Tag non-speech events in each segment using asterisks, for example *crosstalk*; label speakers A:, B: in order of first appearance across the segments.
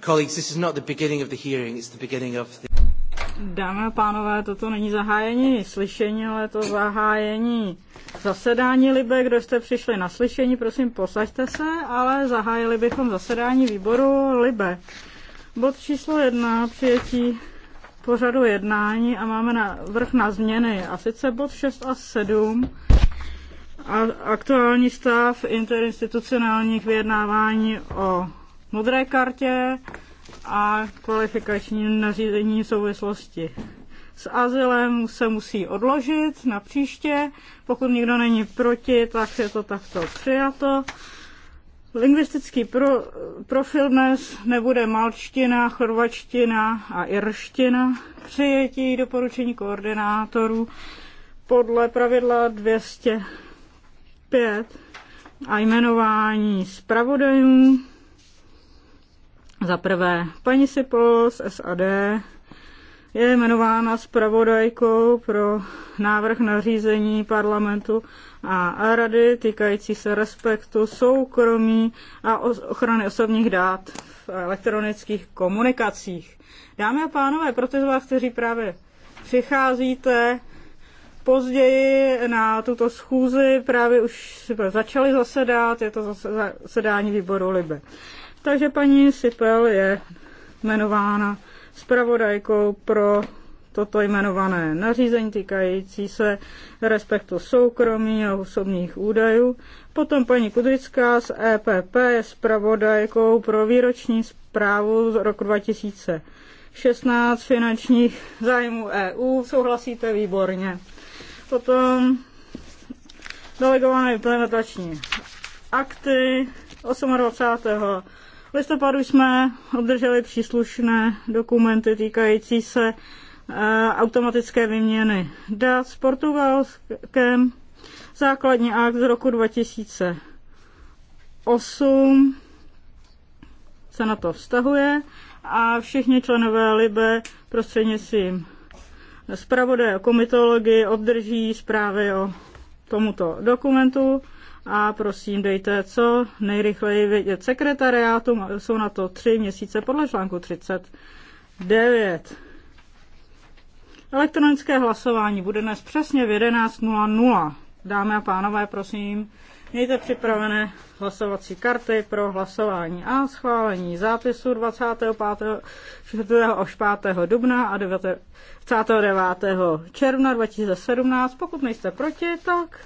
A: Colleagues, this is not the beginning of the hearing, it's the beginning of the...
B: Dámy a pánové, toto není zahájení slyšení, ale to zahájení zasedání Libe. Kdo jste přišli na slyšení, prosím, posaďte se, ale zahájili bychom zasedání výboru Libe. Bod číslo jedna, přijetí pořadu jednání a máme na vrch na změny. A sice bod 6 a 7 aktuální stav interinstitucionálních vyjednávání o modré kartě a kvalifikační nařízení souvislosti s azylem se musí odložit na příště. Pokud nikdo není proti, tak je to takto přijato. Lingvistický pro, profil dnes nebude malčtina, chorvačtina a irština. Přijetí doporučení koordinátorů podle pravidla 200 5 a jmenování zpravodajů. Za prvé, paní Sipol z SAD je jmenována zpravodajkou pro návrh nařízení parlamentu a rady týkající se respektu soukromí a ochrany osobních dát v elektronických komunikacích. Dámy a pánové, pro ty z vás, kteří právě přicházíte, později na tuto schůzi, právě už začali zasedat, je to zasedání výboru Libe. Takže paní Sipel je jmenována zpravodajkou pro toto jmenované nařízení týkající se respektu soukromí a osobních údajů. Potom paní Kudrická z EPP je zpravodajkou pro výroční zprávu z roku 2016 finančních zájmů EU. Souhlasíte výborně. Potom delegované implementační akty 28. listopadu jsme obdrželi příslušné dokumenty týkající se eh, automatické výměny dat s Portugalskem, základní akt z roku 2008 se na to vztahuje a všichni členové Libe prostřednictvím zpravodaj o komitologii obdrží zprávy o tomuto dokumentu a prosím dejte co nejrychleji vědět sekretariátu, jsou na to tři měsíce podle článku 39. Elektronické hlasování bude dnes přesně v 11.00. Dámy a pánové, prosím, Mějte připravené hlasovací karty pro hlasování a schválení zápisu 25. 4. až 5. dubna a 29. června 2017. Pokud nejste proti, tak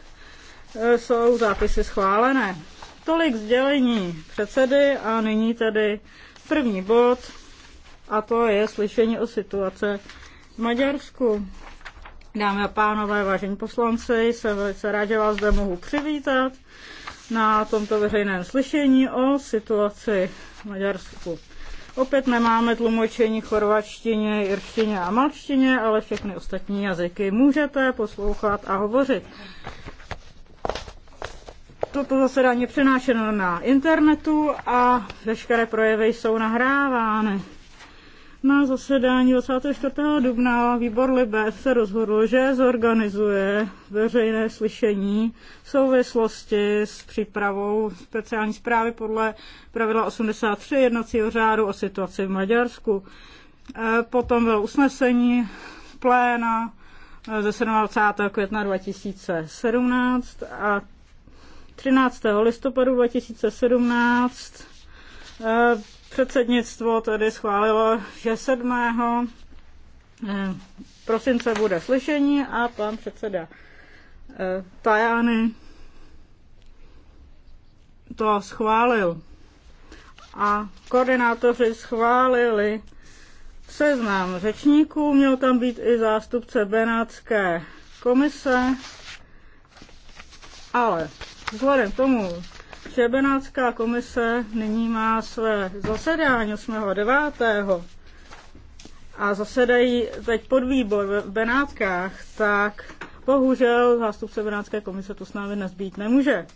B: e, jsou zápisy schválené. Tolik sdělení předsedy a nyní tedy první bod a to je slyšení o situace v Maďarsku. Dámy a pánové, vážení poslanci, jsem velice rád, že vás zde mohu přivítat na tomto veřejném slyšení o situaci v Maďarsku. Opět nemáme tlumočení chorvačtině, irštině a malštině, ale všechny ostatní jazyky můžete poslouchat a hovořit. Toto zasedání je přenášeno na internetu a veškeré projevy jsou nahrávány. Na zasedání 24. dubna výbor Libe se rozhodl, že zorganizuje veřejné slyšení v souvislosti s přípravou speciální zprávy podle pravidla 83 jednacího řádu o situaci v Maďarsku. E, potom bylo usnesení pléna e, ze 27. května 2017 a 13. listopadu 2017 Předsednictvo tedy schválilo, že 7. Eh, prosince bude slyšení a pan předseda eh, Tajány to schválil. A koordinátoři schválili seznam řečníků, měl tam být i zástupce Benátské komise, ale vzhledem k tomu, Přebenácká komise nyní má své zasedání 8.9. a zasedají teď podvýbor v Benátkách, tak bohužel zástupce Benátské komise to s námi dnes být nemůže.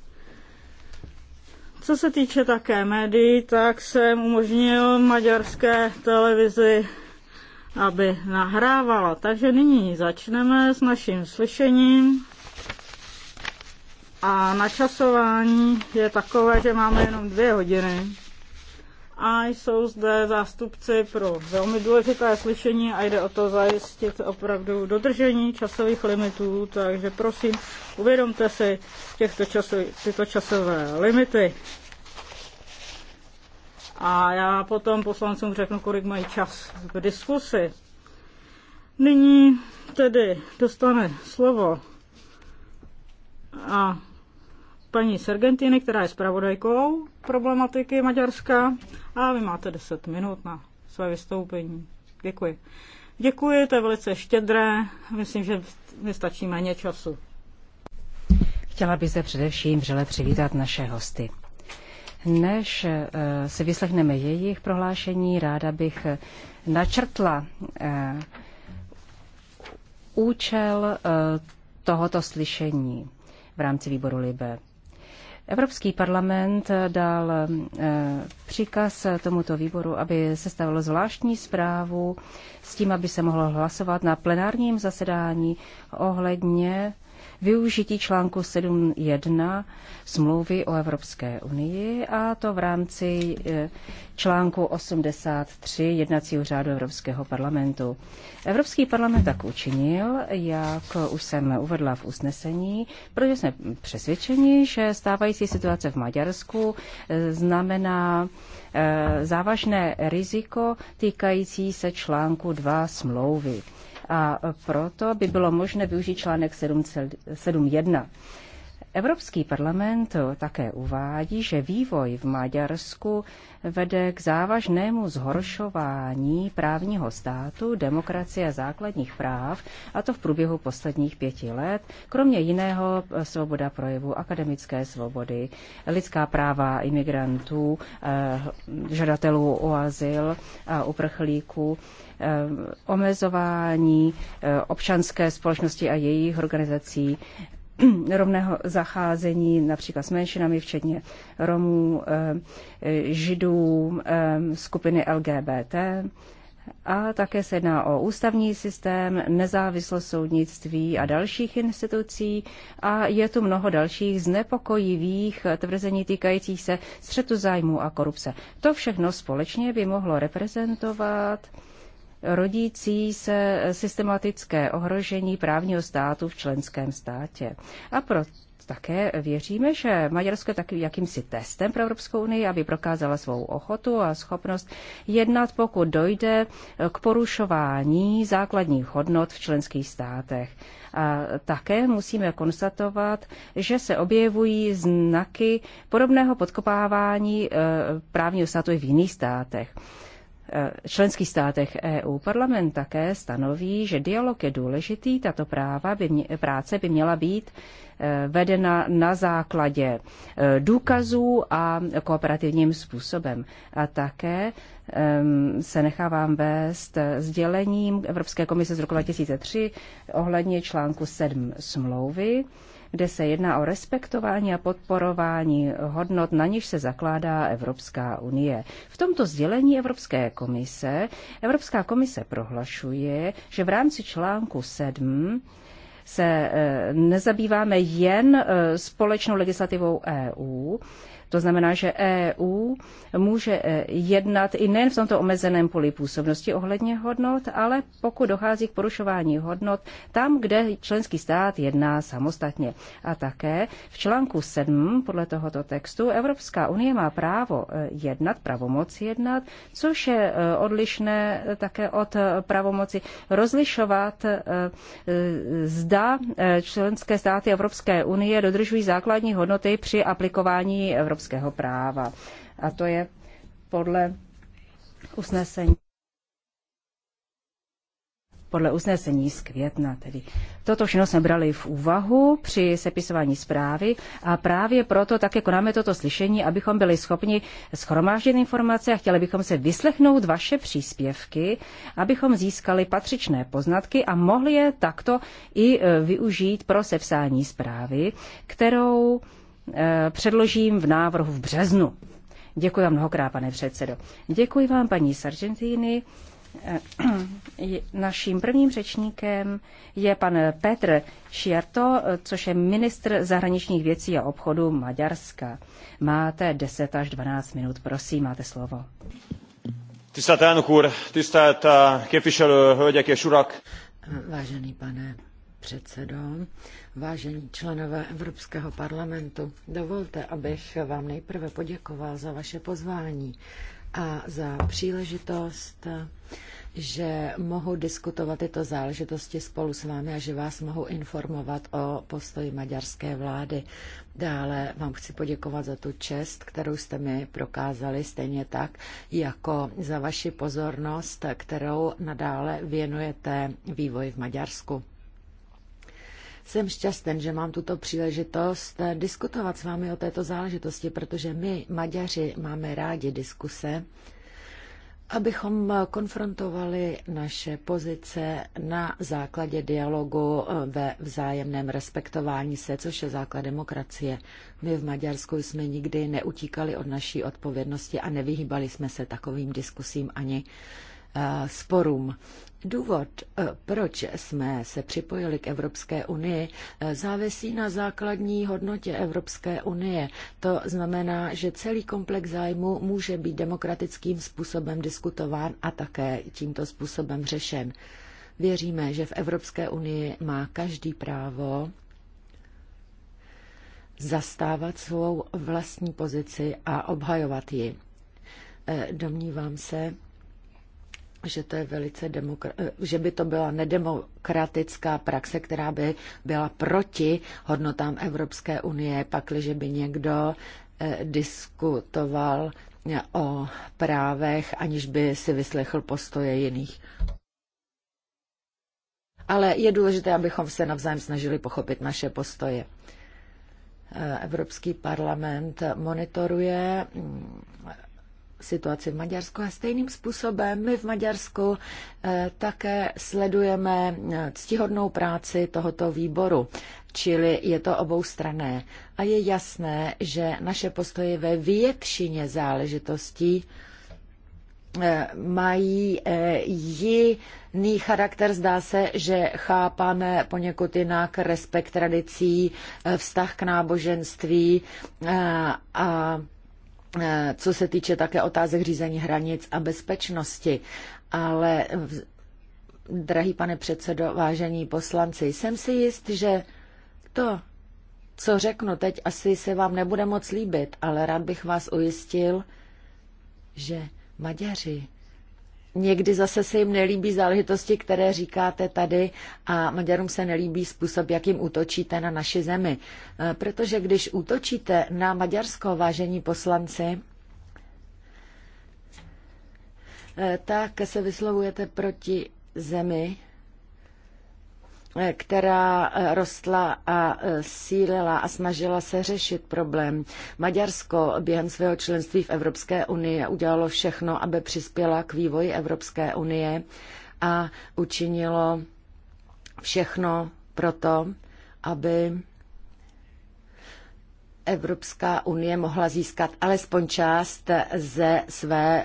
B: Co se týče také médií, tak jsem umožnil maďarské televizi, aby nahrávala. Takže nyní začneme s naším slyšením. A načasování je takové, že máme jenom dvě hodiny. A jsou zde zástupci pro velmi důležité slyšení a jde o to zajistit opravdu dodržení časových limitů, takže prosím, uvědomte si těchto časov, tyto časové limity. A já potom poslancům řeknu, kolik mají čas v diskusi. Nyní tedy dostane slovo a paní Sergentiny, která je zpravodajkou problematiky Maďarska a vy máte 10 minut na své vystoupení. Děkuji. Děkuji, to je velice štědré. Myslím, že mi stačí méně času.
C: Chtěla bych se především vřele přivítat naše hosty. Než eh, si vyslechneme jejich prohlášení, ráda bych eh, načrtla eh, účel tohoto slyšení v rámci výboru LIBE. Evropský parlament dal eh, příkaz tomuto výboru, aby se stavilo zvláštní zprávu s tím, aby se mohlo hlasovat na plenárním zasedání ohledně využití článku 7.1 smlouvy o Evropské unii a to v rámci e, článku 83 jednacího řádu Evropského parlamentu. Evropský parlament tak učinil, jak už jsem uvedla v usnesení, protože jsme přesvědčeni, že stávající situace v Maďarsku e, znamená e, závažné riziko týkající se článku 2 smlouvy a proto by bylo možné využít článek 7.1. Evropský parlament také uvádí, že vývoj v Maďarsku vede k závažnému zhoršování právního státu, demokracie a základních práv, a to v průběhu posledních pěti let, kromě jiného svoboda projevu, akademické svobody, lidská práva imigrantů, eh, žadatelů o azyl a uprchlíků, eh, omezování eh, občanské společnosti a jejich organizací, *clears throat* rovného zacházení například s menšinami, včetně Romů, eh, Židů, eh, skupiny LGBT. A také se jedná o ústavní systém, nezávislost soudnictví a dalších institucí a je tu mnoho dalších znepokojivých tvrzení týkajících se střetu zájmů a korupce. To všechno společně by mohlo reprezentovat rodící se systematické ohrožení právního státu v členském státě. A proto také věříme, že Maďarsko je takovým jakýmsi testem pro Evropskou unii, aby prokázala svou ochotu a schopnost jednat, pokud dojde k porušování základních hodnot v členských státech. A také musíme konstatovat, že se objevují znaky podobného podkopávání eh, právního státu i v jiných státech. Eh, členských státech EU. Parlament také stanoví, že dialog je důležitý, tato práva by mě, práce by měla být eh, vedena na základě eh, důkazů a kooperativním způsobem. A také ehm, se nechávám vést sdělením Evropské komise z roku 2003 ohledně článku 7 smlouvy kde se jedná o respektování a podporování hodnot, na níž se zakládá Evropská unie. V tomto sdělení Evropské komise Evropská komise prohlašuje, že v rámci článku 7 se eh, nezabýváme jen eh, společnou legislativou EU, to znamená, že EU může e, jednat i nejen v tomto omezeném poli působnosti ohledně hodnot, ale pokud dochází k porušování hodnot tam, kde členský stát jedná samostatně. A také v článku 7 podle tohoto textu Evropská unie má právo e, jednat, pravomoc jednat, což je e, odlišné také od pravomoci rozlišovat, zda členské státy Evropské unie dodržují základní hodnoty při aplikování Evropské evropského práva. A to je podle usnesení podle usnesení z května. Tedy. Toto všechno jsme brali v úvahu při sepisování zprávy a právě proto také konáme jako toto slyšení, abychom byli schopni schromáždit informace a chtěli bychom se vyslechnout vaše příspěvky, abychom získali patřičné poznatky a mohli je takto i e, využít pro sepsání zprávy, kterou Eh, předložím v návrhu v březnu. Děkuji vám mnohokrát, pane předsedo. Děkuji vám, paní Sargentini. Eh, naším prvním řečníkem je pan Petr Šiarto, což je ministr zahraničních věcí a obchodu Maďarska. Máte 10 až 12 minut, prosím, máte slovo.
D: Eh, Vážený pane předsedo, Vážení členové Evropského parlamentu, dovolte, abych vám nejprve poděkoval za vaše pozvání a za příležitost, že mohu diskutovat tyto záležitosti spolu s vámi a že vás mohu informovat o postoji maďarské vlády. Dále vám chci poděkovat za tu čest, kterou jste mi prokázali stejně tak, jako za vaši pozornost, kterou nadále věnujete vývoji v Maďarsku. Jsem šťastný, že mám tuto příležitost eh, diskutovat s vámi o této záležitosti, protože my, Maďaři, máme rádi diskuse, abychom eh, konfrontovali naše pozice na základě dialogu eh, ve vzájemném respektování se, což je základ demokracie. My v Maďarsku jsme nikdy neutíkali od naší odpovědnosti a nevyhýbali jsme se takovým diskusím ani sporům. Důvod, eh, proč jsme se připojili k Evropské unii, eh, závisí na základní hodnotě Evropské unie. To znamená, že celý komplex zájmu může být demokratickým způsobem diskutován a také tímto způsobem řešen. Věříme, že v Evropské unii má každý právo zastávat svou vlastní pozici a obhajovat ji. Eh, domnívám se, že, to je velice demokra- eh, že by to byla nedemokratická praxe, která by byla proti hodnotám Evropské unie, pakliže by někdo eh, diskutoval eh, o právech, aniž by si vyslechl postoje jiných. Ale je důležité, abychom se navzájem snažili pochopit naše postoje. Evropský parlament monitoruje mm, situaci v Maďarsku a stejným způsobem my v Maďarsku eh, také sledujeme eh, ctihodnou práci tohoto výboru, čili je to oboustrané. A je jasné, že naše postoje ve většině záležitostí eh, mají jiný charakter. Zdá se, že chápáme poněkud jinak respekt tradicí, vztah k náboženství a Eh, co se týče také otázek řízení hranic a bezpečnosti. Ale, drahý pane předsedo, vážení poslanci, jsem si jist, že to, co řeknu teď, asi se vám nebude moc líbit, ale rád bych vás ujistil, že Maďaři někdy zase se jim nelíbí záležitosti, které říkáte tady a Maďarům se nelíbí způsob, jak jim útočíte na naši zemi. E, protože když útočíte na Maďarsko, vážení poslanci, e, tak se vyslovujete proti zemi, která eh, rostla a eh, sílila a snažila se řešit problém. Maďarsko během svého členství v Evropské unii udělalo všechno, aby přispěla k vývoji Evropské unie a učinilo všechno proto, aby Evropská unie mohla získat alespoň část ze své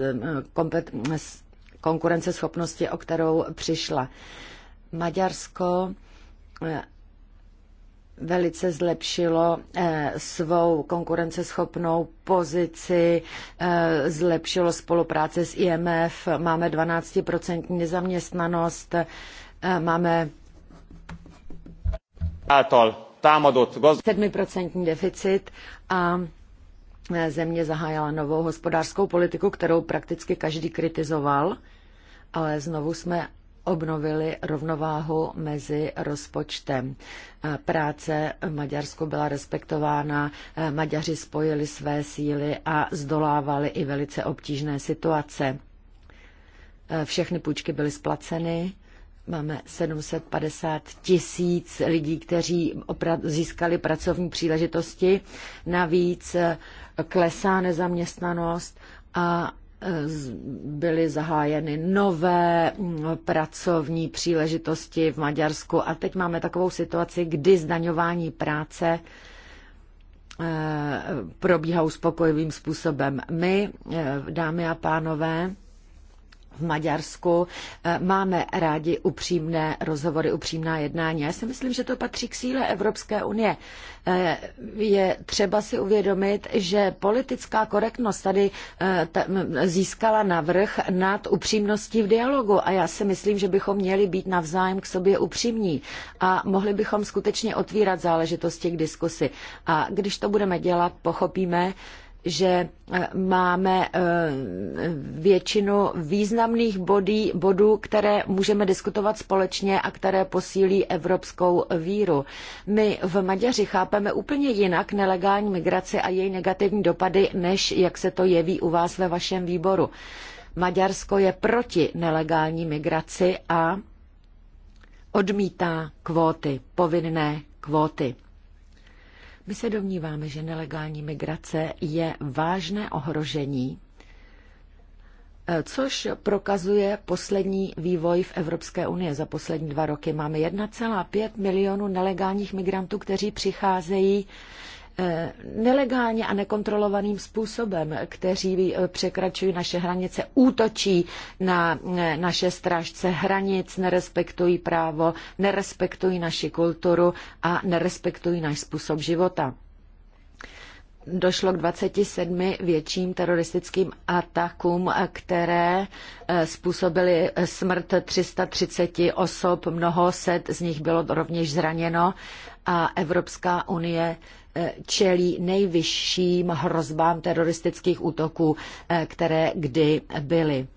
D: eh, konkurenceschopnosti, o kterou přišla. Maďarsko eh, velice zlepšilo eh, svou konkurenceschopnou pozici, eh, zlepšilo spolupráci s IMF, máme 12% nezaměstnanost, máme
C: által támadott 7%
D: deficit a země zahájila novou hospodářskou politiku, kterou prakticky každý kritizoval, ale znovu jsme obnovili rovnováhu mezi rozpočtem. Práce v Maďarsku byla respektována, Maďaři spojili své síly a zdolávali i velice obtížné situace. Všechny půjčky byly splaceny, máme 750 tisíc lidí, kteří získali pracovní příležitosti. Navíc klesá nezaměstnanost a byly zahájeny nové mm, pracovní příležitosti v Maďarsku a teď máme takovou situaci, kdy zdaňování práce eh, probíhá uspokojivým způsobem. My, eh, dámy a pánové, v Maďarsku eh, máme rádi upřímné rozhovory, upřímná jednání. Já si myslím, že to patří k síle Evropské unie. Eh, je třeba si uvědomit, že politická korektnost tady eh, získala navrh nad upřímností v dialogu a já si myslím, že bychom měli být navzájem k sobě upřímní a mohli bychom skutečně otvírat záležitosti k diskusi. A když to budeme dělat, pochopíme, že e, máme e, většinu významných bodů, bodů, které můžeme diskutovat společně a které posílí evropskou víru. My v Maďaři chápeme úplně jinak nelegální migraci a její negativní dopady, než jak se to jeví u vás ve vašem výboru. Maďarsko je proti nelegální migraci a odmítá kvóty, povinné kvóty. My se domníváme, že nelegální migrace je vážné ohrožení, eh, což prokazuje poslední vývoj v Evropské unii. Za poslední dva roky máme 1,5 milionu nelegálních migrantů, kteří přicházejí Eh, nelegálně a nekontrolovaným způsobem, kteří eh, překračují naše hranice, útočí na eh, naše strážce hranic, nerespektují právo, nerespektují naši kulturu a nerespektují náš způsob života došlo k 27 větším teroristickým atakům, které způsobily smrt 330 osob, mnoho set z nich bylo rovněž zraněno a Evropská unie Eh, čelí nejvyšším hrozbám teroristických útoků, eh, které kdy byly.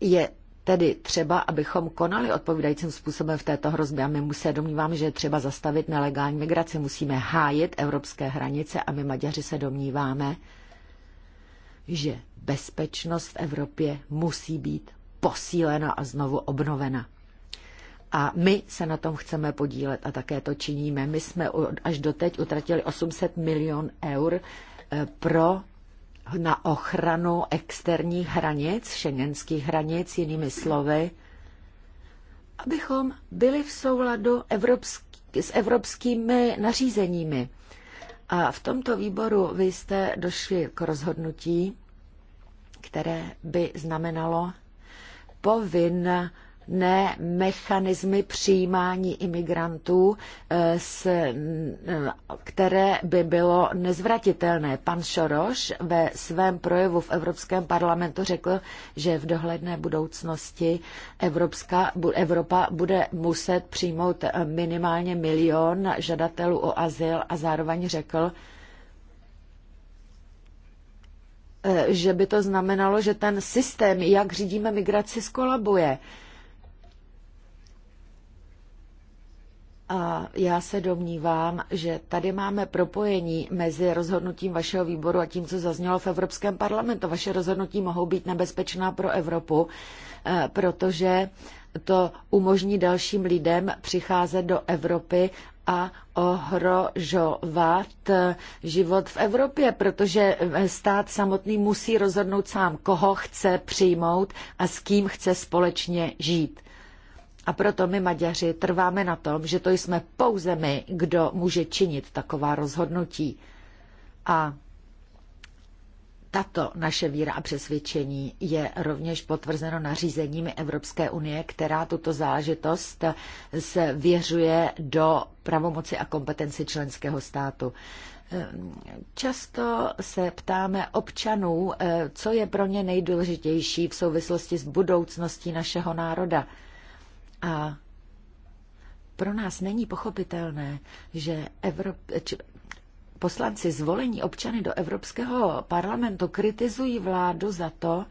D: Je Tedy třeba, abychom konali odpovídajícím způsobem v této hrozbě. A my se domníváme, že je třeba zastavit nelegální migraci. Musíme hájit evropské hranice a my Maďaři se domníváme, že bezpečnost v Evropě musí být posílena a znovu obnovena a my se na tom chceme podílet a také to činíme. My jsme až doteď utratili 800 milion eur eh, pro na ochranu externích hranic, šengenských hranic, jinými slovy, abychom byli v souladu evropský, s evropskými nařízeními. A v tomto výboru vy jste došli k rozhodnutí, které by znamenalo povin ne mechanismy přijímání imigrantů, eh, eh, které by bylo nezvratitelné. Pan Šoroš ve svém projevu v Evropském parlamentu řekl, že v dohledné budoucnosti Evropská, Evropa bude muset přijmout eh, minimálně milion žadatelů o azyl a zároveň řekl, že by to znamenalo, že ten systém, jak řídíme migraci, skolabuje. A já se domnívám, že tady máme propojení mezi rozhodnutím vašeho výboru a tím, co zaznělo v Evropském parlamentu. Vaše rozhodnutí mohou být nebezpečná pro Evropu, eh, protože to umožní dalším lidem přicházet do Evropy a ohrožovat eh, život v Evropě, protože eh, stát samotný musí rozhodnout sám, koho chce přijmout a s kým chce společně žít. A proto my Maďaři trváme na tom, že to jsme pouze my, kdo může činit taková rozhodnutí. A tato naše víra a přesvědčení je rovněž potvrzeno nařízeními Evropské unie, která tuto záležitost svěřuje do pravomoci a kompetenci členského státu. Často se ptáme občanů, eh, co je pro ně nejdůležitější v souvislosti s budoucností našeho národa. A pro nás není pochopitelné, že Evrop, či, poslanci zvolení občany do Evropského parlamentu kritizují vládu za to,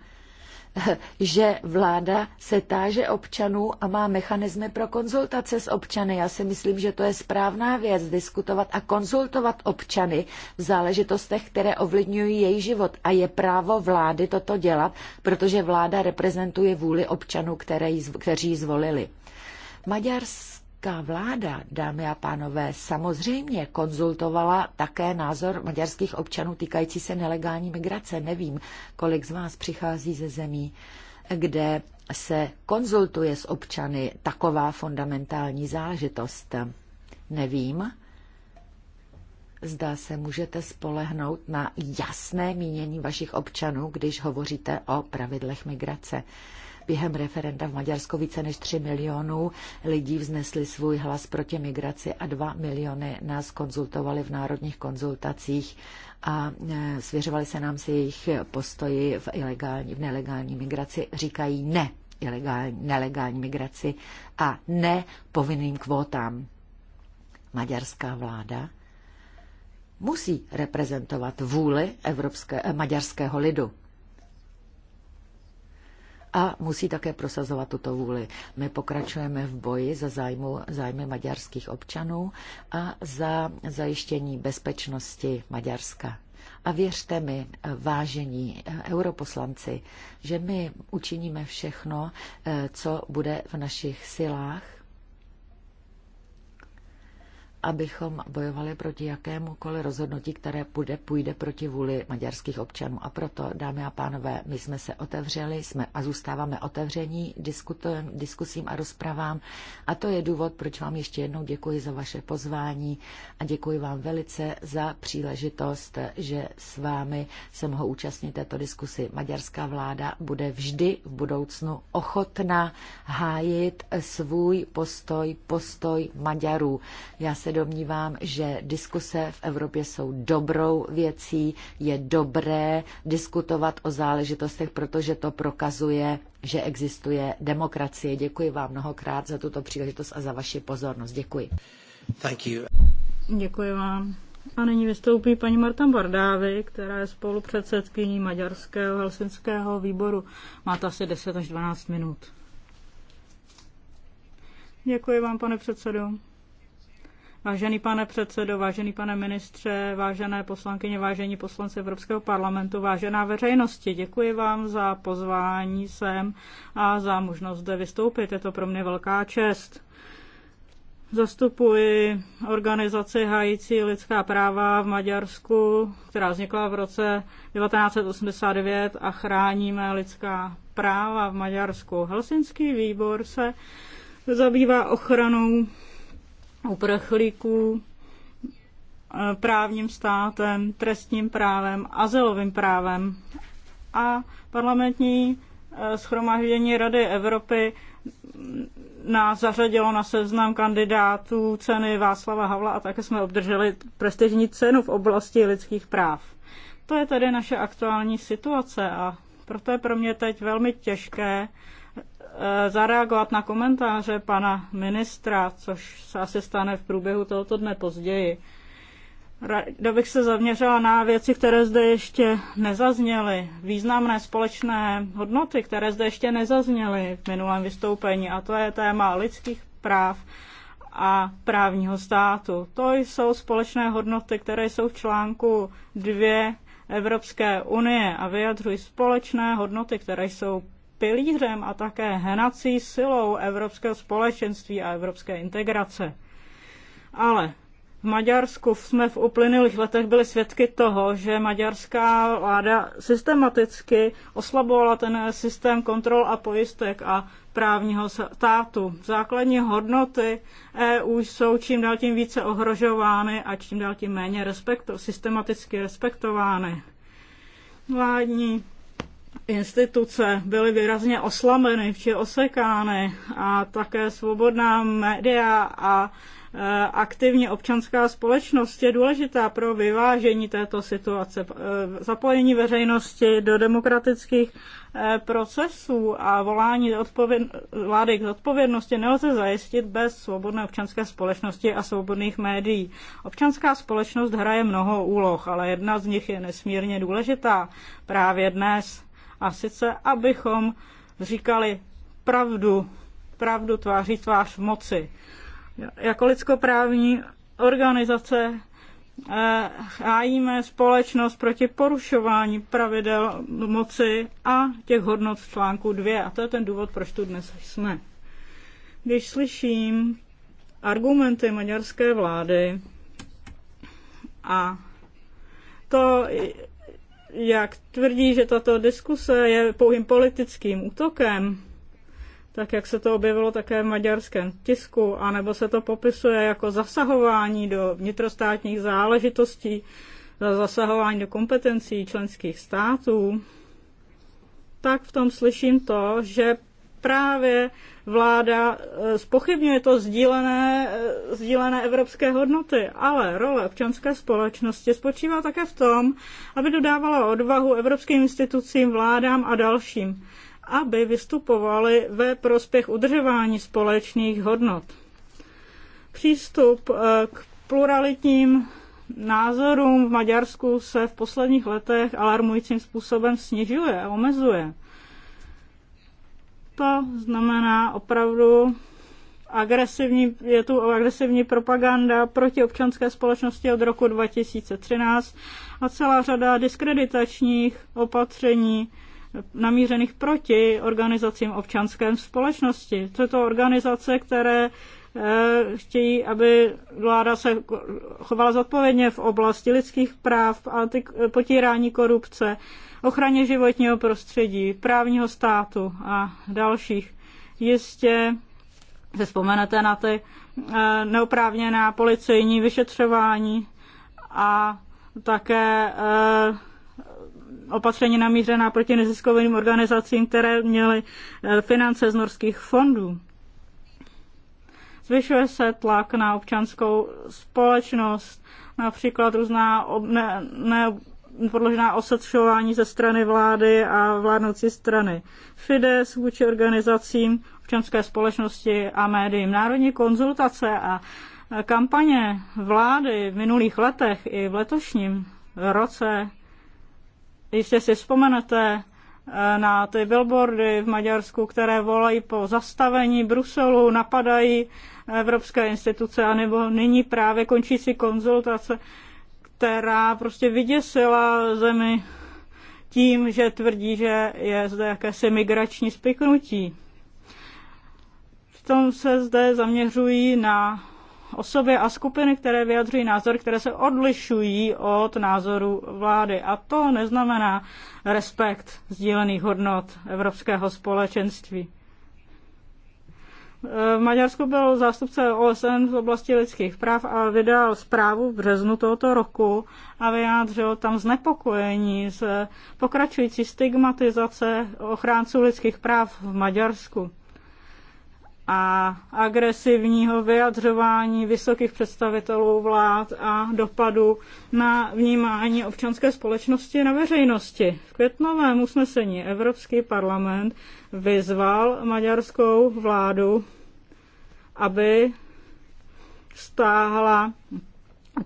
D: *laughs* že vláda se táže občanů a má mechanismy pro konzultace s občany. Já si myslím, že to je správná věc diskutovat a konzultovat občany v záležitostech, které ovlivňují její život. A je právo vlády toto dělat, protože vláda reprezentuje vůli občanů, které jí, kteří ji zvolili. Maďarská vláda, dámy a pánové, samozřejmě konzultovala také názor maďarských občanů týkající se nelegální migrace. Nevím, kolik z vás přichází ze zemí, kde se konzultuje s občany taková fundamentální záležitost. Nevím, Zda se můžete spolehnout na jasné mínění vašich občanů, když hovoříte o pravidlech migrace. Během referenda v Maďarsku více než 3 milionů lidí vznesli svůj hlas proti migraci a 2 miliony nás konzultovali v národních konzultacích a e, svěřovali se nám si jejich postoji v, ilegální, v nelegální migraci. Říkají ne ilegální, nelegální migraci a ne povinným kvótám. Maďarská vláda musí reprezentovat vůli evropské, e, maďarského lidu a musí také prosazovat tuto vůli. My pokračujeme v boji za zájmu, zájmy maďarských občanů a za zajištění bezpečnosti Maďarska. A věřte mi, vážení eh, europoslanci, že my učiníme všechno, eh, co bude v našich silách, abychom bojovali proti jakémukoliv rozhodnutí, které půjde, půjde proti vůli maďarských občanů. A proto, dámy a pánové, my jsme se otevřeli jsme a zůstáváme otevření diskusím a rozpravám. A to je důvod, proč vám ještě jednou děkuji za vaše pozvání a děkuji vám velice za příležitost, že s vámi se mohu účastnit této diskusy. Maďarská vláda bude vždy v budoucnu ochotná hájit svůj postoj, postoj Maďarů. Já se domnívám, že diskuse v Evropě jsou dobrou věcí. Je dobré diskutovat o záležitostech, protože to prokazuje, že existuje demokracie. Děkuji vám mnohokrát za tuto příležitost a za vaši pozornost. Děkuji.
B: Thank you. Děkuji vám. A nyní vystoupí paní Marta Bardávy, která je spolupředsedkyní Maďarského helsinského výboru. Máte asi 10 až 12 minut. Děkuji vám, pane předsedo. Vážený pane předsedo, vážený pane ministře, vážené poslankyně, vážení poslanci Evropského parlamentu, vážená veřejnosti, děkuji vám za pozvání sem a za možnost zde vystoupit. Je to pro mě velká čest. Zastupuji organizaci hající lidská práva v Maďarsku, která vznikla v roce 1989 a chráníme lidská práva v Maďarsku. Helsinský výbor se zabývá ochranou uprchlíků, e, právním státem, trestním právem, azylovým právem. A parlamentní e, schromáždění Rady Evropy nás zařadilo na seznam kandidátů ceny Václava Havla a také jsme obdrželi prestižní cenu v oblasti lidských práv. To je tedy naše aktuální situace a proto je pro mě teď velmi těžké Eh, zareagovat na komentáře pana ministra, což se asi stane v průběhu tohoto dne později. Ráda bych se zaměřila na věci, které zde ještě nezazněly. Významné společné hodnoty, které zde ještě nezazněly v minulém vystoupení, a to je téma lidských práv a právního státu. To jsou společné hodnoty, které jsou v článku 2 Evropské unie a vyjadřují společné hodnoty, které jsou pilířem a také hnací silou evropského společenství a evropské integrace. Ale v Maďarsku jsme v uplynulých letech byli svědky toho, že maďarská vláda systematicky oslabovala ten systém kontrol a pojistek a právního státu. Základní hodnoty EU jsou čím dál tím více ohrožovány a čím dál tím méně respekto, systematicky respektovány. Vládní instituce byly výrazně oslameny či osekány a také svobodná média a e, aktivně občanská společnost je důležitá pro vyvážení této situace, e, zapojení veřejnosti do demokratických e, procesů a volání odpověd, vlády k odpovědnosti nelze zajistit bez svobodné občanské společnosti a svobodných médií. Občanská společnost hraje mnoho úloh, ale jedna z nich je nesmírně důležitá právě dnes. A sice, abychom říkali pravdu, pravdu tváří tvář moci. Jako lidskoprávní organizace eh, hájíme společnost proti porušování pravidel moci a těch hodnot v článku 2. A to je ten důvod, proč tu dnes jsme. Když slyším argumenty maďarské vlády a to jak tvrdí, že tato diskuse je pouhým politickým útokem, tak jak se to objevilo také v maďarském tisku, anebo se to popisuje jako zasahování do vnitrostátních záležitostí, za zasahování do kompetencí členských států, tak v tom slyším to, že právě vláda eh, spochybňuje to sdílené, eh, sdílené evropské hodnoty, ale role občanské společnosti spočívá také v tom, aby dodávala odvahu evropským institucím, vládám a dalším, aby vystupovali ve prospěch udržování společných hodnot. Přístup eh, k pluralitním názorům v Maďarsku se v posledních letech alarmujícím způsobem snižuje a omezuje to znamená opravdu agresivní, je tu agresivní propaganda proti občanské společnosti od roku 2013 a celá řada diskreditačních opatření namířených proti organizacím občanské společnosti. To to organizace, které eh, chtějí, aby vláda se chovala zodpovědně v oblasti lidských práv a eh, potírání korupce, ochraně životního prostředí, právního státu a dalších. Jistě se vzpomenete na ty eh, neoprávněná policejní vyšetřování a také eh, opatření namířená proti neziskovým organizacím, které měly eh, finance z norských fondů. Zvyšuje se tlak na občanskou společnost, například různá ob, ne, ne, podložená osočování ze strany vlády a vládnoucí strany Fides vůči organizacím občanské společnosti a médiím. Národní konzultace a kampaně vlády v minulých letech i v letošním roce, jistě si vzpomenete eh, na ty billboardy v Maďarsku, které volají po zastavení Bruselu, napadají evropské instituce, anebo nyní právě končící konzultace která prostě vyděsila zemi tím, že tvrdí, že je zde jakési migrační spiknutí. v tom se zde zaměřují na osoby a skupiny, které vyjadřují názor, které se odlišují od názoru vlády. A to neznamená respekt sdílených hodnot evropského společenství. Eh, v Maďarsku byl zástupce OSN v oblasti lidských práv a vydal zprávu v březnu tohoto roku a vyjádřil tam znepokojení z pokračující stigmatizace ochránců lidských práv v Maďarsku a agresivního vyjadřování vysokých představitelů vlád a dopadu na vnímání občanské společnosti na veřejnosti. V květnovém usnesení Evropský parlament vyzval maďarskou vládu, aby stáhla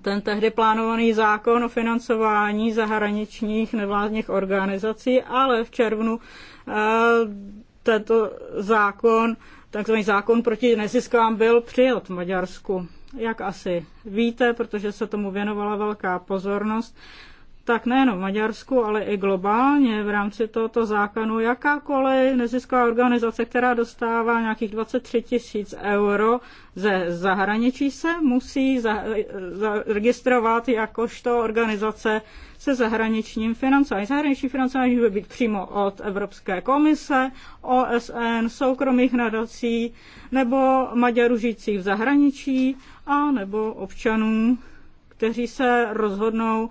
B: ten tehdy plánovaný zákon o financování zahraničních nevládních organizací, ale v červnu eh, tento zákon, takzvaný zákon proti neziskám, byl přijat v Maďarsku. Jak asi víte, protože se tomu věnovala velká pozornost, tak nejenom v Maďarsku, ale i globálně v rámci tohoto zákonu jakákoliv nezisková organizace, která dostává nějakých 23 tisíc euro ze zahraničí, se musí zaregistrovat jakožto organizace se zahraničním financováním. Zahraniční financování může být přímo od Evropské komise, OSN, soukromých nadací nebo Maďarů žijících v zahraničí a nebo občanů, kteří se rozhodnou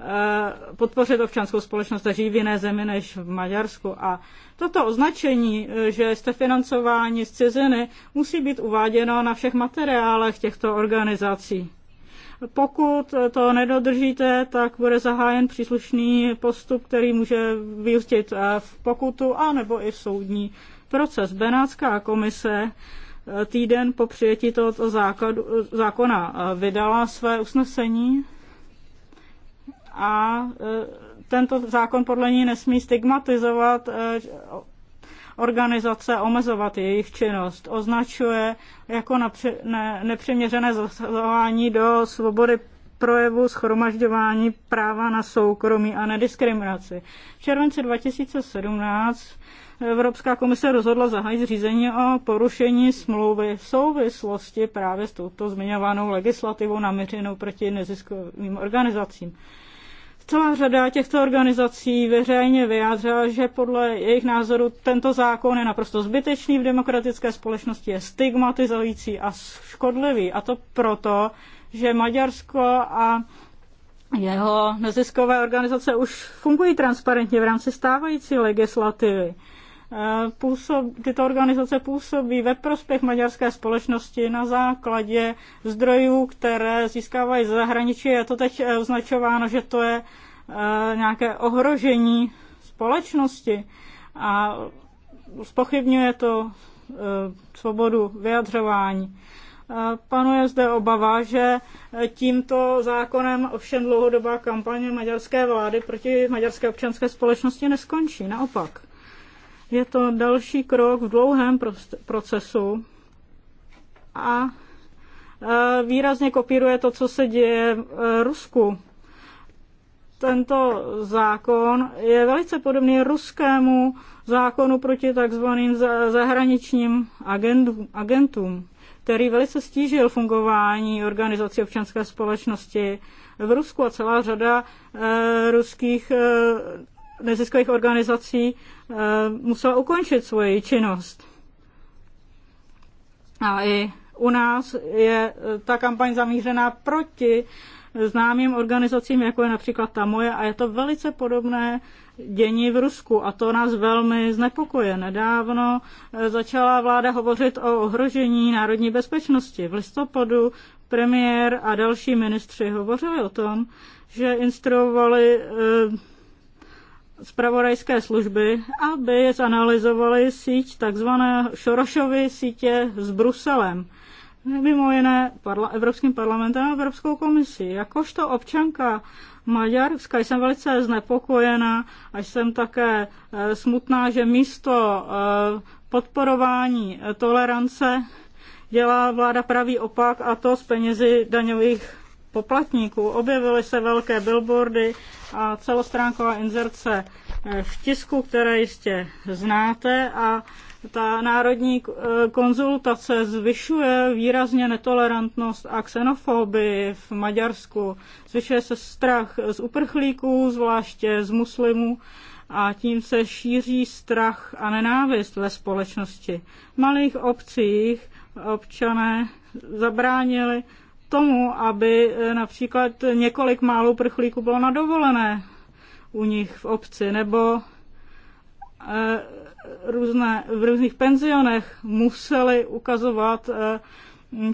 B: Eh, podpořit občanskou společnost, žijí v jiné zemi než v Maďarsku. A toto označení, eh, že jste financováni z ciziny, musí být uváděno na všech materiálech těchto organizací. Pokud to nedodržíte, tak bude zahájen příslušný postup, který může vyústit eh, v pokutu a nebo i v soudní proces. Benátská komise týden po přijetí tohoto zákona vydala své usnesení a e, tento zákon podle ní nesmí stigmatizovat e, organizace, omezovat jejich činnost. Označuje jako napři- ne- nepřiměřené zasahování do svobody projevu schromažďování práva na soukromí a nediskriminaci. V červenci 2017 Evropská komise rozhodla zahájit řízení o porušení smlouvy v souvislosti právě s touto zmiňovanou legislativou namířenou proti neziskovým organizacím. Celá řada těchto organizací veřejně vyjádřila, že podle jejich názoru tento zákon je naprosto zbytečný v demokratické společnosti, je stigmatizující a škodlivý. A to proto, že Maďarsko a jeho neziskové organizace už fungují transparentně v rámci stávající legislativy působ, tyto organizace působí ve prospěch maďarské společnosti na základě zdrojů, které získávají z zahraničí. Je to teď eh, označováno, že to je eh, nějaké ohrožení společnosti a spochybňuje to eh, svobodu vyjadřování. Panuje zde obava, že tímto zákonem ovšem dlouhodobá kampaně maďarské vlády proti maďarské občanské společnosti neskončí. Naopak je to další krok v dlouhém procesu a e, výrazně kopíruje to, co se děje v e, Rusku. Tento zákon je velice podobný ruskému zákonu proti takzvaným zahraničním agentům, který velice stížil fungování organizací občanské společnosti v Rusku a celá řada e, ruských neziskových organizací eh, musela ukončit svoji činnost. A i u nás je eh, ta kampaň zamířená proti známým organizacím, jako je například ta moje, a je to velice podobné dění v Rusku a to nás velmi znepokoje. Nedávno eh, začala vláda hovořit o ohrožení národní bezpečnosti. V listopadu premiér a další ministři hovořili o tom, že instruovali zpravodajské služby, aby zanalizovali síť takzvané Šorošovy sítě s Bruselem mimo jiné parla, Evropským parlamentem a Evropskou komisí. Jakožto občanka Maďarska jsem velice znepokojena a jsem také e, smutná, že místo e, podporování e, tolerance dělá vláda pravý opak a to z penězi daňových poplatníků. Objevily se velké billboardy a celostránková inzerce eh, v tisku, které jistě znáte a ta národní eh, konzultace zvyšuje výrazně netolerantnost a xenofobii v Maďarsku. Zvyšuje se strach z uprchlíků, zvláště z muslimů a tím se šíří strach a nenávist ve společnosti. V malých obcích občané zabránili tomu, aby eh, například několik málo prchlíků bylo na dovolené u nich v obci, nebo eh, různé, v různých penzionech museli ukazovat eh,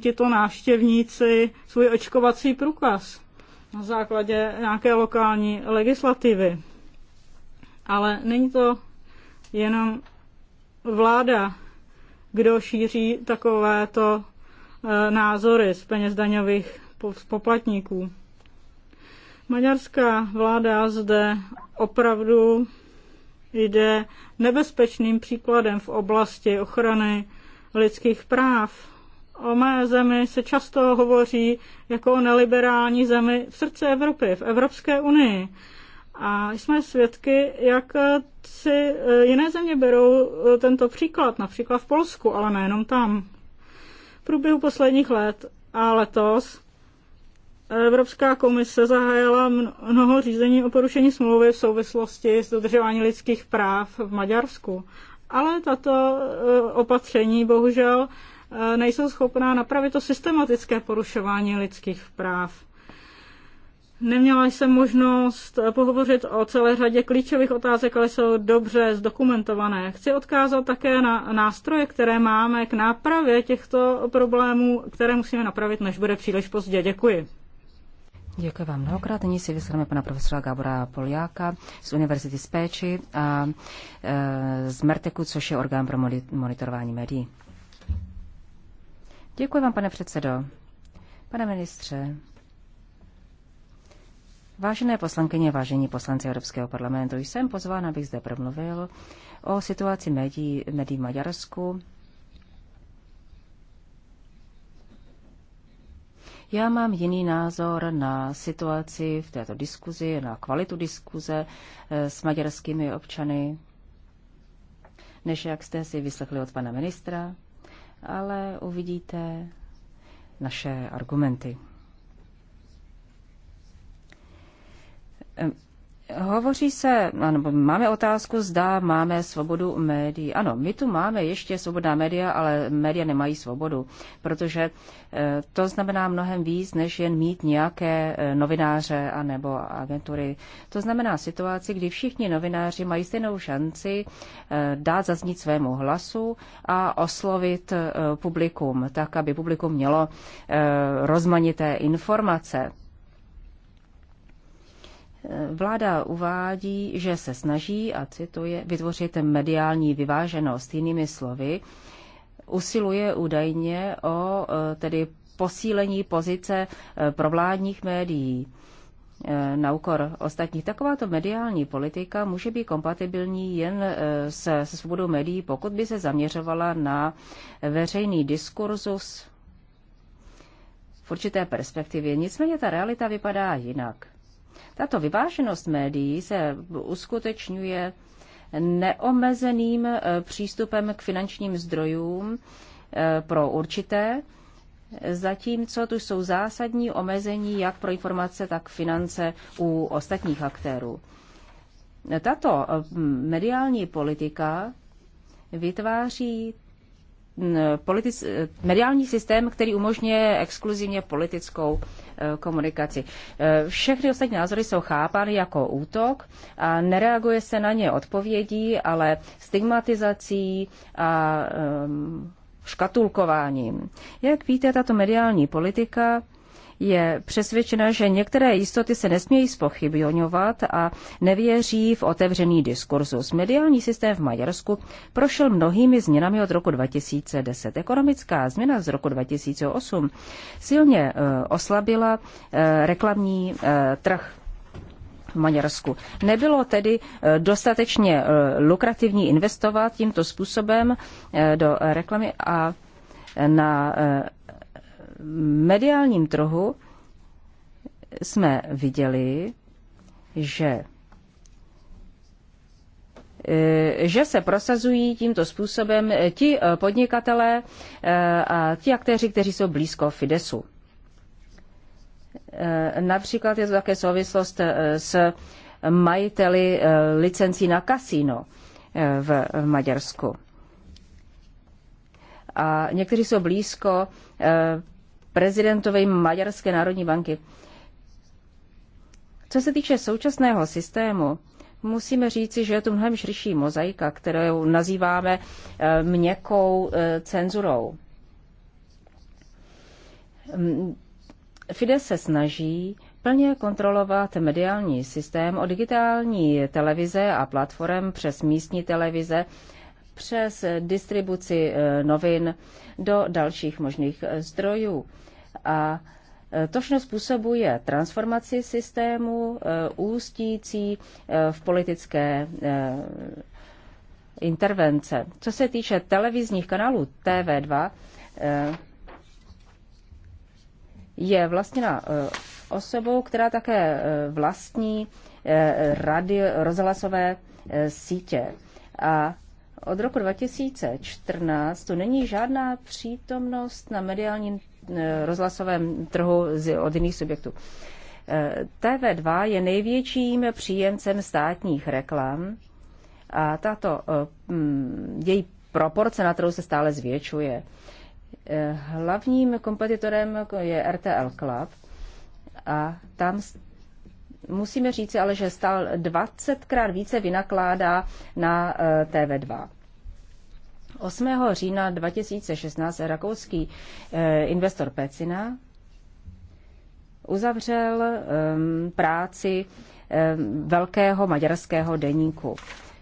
B: tito návštěvníci svůj očkovací průkaz na základě nějaké lokální legislativy. Ale není to jenom vláda, kdo šíří takovéto E, názory z peněz daňových poplatníků. Maďarská vláda zde opravdu jde nebezpečným příkladem v oblasti ochrany lidských práv. O mé zemi se často hovoří jako o neliberální zemi v srdci Evropy, v Evropské unii. A jsme svědky, jak si e, jiné země berou e, tento příklad, například v Polsku, ale nejenom tam. V průběhu posledních let a letos Evropská komise zahájila mnoho řízení o porušení smlouvy v souvislosti s dodržováním lidských práv v Maďarsku. Ale tato eh, opatření bohužel eh, nejsou schopná napravit to systematické porušování lidských práv. Neměla jsem možnost eh, pohovořit o celé řadě klíčových otázek, ale jsou dobře zdokumentované. Chci odkázat také na nástroje, které máme k nápravě těchto problémů, které musíme napravit, než bude příliš pozdě. Děkuji.
C: Děkuji vám mnohokrát. Nyní si vyslechneme pana profesora Gábora Poliáka z Univerzity z Péči a eh, z Merteku, což je orgán pro monitorování médií. Děkuji vám, pane předsedo. Pane ministře, Vážené poslankyně, vážení poslanci Evropského parlamentu, jsem pozván, abych zde promluvil o situaci médií, médií v Maďarsku. Já mám jiný názor na situaci v této diskuzi, na kvalitu diskuze eh, s maďarskými občany, než jak jste si vyslechli od pana ministra, ale uvidíte naše argumenty. Hovoří se, ano, máme otázku, zda máme svobodu médií. Ano, my tu máme ještě svobodná média, ale média nemají svobodu, protože eh, to znamená mnohem víc, než jen mít nějaké eh, novináře anebo agentury. To znamená situaci, kdy všichni novináři mají stejnou šanci eh, dát zaznít svému hlasu a oslovit publikum, tak aby publikum mělo rozmanité informace Vláda uvádí, že se snaží, a cituje, vytvořit mediální vyváženost. Jinými slovy, usiluje údajně o e, tedy posílení pozice e, provládních médií e, na úkor ostatních. Takováto mediální politika může být kompatibilní jen se, se svobodou médií, pokud by se zaměřovala na veřejný diskurzus v určité perspektivě. Nicméně ta realita vypadá jinak. Tato vyváženost médií se uskutečňuje neomezeným eh, přístupem k finančním zdrojům eh, pro určité, zatímco tu jsou zásadní omezení jak pro informace, tak finance u ostatních aktérů. Tato eh, mediální politika vytváří politic, mediální systém, který umožňuje exkluzivně politickou e, komunikaci. E, všechny ostatní názory jsou chápány jako útok a nereaguje se na ně odpovědí, ale stigmatizací a e, škatulkováním. Jak víte, tato mediální politika je přesvědčena, že některé jistoty se nesmějí spochybňovat a nevěří v otevřený diskurzus. Mediální systém v Maďarsku prošel mnohými změnami od roku 2010. Ekonomická změna z roku 2008 silně eh, oslabila eh, reklamní eh, trh v Maďarsku. Nebylo tedy dostatečně lukrativní investovat tímto způsobem do reklamy a na mediálním trhu jsme viděli, že e, že se prosazují tímto způsobem ti e, podnikatelé e, a ti aktéři, kteří jsou blízko Fidesu. Například je to také souvislost s majiteli licencí na kasíno v Maďarsku. A někteří jsou blízko prezidentovi Maďarské národní banky. Co se týče současného systému, musíme říci, že je to mnohem širší mozaika, kterou nazýváme eh, měkkou eh, cenzurou. Mm, FIDE se snaží plně kontrolovat mediální systém od digitální televize a platform přes místní televize, přes distribuci eh, novin do dalších možných zdrojů a e, to všechno způsobuje transformaci systému e, ústící e, v politické intervence. Co se týče televizních kanálů TV2, je vlastněna osobou, která také vlastní radio, rozhlasové sítě. A od roku 2014 tu není žádná přítomnost na mediálním Eh, rozhlasovém trhu od jiných subjektů. Eh, TV2 je největším příjemcem státních reklam a tato eh, mm, její proporce na trhu se stále zvětšuje. Hlavním kompetitorem je RTL Club a tam musíme říci ale, že stál 20krát více vynakládá na TV2. 8. října 2016 rakouský eh, investor Pecina uzavřel ehm, práci ehm, velkého maďarského deníku.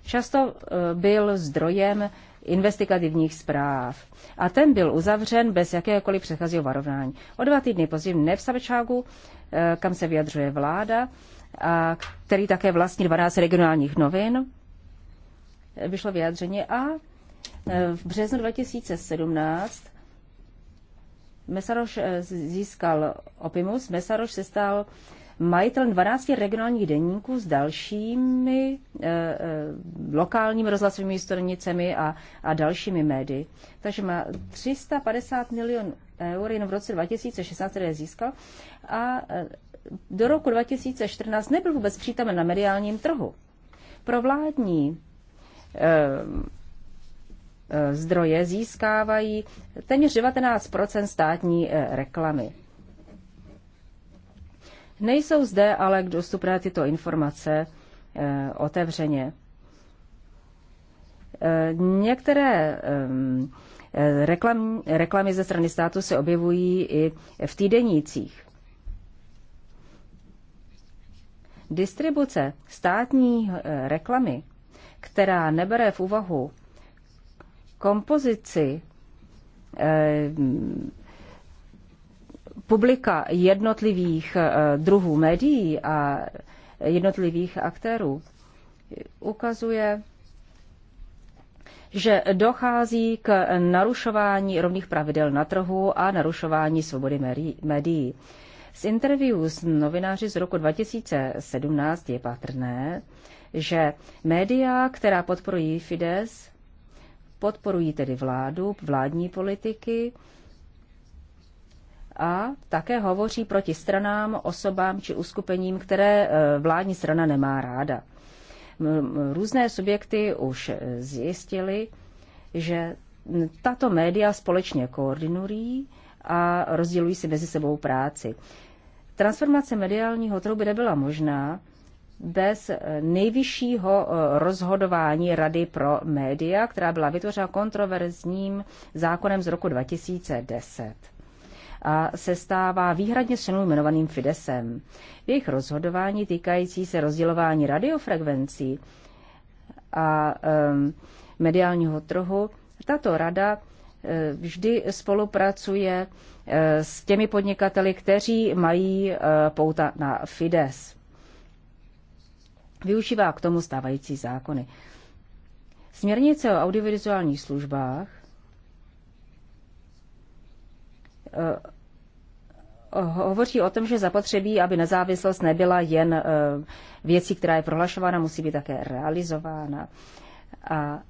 C: Často eh, byl zdrojem investigativních zpráv. A ten byl uzavřen bez jakéhokoliv předchozího varování. O dva týdny později v Nevsavčágu, eh, kam se vyjadřuje vláda, a který také vlastní 12 regionálních novin, vyšlo vyjádření a Eh, v březnu 2017 Mesaroš eh, získal Opimus. Mesaroš se stal majitelem 12 regionálních denníků s dalšími e, e, lokálními rozhlasovými stranicemi a, a dalšími médii. Takže má 350 milionů eur jen v roce 2016, které získal. A do roku 2014 nebyl vůbec přítomen na mediálním trhu. Pro vládní e, Eh, zdroje získávají téměř 19 státní eh, reklamy. Nejsou zde ale k dostupné tyto informace eh, otevřeně. Některé reklam, reklamy ze strany státu se objevují i v týdenících. Distribuce státní reklamy, která nebere v úvahu kompozici eh, publika jednotlivých eh, druhů médií a jednotlivých aktérů ukazuje, že dochází k narušování rovných pravidel na trhu a narušování svobody médií. Z interview s novináři z roku 2017 je patrné, že média, která podporují Fides, Podporují tedy vládu, vládní politiky a také hovoří proti stranám, osobám či uskupením, které e, vládní strana nemá ráda. Různé subjekty už e, zjistili, že tato média společně koordinují a rozdělují si mezi sebou práci. Transformace mediálního trhu by nebyla možná, bez eh, nejvyššího eh, rozhodování Rady pro média, která byla vytvořena kontroverzním zákonem z roku 2010 a se stává výhradně s členům jmenovaným Fidesem. Jejich rozhodování týkající se rozdělování radiofrekvencí a um, mediálního trhu, tato rada eh, vždy spolupracuje s těmi podnikateli, kteří mají pouta na Fides využívá k tomu stávající zákony. Směrnice o audiovizuálních službách eh, hovoří o tom, že zapotřebí, aby nezávislost nebyla jen eh, věcí, která je prohlašována, musí být také realizována. A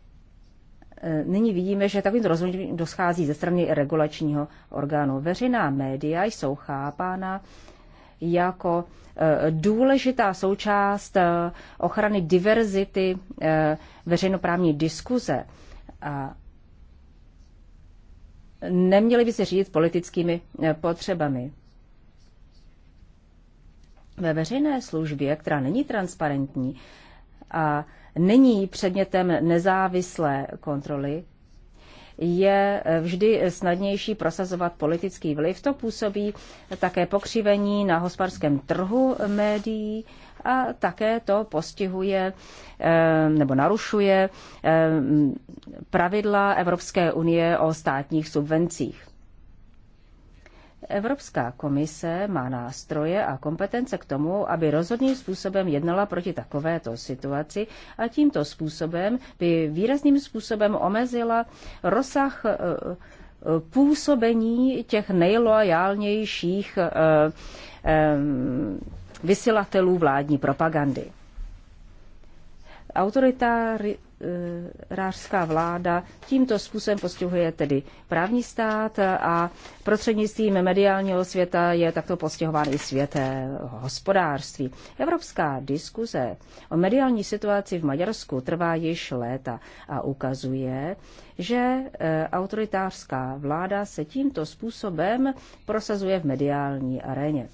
C: eh, nyní vidíme, že takovým rozhodnutím doschází ze strany regulačního orgánu. Veřejná média jsou chápána jako eh, důležitá součást eh, ochrany diverzity eh, veřejnoprávní diskuze. A neměli by se řídit politickými potřebami. Ve veřejné službě, která není transparentní a není předmětem nezávislé kontroly, je vždy snadnější prosazovat politický vliv. To působí také pokřivení na hospodářském trhu médií a také to postihuje eh, nebo narušuje eh, pravidla Evropské unie o státních subvencích. Evropská komise má nástroje a kompetence k tomu, aby rozhodným způsobem jednala proti takovéto situaci a tímto způsobem by výrazným způsobem omezila rozsah e, e, působení těch nejloajálnějších e, vysílatelů vládní propagandy. Autoritáři, E, e, rářská vláda tímto způsobem postihuje tedy právní stát a prostřednictvím mediálního světa je takto postihován i svět e, hospodářství. Evropská diskuze o mediální situaci v Maďarsku trvá již léta a ukazuje, že autoritářská vláda se tímto způsobem prosazuje v mediální aréně.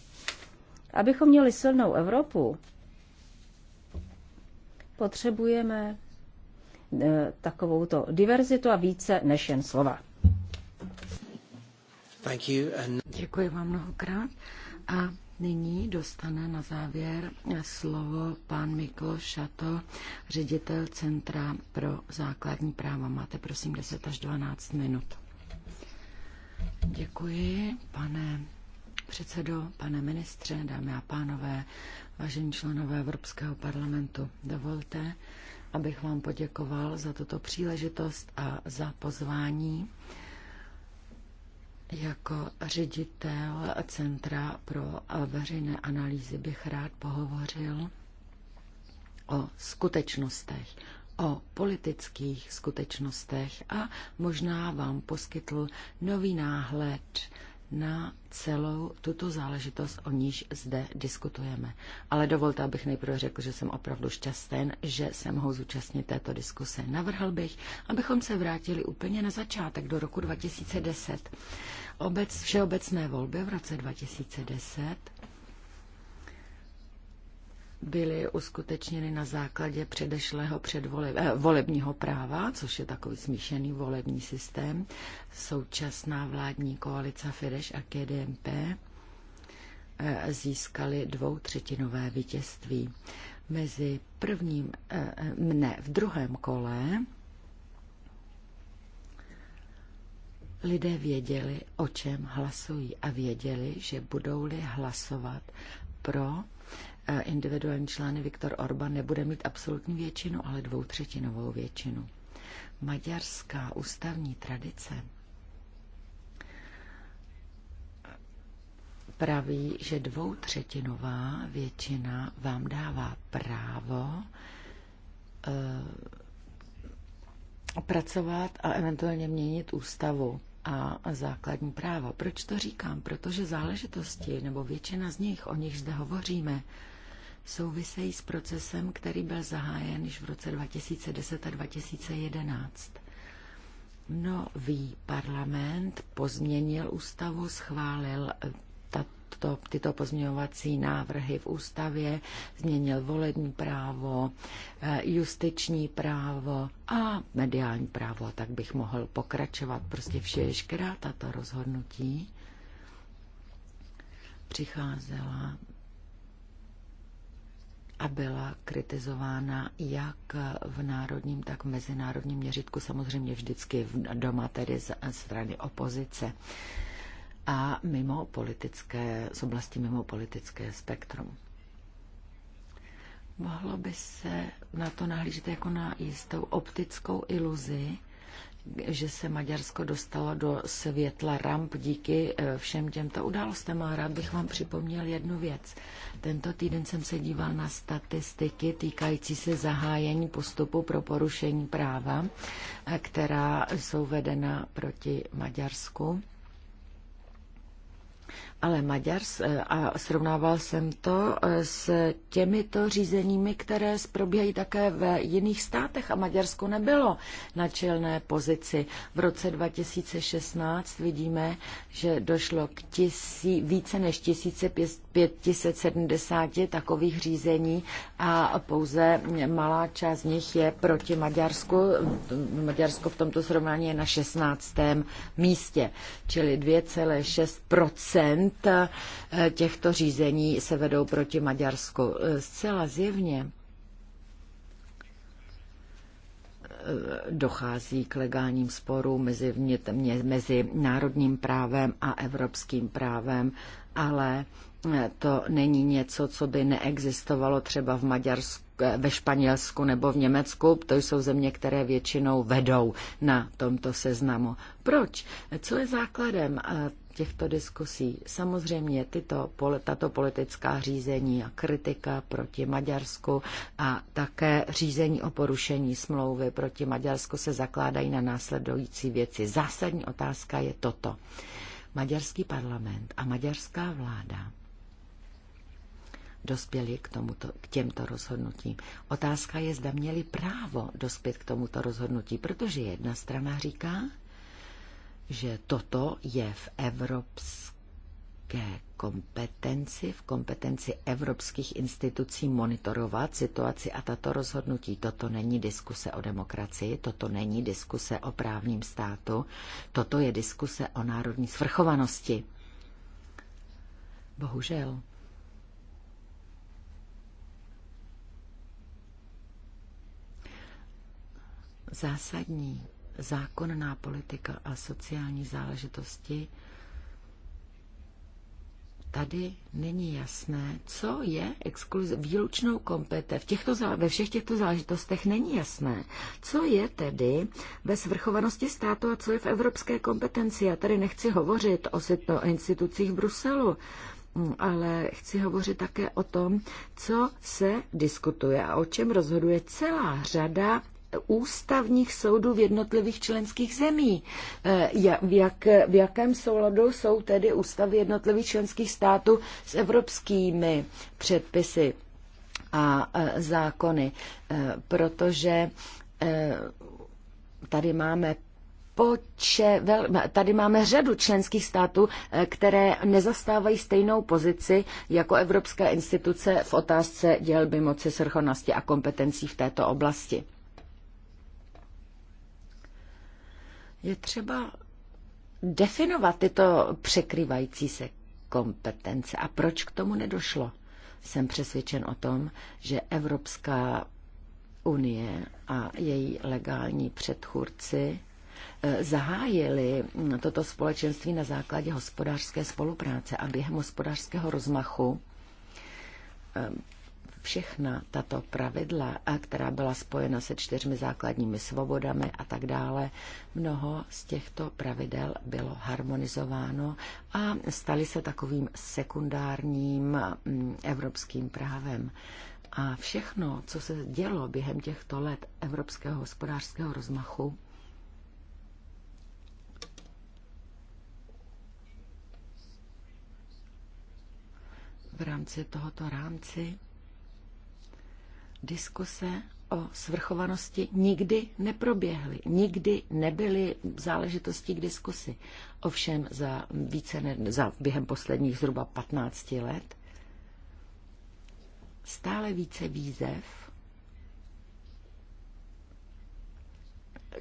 C: Abychom měli silnou Evropu, potřebujeme Eh, takovouto diverzitu a více než jen slova. Thank you
D: and... Děkuji vám mnohokrát. A nyní dostane na závěr slovo pan Mikl Šato, ředitel Centra pro základní práva. Máte prosím 10 až 12 minut. Děkuji, pane předsedo, pane ministře, dámy a pánové, vážení členové Evropského parlamentu. Dovolte, abych vám poděkoval za tuto příležitost a za pozvání jako ředitel Centra pro veřejné analýzy bych rád pohovořil o skutečnostech, o politických skutečnostech a možná vám poskytl nový náhled na celou tuto záležitost, o níž zde diskutujeme. Ale dovolte, abych nejprve řekl, že jsem opravdu šťastný, že se mohou zúčastnit této diskuse. Navrhl bych, abychom se vrátili úplně na začátek do roku 2010. Obec, všeobecné volby v roce 2010 byly uskutečněny na základě předešlého předvoleb, eh, volebního práva, což je takový smíšený volební systém. Současná vládní koalice Fidesz a KDMP eh, získali dvoutřetinové vítězství. Mezi prvním, eh, eh, ne, v druhém kole lidé věděli, o čem hlasují a věděli, že budou-li hlasovat pro individuální člány Viktor Orbán nebude mít absolutní většinu, ale dvoutřetinovou většinu. Maďarská ústavní tradice praví, že dvoutřetinová většina vám dává právo eh, pracovat a eventuálně měnit ústavu a základní práva. Proč to říkám? Protože záležitosti, nebo většina z nich, o nich zde hovoříme, souvisejí s procesem, který byl zahájen již v roce 2010 a 2011. Nový parlament pozměnil ústavu, schválil eh, tato, tyto pozměňovací návrhy v ústavě, změnil volební právo, eh, justiční právo a mediální právo, tak bych mohl pokračovat. Prostě všechna tato rozhodnutí přicházela a byla kritizována jak v národním, tak v mezinárodním měřitku, samozřejmě vždycky doma tedy z strany opozice a mimo politické, z oblasti mimo politické spektrum. Mohlo by se na to nahlížet jako na jistou optickou iluzi, že se Maďarsko dostalo do světla ramp díky eh, všem těmto událostem. A rád bych vám připomněl jednu věc. Tento týden jsem se díval na statistiky týkající se zahájení postupu pro porušení práva, eh, která jsou vedena proti Maďarsku ale Maďars, a srovnával jsem to eh, s těmito řízeními, které probíhají také v jiných státech a Maďarsko nebylo na čelné pozici. V roce 2016 vidíme, že došlo k tisí, více než 1500 570 takových řízení a pouze malá část z nich je proti Maďarsku. Maďarsko v tomto srovnání je na 16. místě, čili 2,6 eh, těchto řízení se vedou proti Maďarsku. Eh, zcela zjevně eh, dochází k legálním sporům mezi, mezi národním právem a evropským právem, ale to není něco, co by neexistovalo třeba v Maďarsku ve Španělsku nebo v Německu, to jsou země, které většinou vedou na tomto seznamu. Proč? Co je základem eh, těchto diskusí? Samozřejmě tyto, tato politická řízení a kritika proti Maďarsku a také řízení o porušení smlouvy proti Maďarsku se zakládají na následující věci. Zásadní otázka je toto. Maďarský parlament a maďarská vláda dospěli k, tomuto, k těmto rozhodnutím. Otázka je, zda měli právo dospět k tomuto rozhodnutí, protože jedna strana říká, že toto je v evropské kompetenci, v kompetenci evropských institucí monitorovat situaci a tato rozhodnutí. Toto není diskuse o demokracii, toto není diskuse o právním státu, toto je diskuse o národní svrchovanosti. Bohužel. zásadní zákonná politika a sociální záležitosti, tady není jasné, co je exkluz výlučnou kompete. V těchto, ve všech těchto záležitostech není jasné, co je tedy ve svrchovanosti státu a co je v evropské kompetenci. Já tady nechci hovořit o, o institucích v Bruselu, mm, ale chci hovořit také o tom, co se diskutuje a o čem rozhoduje celá řada ústavních soudů v jednotlivých členských zemí. Eh, v, jak, v jakém souladu jsou tedy ústavy jednotlivých členských států s evropskými předpisy a eh, zákony, eh, protože tady máme poče, vel, tady máme řadu členských států, které nezastávají stejnou pozici jako evropské instituce v otázce dělby moci, srchonosti a kompetencí v této oblasti. Je třeba definovat tyto překrývající se kompetence. A proč k tomu nedošlo? Jsem přesvědčen o tom, že Evropská unie a její legální předchůdci eh, zahájili toto společenství na základě hospodářské spolupráce a během hospodářského rozmachu eh, všechna tato pravidla, která byla spojena se čtyřmi základními svobodami a tak dále, mnoho z těchto pravidel bylo harmonizováno a staly se takovým sekundárním mm, evropským právem. A všechno, co se dělo během těchto let evropského hospodářského rozmachu, v rámci tohoto rámci Diskuse o svrchovanosti nikdy neproběhly, nikdy nebyly záležitosti k diskusi. Ovšem za, více ne, za během posledních zhruba 15 let stále více výzev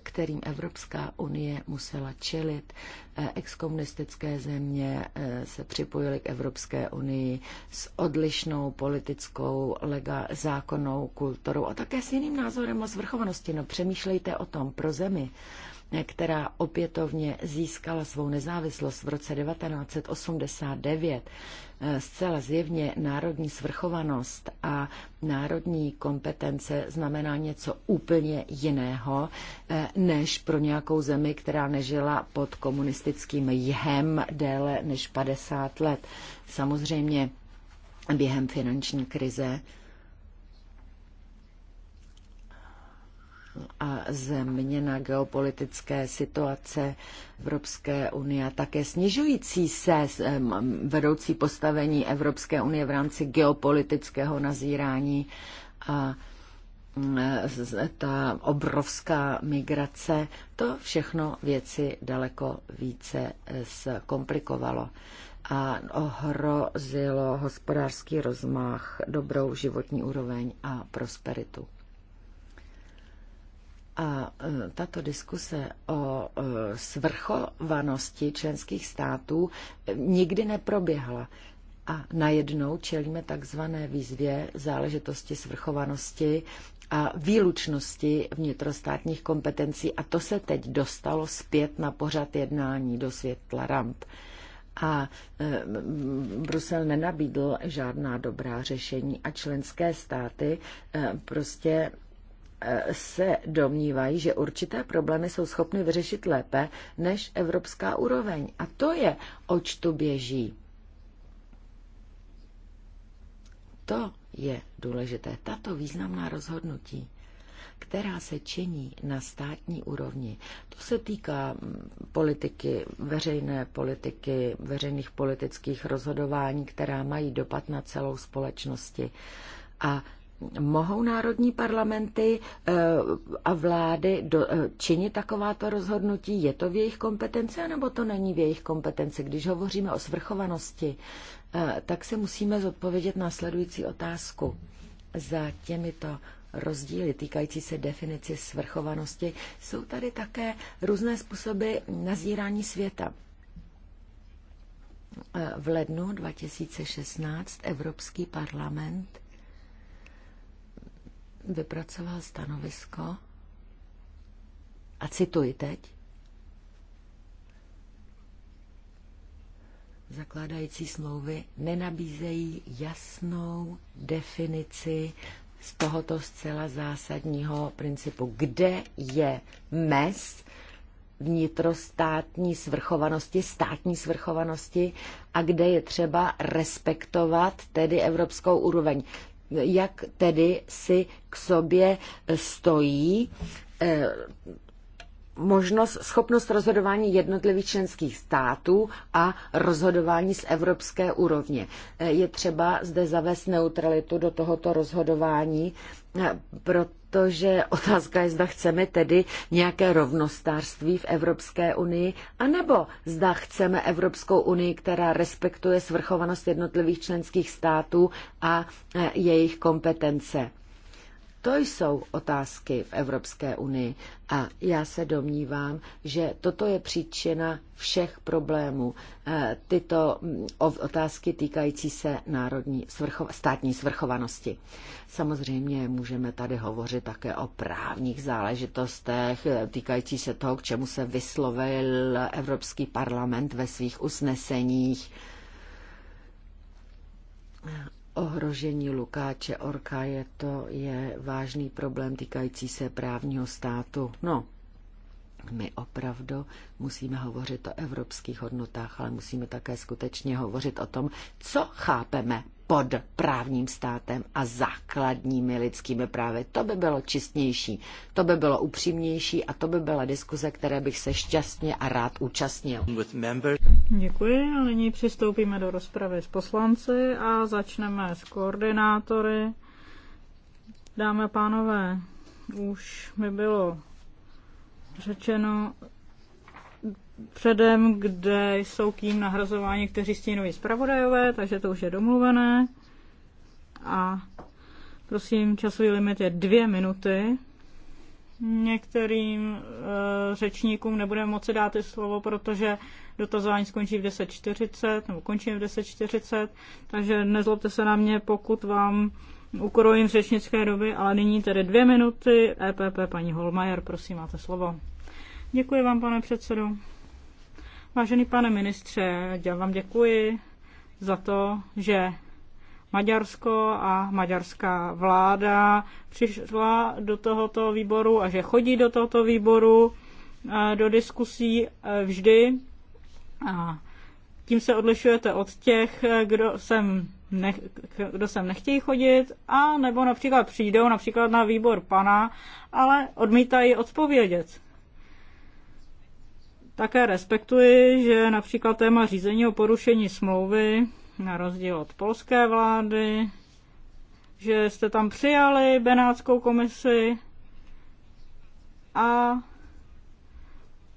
D: kterým Evropská unie musela čelit. Eh, exkomunistické země eh, se připojily k Evropské unii s odlišnou politickou, lega, zákonnou kulturou a také s jiným názorem o svrchovanosti. No přemýšlejte o tom pro zemi, která opětovně získala svou nezávislost v roce 1989, eh, zcela zjevně národní svrchovanost a národní kompetence znamená něco úplně jiného, eh, než pro nějakou zemi, která nežila pod komunistickým jhem déle než 50 let. Samozřejmě během finanční krize a změna geopolitické situace Evropské unie a také snižující se vedoucí postavení Evropské unie v rámci geopolitického nazírání a mm, ta obrovská migrace, to všechno věci daleko více e, zkomplikovalo a ohrozilo hospodářský rozmach, dobrou životní úroveň a prosperitu. A e, tato diskuse o e, svrchovanosti členských států e, nikdy neproběhla. A najednou čelíme takzvané výzvě záležitosti svrchovanosti a výlučnosti vnitrostátních kompetencí. A to se teď dostalo zpět na pořad jednání do světla ramp. A Brusel nenabídl žádná dobrá řešení a členské státy prostě se domnívají, že určité problémy jsou schopny vyřešit lépe než evropská úroveň. A to je, oč tu běží. To je důležité. Tato významná rozhodnutí, která se činí na státní úrovni, to se týká mm, politiky, veřejné politiky, veřejných politických rozhodování, která mají dopad na celou společnosti. A mohou národní parlamenty eh, a vlády do, eh, činit takováto rozhodnutí? Je to v jejich kompetenci, anebo to není v jejich kompetenci? Když hovoříme o svrchovanosti, eh, tak se musíme zodpovědět na sledující otázku. Za těmito rozdíly týkající se definici svrchovanosti jsou tady také různé způsoby nazírání světa. V lednu 2016 Evropský parlament vypracoval stanovisko a cituji teď. Zakládající smlouvy nenabízejí jasnou definici z tohoto zcela zásadního principu, kde je mes vnitrostátní svrchovanosti, státní svrchovanosti a kde je třeba respektovat tedy evropskou úroveň jak tedy si k sobě stojí eh, možnost, schopnost rozhodování jednotlivých členských států a rozhodování z evropské úrovně. Eh, je třeba zde zavést neutralitu do tohoto rozhodování, eh, proto protože otázka je, zda chceme tedy nějaké rovnostářství v Evropské unii, anebo zda chceme Evropskou unii, která respektuje svrchovanost jednotlivých členských států a e, jejich kompetence. To jsou otázky v Evropské unii a já se domnívám, že toto je příčina všech problémů. Eh, tyto mm, otázky týkající se národní svrchov, státní svrchovanosti. Samozřejmě můžeme tady hovořit také o právních záležitostech eh, týkající se toho, k čemu se vyslovil Evropský parlament ve svých usneseních. Ohrožení Lukáče Orka je to je vážný problém týkající se právního státu. No, my opravdu musíme hovořit o evropských hodnotách, ale musíme také skutečně hovořit o tom, co chápeme pod právním státem a základními lidskými právy. To by bylo čistnější, to by bylo upřímnější a to by byla diskuze, které bych se šťastně a rád účastnil.
B: Děkuji a nyní přistoupíme do rozpravy s poslanci a začneme s koordinátory. Dámy a pánové, už mi bylo řečeno, předem, kde jsou kým nahrazováni, kteří stínují zpravodajové, takže to už je domluvené. A prosím, časový limit je dvě minuty. Některým e, řečníkům nebudeme moci dát i slovo, protože dotazování skončí v 10.40, nebo končím v 10.40, takže nezlobte se na mě, pokud vám ukrojím řečnické doby, ale nyní tedy dvě minuty. EPP paní Holmajer, prosím, máte slovo. Děkuji vám, pane předsedo. Vážený pane ministře, já vám děkuji za to, že Maďarsko a maďarská vláda přišla do tohoto výboru a že chodí do tohoto výboru eh, do diskusí eh, vždy. A tím se odlišujete od těch, eh, kdo sem, ne, kdo sem nechtějí chodit, a nebo například přijdou například na výbor pana, ale odmítají odpovědět. Také respektuji, že například téma řízení o porušení smlouvy, na rozdíl od polské vlády, že jste tam přijali Benátskou komisi a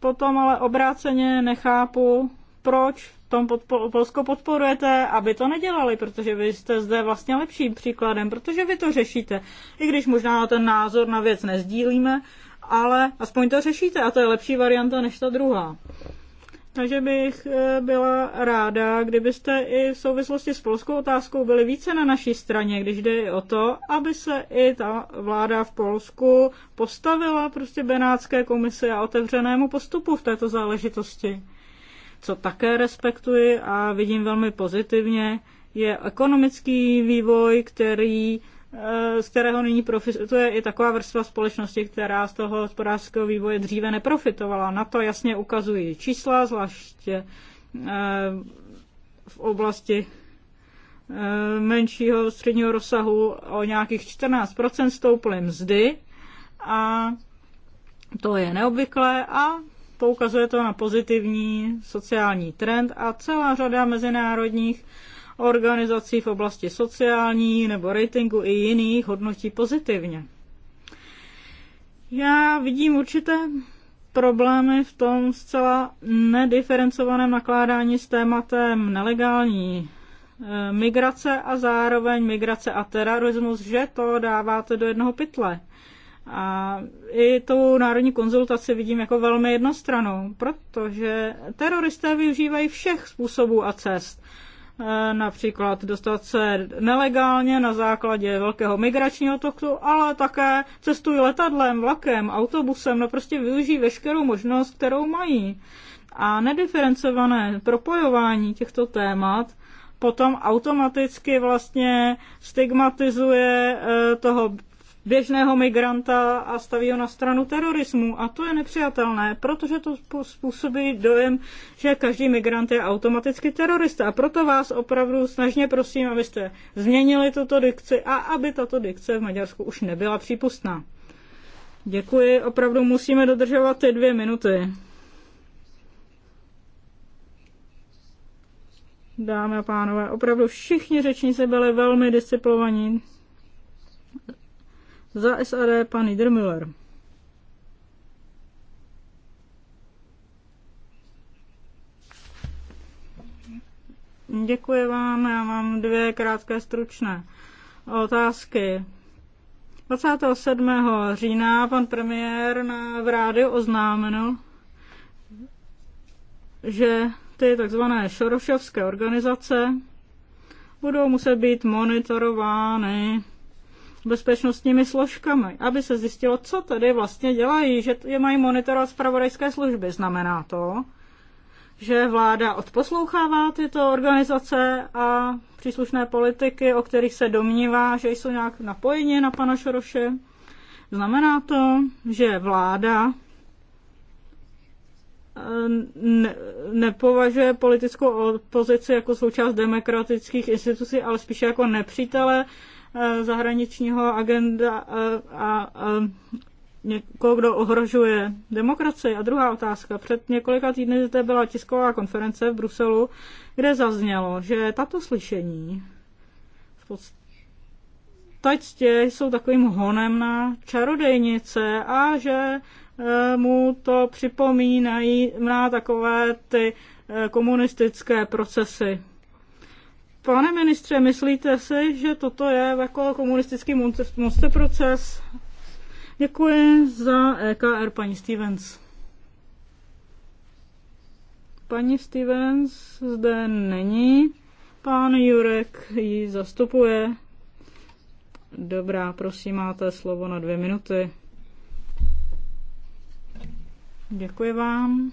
B: potom ale obráceně nechápu, proč tom podpo- Polsko podporujete, aby to nedělali, protože vy jste zde vlastně lepším příkladem, protože vy to řešíte. I když možná ten názor na věc nezdílíme, ale aspoň to řešíte a to je lepší varianta než ta druhá. Takže bych eh, byla ráda, kdybyste i v souvislosti s polskou otázkou byli více na naší straně, když jde o to, aby se i ta vláda v Polsku postavila prostě Benátské komisi a otevřenému postupu v této záležitosti. Co také respektuji a vidím velmi pozitivně, je ekonomický vývoj, který z kterého nyní profituje i taková vrstva společnosti, která z toho hospodářského vývoje dříve neprofitovala. Na to jasně ukazují čísla, zvláště eh, v oblasti eh, menšího středního rozsahu o nějakých 14% stouply mzdy a to je neobvyklé a poukazuje to na pozitivní sociální trend a celá řada mezinárodních organizací v oblasti sociální nebo ratingu i jiných hodnotí pozitivně. Já vidím určité problémy v tom zcela nediferencovaném nakládání s tématem nelegální e, migrace a zároveň migrace a terorismus, že to dáváte do jednoho pytle. A i tu národní konzultaci vidím jako velmi jednostranou, protože teroristé využívají všech způsobů a cest. Eh, například dostat se nelegálně na základě velkého migračního toku, ale také cestují letadlem, vlakem, autobusem, no prostě využijí veškerou možnost, kterou mají. A nediferencované propojování těchto témat potom automaticky vlastně stigmatizuje eh, toho běžného migranta a staví ho na stranu terorismu. A to je nepřijatelné, protože to způsobí dojem, že každý migrant je automaticky terorista. A proto vás opravdu snažně prosím, abyste změnili tuto dikci a aby tato dikce v Maďarsku už nebyla přípustná. Děkuji, opravdu musíme dodržovat ty dvě minuty. Dámy a pánové, opravdu všichni řečníci byli velmi disciplovaní. Za SAD pan Niedermüller. Děkuji vám, já mám dvě krátké stručné otázky. 27. října pan premiér na, v rádiu oznámil, že ty tzv. šorošovské organizace budou muset být monitorovány bezpečnostními složkami, aby se zjistilo, co tady vlastně dělají, že je mají monitorovat zpravodajské služby. Znamená to, že vláda odposlouchává tyto organizace a příslušné politiky, o kterých se domnívá, že jsou nějak napojeni na pana Šoroše. Znamená to, že vláda eh, nepovažuje politickou opozici jako součást demokratických institucí, ale spíše jako nepřítele Eh, zahraničního agenda eh, a eh, někoho, kdo ohrožuje demokracii. A druhá otázka. Před několika týdny zde byla tisková konference v Bruselu, kde zaznělo, že tato slyšení v podstatě jsou takovým honem na čarodejnice a že mu to připomínají na takové ty komunistické procesy. Pane ministře, myslíte si, že toto je jako komunistický monster proces? Děkuji za EKR paní Stevens. Paní Stevens zde není. Pán Jurek ji zastupuje. Dobrá, prosím, máte slovo na dvě minuty. Děkuji vám.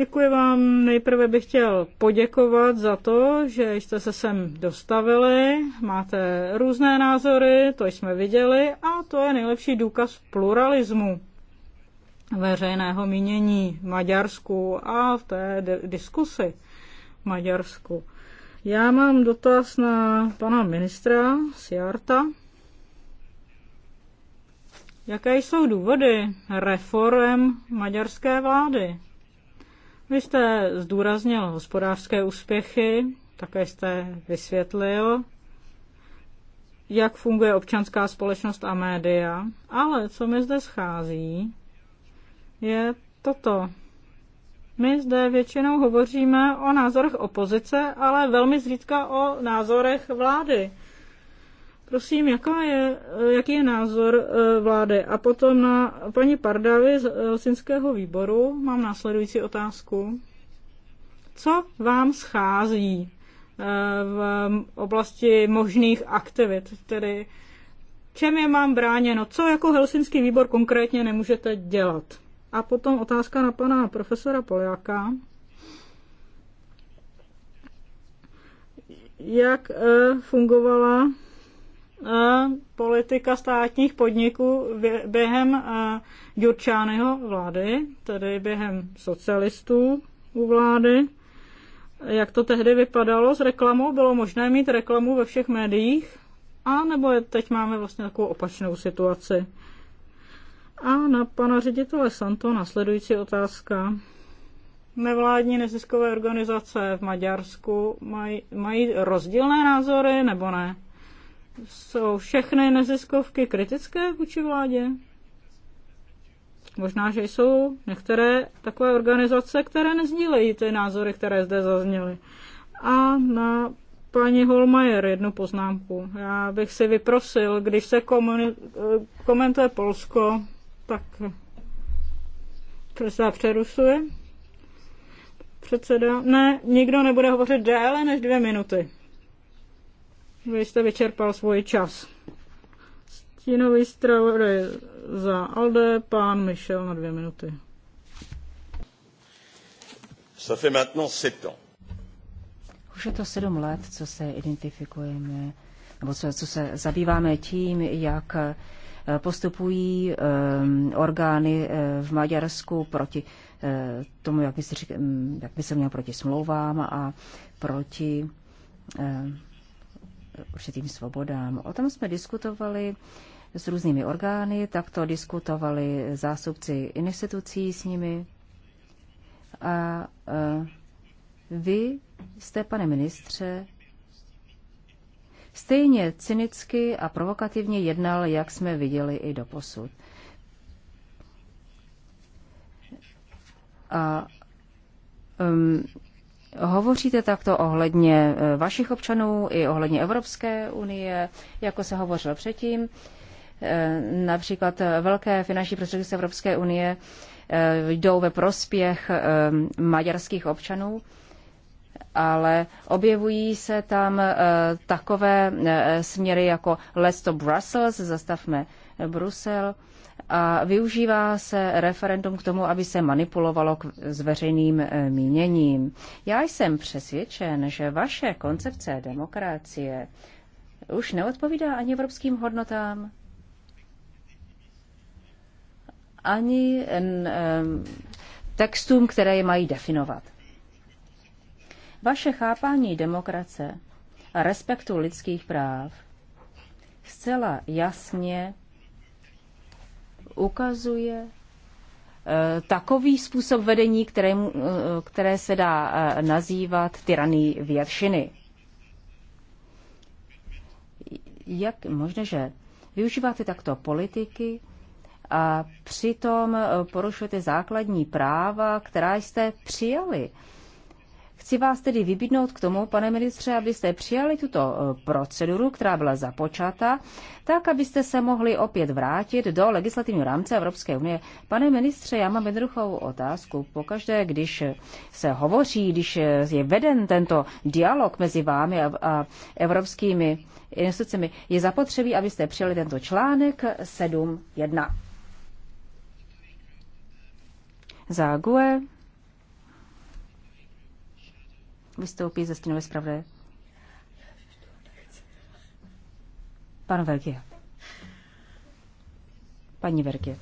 B: Děkuji vám. Nejprve bych chtěl poděkovat za to, že jste se sem dostavili. Máte různé názory, to jsme viděli a to je nejlepší důkaz pluralismu veřejného mínění v Maďarsku a v té diskusi v Maďarsku. Já mám dotaz na pana ministra Siarta. Jaké jsou důvody reform maďarské vlády? Vy jste zdůraznil hospodářské úspěchy, také jste vysvětlil, jak funguje občanská společnost a média, ale co mi zde schází, je toto. My zde většinou hovoříme o názorech opozice, ale velmi zřídka o názorech vlády. Prosím, jaká je, jaký je názor eh, vlády? A potom na paní Pardavy z eh, Helsinského výboru mám následující otázku. Co vám schází eh, v oblasti možných aktivit, tedy čem je mám bráněno, co jako Helsinský výbor konkrétně nemůžete dělat. A potom otázka na pana profesora Poliáka. Jak fungovala politika státních podniků během Jurčányho vlády, tedy během socialistů u vlády. Jak to tehdy vypadalo s reklamou? Bylo možné mít reklamu ve všech médiích? A nebo teď máme vlastně takovou opačnou situaci? A na pana ředitele Santo následující otázka. Nevládní neziskové organizace v Maďarsku mají, mají rozdílné názory nebo ne? Jsou všechny neziskovky kritické vůči vládě? Možná, že jsou některé takové organizace, které nezdílejí ty názory, které zde zazněly. A na paní Holmajer jednu poznámku. Já bych si vyprosil, když se komentuje Polsko, tak se přerušuje. Předseda, ne, nikdo nebude hovořit déle než dvě minuty. Vy jste vyčerpal svůj čas. Stínový zpravodaj za Alde, pán Michel na dvě minuty.
D: Ça fait maintenant ans.
C: Už je to sedm let, co se identifikujeme, nebo co, co se zabýváme tím, jak eh, postupují um, orgány eh, v Maďarsku proti uh, tomu, jak by, se, mm, jak by se měl proti smlouvám a proti uh, určitým svobodám. O tom jsme diskutovali s různými orgány, tak to diskutovali zástupci institucí s nimi. A e, vy jste, pane ministře, stejně cynicky a provokativně jednal, jak jsme viděli i do posud. A um, Hovoříte takto ohledně eh, vašich občanů i ohledně Evropské unie, jako se hovořilo předtím. Eh, například eh, velké finanční prostředky z Evropské unie jdou ve prospěch maďarských občanů, ale objevují se tam takové směry jako Let's stop Brussels, zastavme Brusel, a využívá se referendum k tomu, aby se manipulovalo k, s veřejným eh, míněním. Já jsem přesvědčen, že vaše koncepce demokracie už neodpovídá ani evropským hodnotám, ani textům, které je mají definovat. Vaše chápání demokracie a respektu lidských práv zcela jasně ukazuje eh, takový způsob vedení, které, eh, které se dá eh, nazývat tyraný většiny. Jak možné, že využíváte takto politiky a přitom porušujete základní práva, která jste přijali? Chci vás tedy vybídnout k tomu, pane ministře, abyste přijali tuto e, proceduru, která byla započata, tak, abyste se mohli opět vrátit do legislativního rámce Evropské unie. Pane ministře, já mám jednoduchou otázku. Pokaždé, když se hovoří, když je veden tento dialog mezi vámi a evropskými institucemi, je zapotřebí, abyste přijali tento článek 7.1. Za GUE vystoupí ze stěnové zpravodaje. Pan Vergie. Paní Vergie.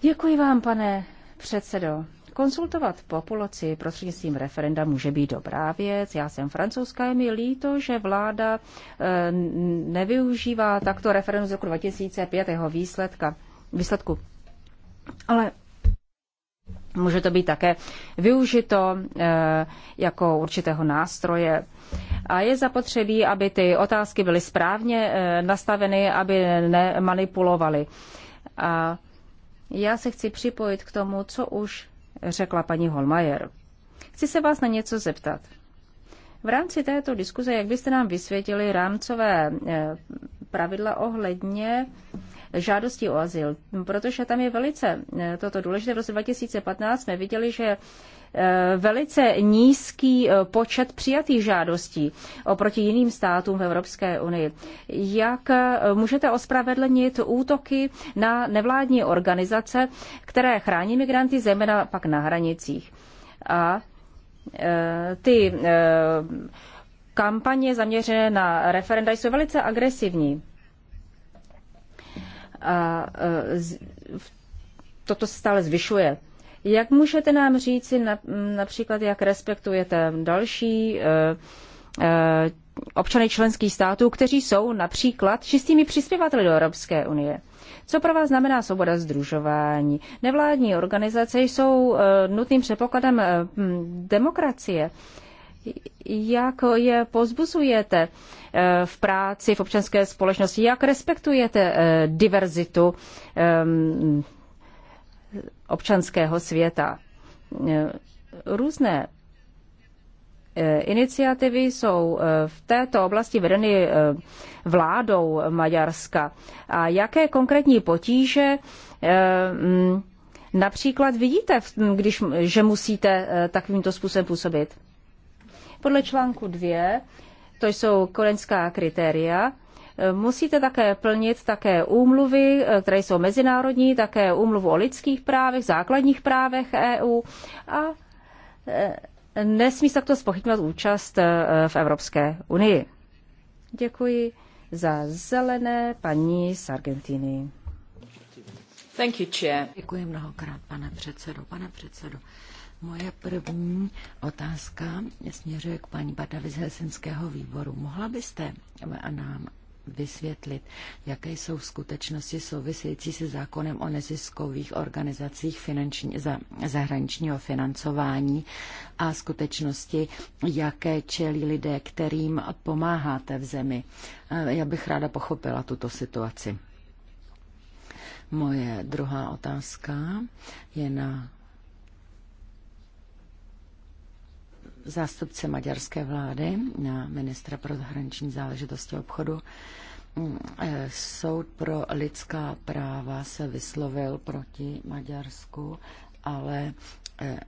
C: Děkuji vám, pane předsedo. Konsultovat populaci prostřednictvím referenda může být dobrá věc. Já jsem francouzská, je mi líto, že vláda eh, nevyužívá takto referendum z roku 2005 jeho výsledka, výsledku. Ale Může to být také využito eh, jako určitého nástroje. A je zapotřebí, aby ty otázky byly správně eh, nastaveny, aby nemanipulovaly. A já se chci připojit k tomu, co už řekla paní Holmajer. Chci se vás na něco zeptat. V rámci této diskuze, jak byste nám vysvětlili rámcové eh, pravidla ohledně žádostí o azyl, protože tam je velice eh, toto důležité. V roce 2015 jsme viděli, že eh, velice nízký eh, počet přijatých žádostí oproti jiným státům v Evropské unii. Jak můžete ospravedlnit útoky na nevládní organizace, které chrání migranty, zejména pak na hranicích? A ty kampaně zaměřené na referenda jsou velice agresivní a toto se stále zvyšuje. Jak můžete nám říci například, jak respektujete další e, e, občany členských států, kteří jsou například čistými přispěvateli do Evropské unie? Co pro vás znamená svoboda združování? Nevládní organizace jsou e, nutným předpokladem demokracie jak je pozbuzujete eh, v práci, v občanské společnosti, jak respektujete eh, diverzitu eh, občanského světa. Různé iniciativy jsou v této oblasti vedeny vládou Maďarska. A jaké konkrétní potíže například vidíte, když, že musíte takovýmto způsobem působit? Podle článku 2, to jsou koreňská kritéria, eh, musíte také plnit také úmluvy, eh, které jsou mezinárodní, také úmluvu o lidských právech, základních právech EU a eh, nesmí se takto spochybňovat účast v Evropské unii. Děkuji za zelené paní z Argentiny.
D: Thank you, chair. Děkuji mnohokrát, pane předsedo. Pane předsedo, Moje první otázka směřuje k paní Badavi z Helsinského výboru. Mohla byste nám vysvětlit, jaké jsou v skutečnosti související se zákonem o neziskových organizacích finanční, za, zahraničního financování a skutečnosti, jaké čelí lidé, kterým pomáháte v zemi. Eh, já bych ráda pochopila tuto situaci. Moje druhá otázka je na zástupce maďarské vlády na ministra pro zahraniční záležitosti obchodu. Mm, eh, soud pro lidská práva se vyslovil proti Maďarsku, ale eh,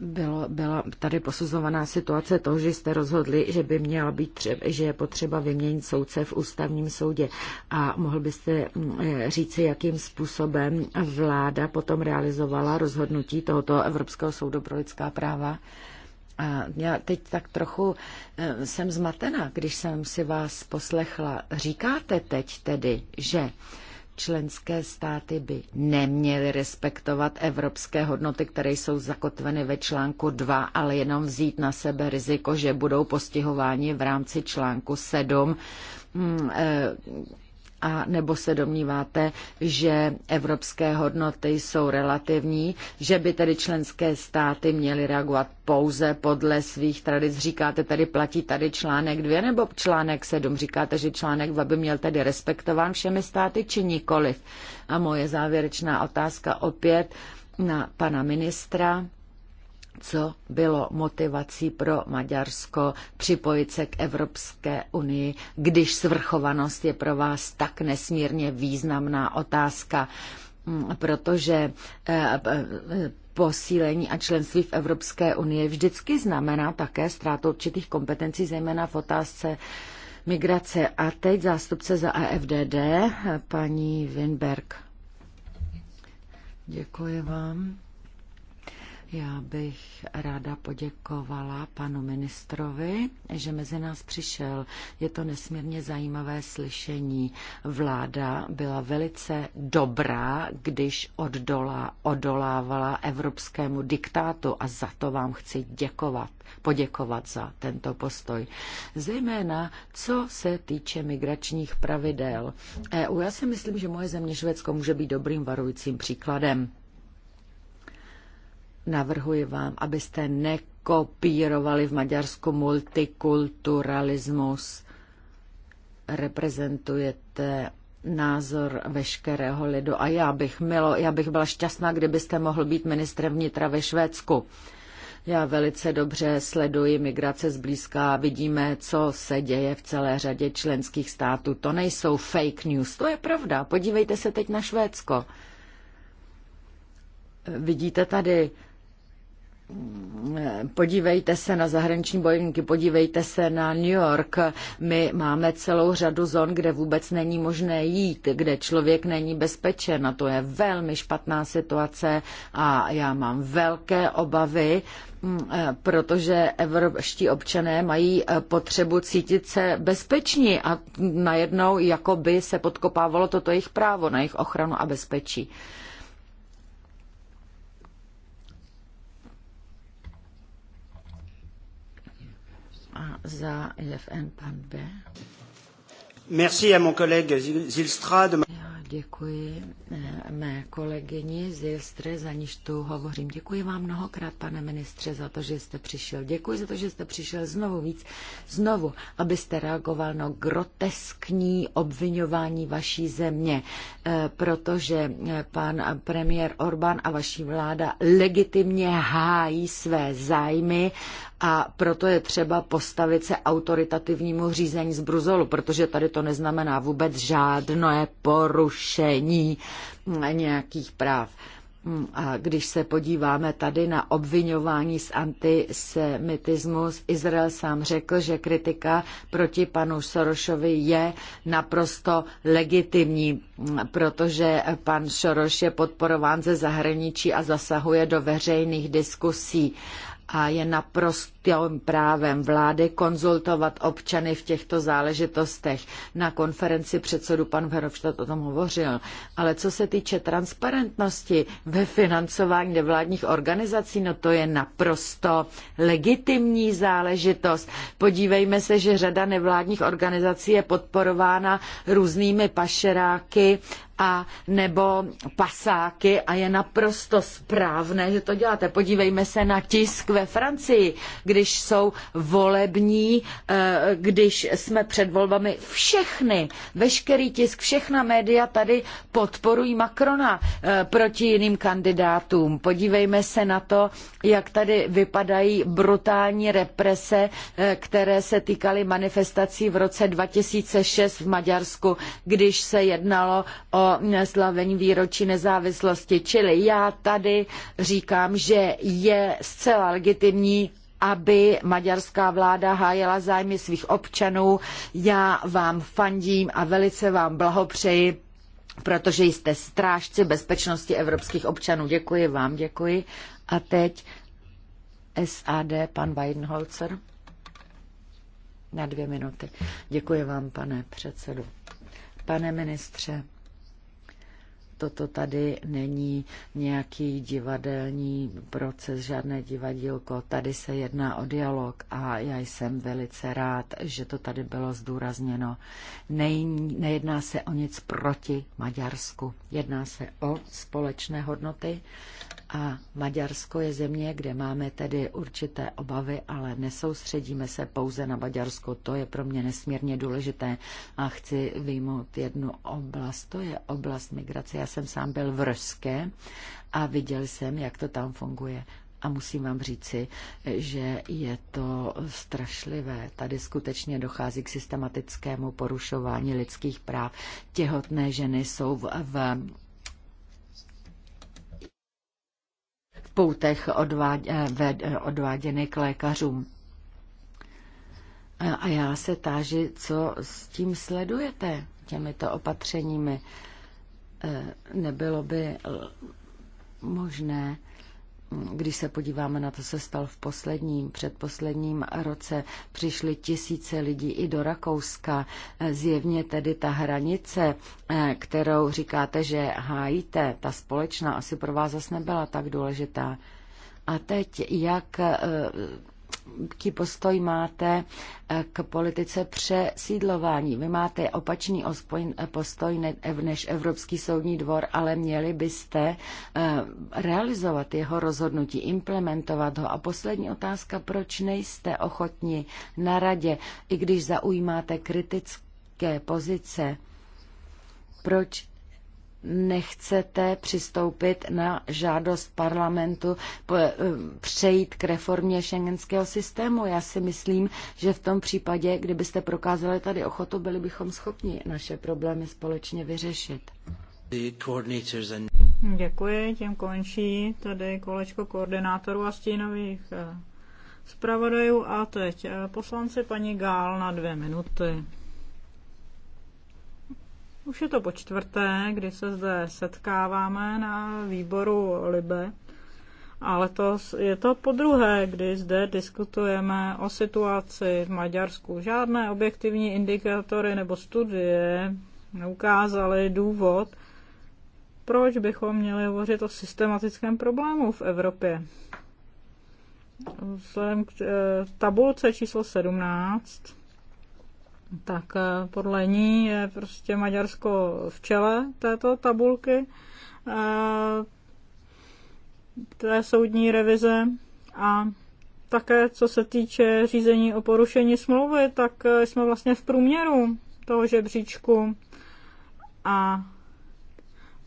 D: bylo, byla tady posuzovaná situace toho, že jste rozhodli, že by měla být třeba, že je potřeba vyměnit soudce v ústavním soudě. A mohl byste mm, eh, říci, jakým způsobem vláda potom realizovala rozhodnutí tohoto Evropského soudu pro lidská práva? A já teď tak trochu eh, jsem zmatena, když jsem si vás poslechla. Říkáte teď tedy, že Členské státy by neměly respektovat evropské hodnoty, které jsou zakotveny ve článku 2, ale jenom vzít na sebe riziko, že budou postihováni v rámci článku 7 a nebo se domníváte, že evropské hodnoty jsou relativní, že by tedy členské státy měly reagovat pouze podle svých tradic. Říkáte tady platí tady článek 2 nebo článek 7? Říkáte, že článek 2 by měl tedy respektován všemi státy či nikoliv? A moje závěrečná otázka opět na pana ministra co bylo motivací pro Maďarsko připojit se k Evropské unii, když svrchovanost je pro vás tak nesmírně významná otázka, mm, protože eh, eh, posílení a členství v Evropské unii vždycky znamená také ztrátu určitých kompetencí, zejména v otázce migrace. A teď zástupce za AFDD, e eh, paní Winberg. Děkuji vám. Já bych ráda poděkovala panu ministrovi, že mezi nás přišel. Je to nesmírně zajímavé slyšení. Vláda byla velice dobrá, když oddola, odolávala evropskému diktátu a za to vám chci děkovat, poděkovat za tento postoj. Zejména co se týče migračních pravidel EU. Já si myslím, že moje země Švédsko může být dobrým varujícím příkladem. Navrhuji vám, abyste nekopírovali v Maďarsku multikulturalismus. Reprezentujete názor veškerého lidu a já bych, milo, já bych byla šťastná, kdybyste mohl být ministrem vnitra ve Švédsku. Já velice dobře sleduji migrace zblízka a vidíme, co se děje v celé řadě členských států. To nejsou fake news, to je pravda. Podívejte se teď na Švédsko. Vidíte tady podívejte se na zahraniční bojovníky, podívejte se na New York. My máme celou řadu zón, kde vůbec není možné jít, kde člověk není bezpečen a to je velmi špatná situace a já mám velké obavy, mm, eh, protože evropští občané mají eh, potřebu cítit se bezpeční a najednou jako by se podkopávalo toto jejich právo na jejich ochranu a bezpečí. za IFN e pan B.
A: Merci à mon collègue Zilstra de...
D: děkuji eh, mé kolegyni Zilstre, za níž tu hovořím. Děkuji vám mnohokrát, pane ministře, za to, že jste přišel. Děkuji za to, že jste přišel znovu víc, znovu, abyste reagoval na groteskní obvinování vaší země, eh, protože eh, pan premiér Orbán a vaší vláda legitimně hájí své zájmy a proto je třeba postavit se autoritativnímu řízení z Bruzolu, protože tady to neznamená vůbec žádné porušení nějakých práv. A když se podíváme tady na obvinování z antisemitismu, Izrael sám řekl, že kritika proti panu Sorošovi je naprosto legitimní, protože pan Soroš je podporován ze zahraničí a zasahuje do veřejných diskusí a je naprosto právem vlády konzultovat občany v těchto záležitostech. Na konferenci předsedu pan Verhofstadt o tom hovořil. Ale co se týče transparentnosti ve financování nevládních organizací, no to je naprosto legitimní záležitost. Podívejme se, že řada nevládních organizací je podporována různými pašeráky a nebo pasáky a je naprosto správné, že to děláte. Podívejme se na tisk ve Francii, kde když jsou volební, eh, když jsme před volbami. Všechny, veškerý tisk, všechna média tady podporují Macrona eh, proti jiným kandidátům. Podívejme se na to, jak tady vypadají brutální represe, eh, které se týkaly manifestací v roce 2006 v Maďarsku, když se jednalo o slavení výročí nezávislosti. Čili já tady říkám, že je zcela legitimní aby maďarská vláda hájela zájmy svých občanů. Já vám fandím a velice vám blahopřeji, protože jste strážci bezpečnosti evropských občanů. Děkuji vám, děkuji. A teď SAD, pan Weidenholzer. Na dvě minuty. Děkuji vám, pane předsedo. Pane ministře, toto tady není nějaký divadelní proces, žádné divadílko. Tady se jedná o dialog a já jsem velice rád, že to tady bylo zdůrazněno. Nejedná se o nic proti Maďarsku. Jedná se o společné hodnoty a Maďarsko je země, kde máme tedy určité obavy, ale nesoustředíme se pouze na Maďarsko. To je pro mě nesmírně důležité a chci vyjmout jednu oblast. To je oblast migrace. Já jsem sám byl v Rské a viděl jsem, jak to tam funguje. A musím vám říci, že je to strašlivé. Tady skutečně dochází k systematickému porušování lidských práv. Těhotné ženy jsou v, v poutech eh, eh, odváděny k lékařům. Eh, a já se táži, co s tím sledujete, těmito opatřeními. Nebylo by možné když se podíváme na to, co se stalo v posledním, předposledním roce, přišly tisíce lidí i do Rakouska. Zjevně tedy ta hranice, eh, kterou říkáte, že hájíte, ta společná asi pro vás zase nebyla tak důležitá. A teď, jak eh, jaký postoj máte eh, k politice přesídlování. Vy máte opačný postoj než Evropský soudní dvor, ale měli byste eh, realizovat jeho rozhodnutí, implementovat ho. A poslední otázka, proč nejste ochotni na radě, i když zaujímáte kritické pozice, proč nechcete přistoupit na žádost parlamentu eh, přejít k reformě šengenského systému. Já si myslím, že v tom případě, kdybyste prokázali tady ochotu, byli bychom schopni naše problémy společně vyřešit.
B: Děkuji, tím končí tady kolečko koordinátorů a stínových eh, zpravodajů a teď eh, poslanci paní Gál na dvě minuty. Už je to po čtvrté, kdy se zde setkáváme na výboru Libe, ale to, je to po druhé, kdy zde diskutujeme o situaci v Maďarsku. Žádné objektivní indikátory nebo studie neukázaly důvod, proč bychom měli hovořit o systematickém problému v Evropě. Vzhledem k eh, tabulce číslo 17 tak eh, podle ní je prostě Maďarsko v čele této tabulky eh, té soudní revize a také co se týče řízení o porušení smlouvy, tak eh, jsme vlastně v průměru toho žebříčku a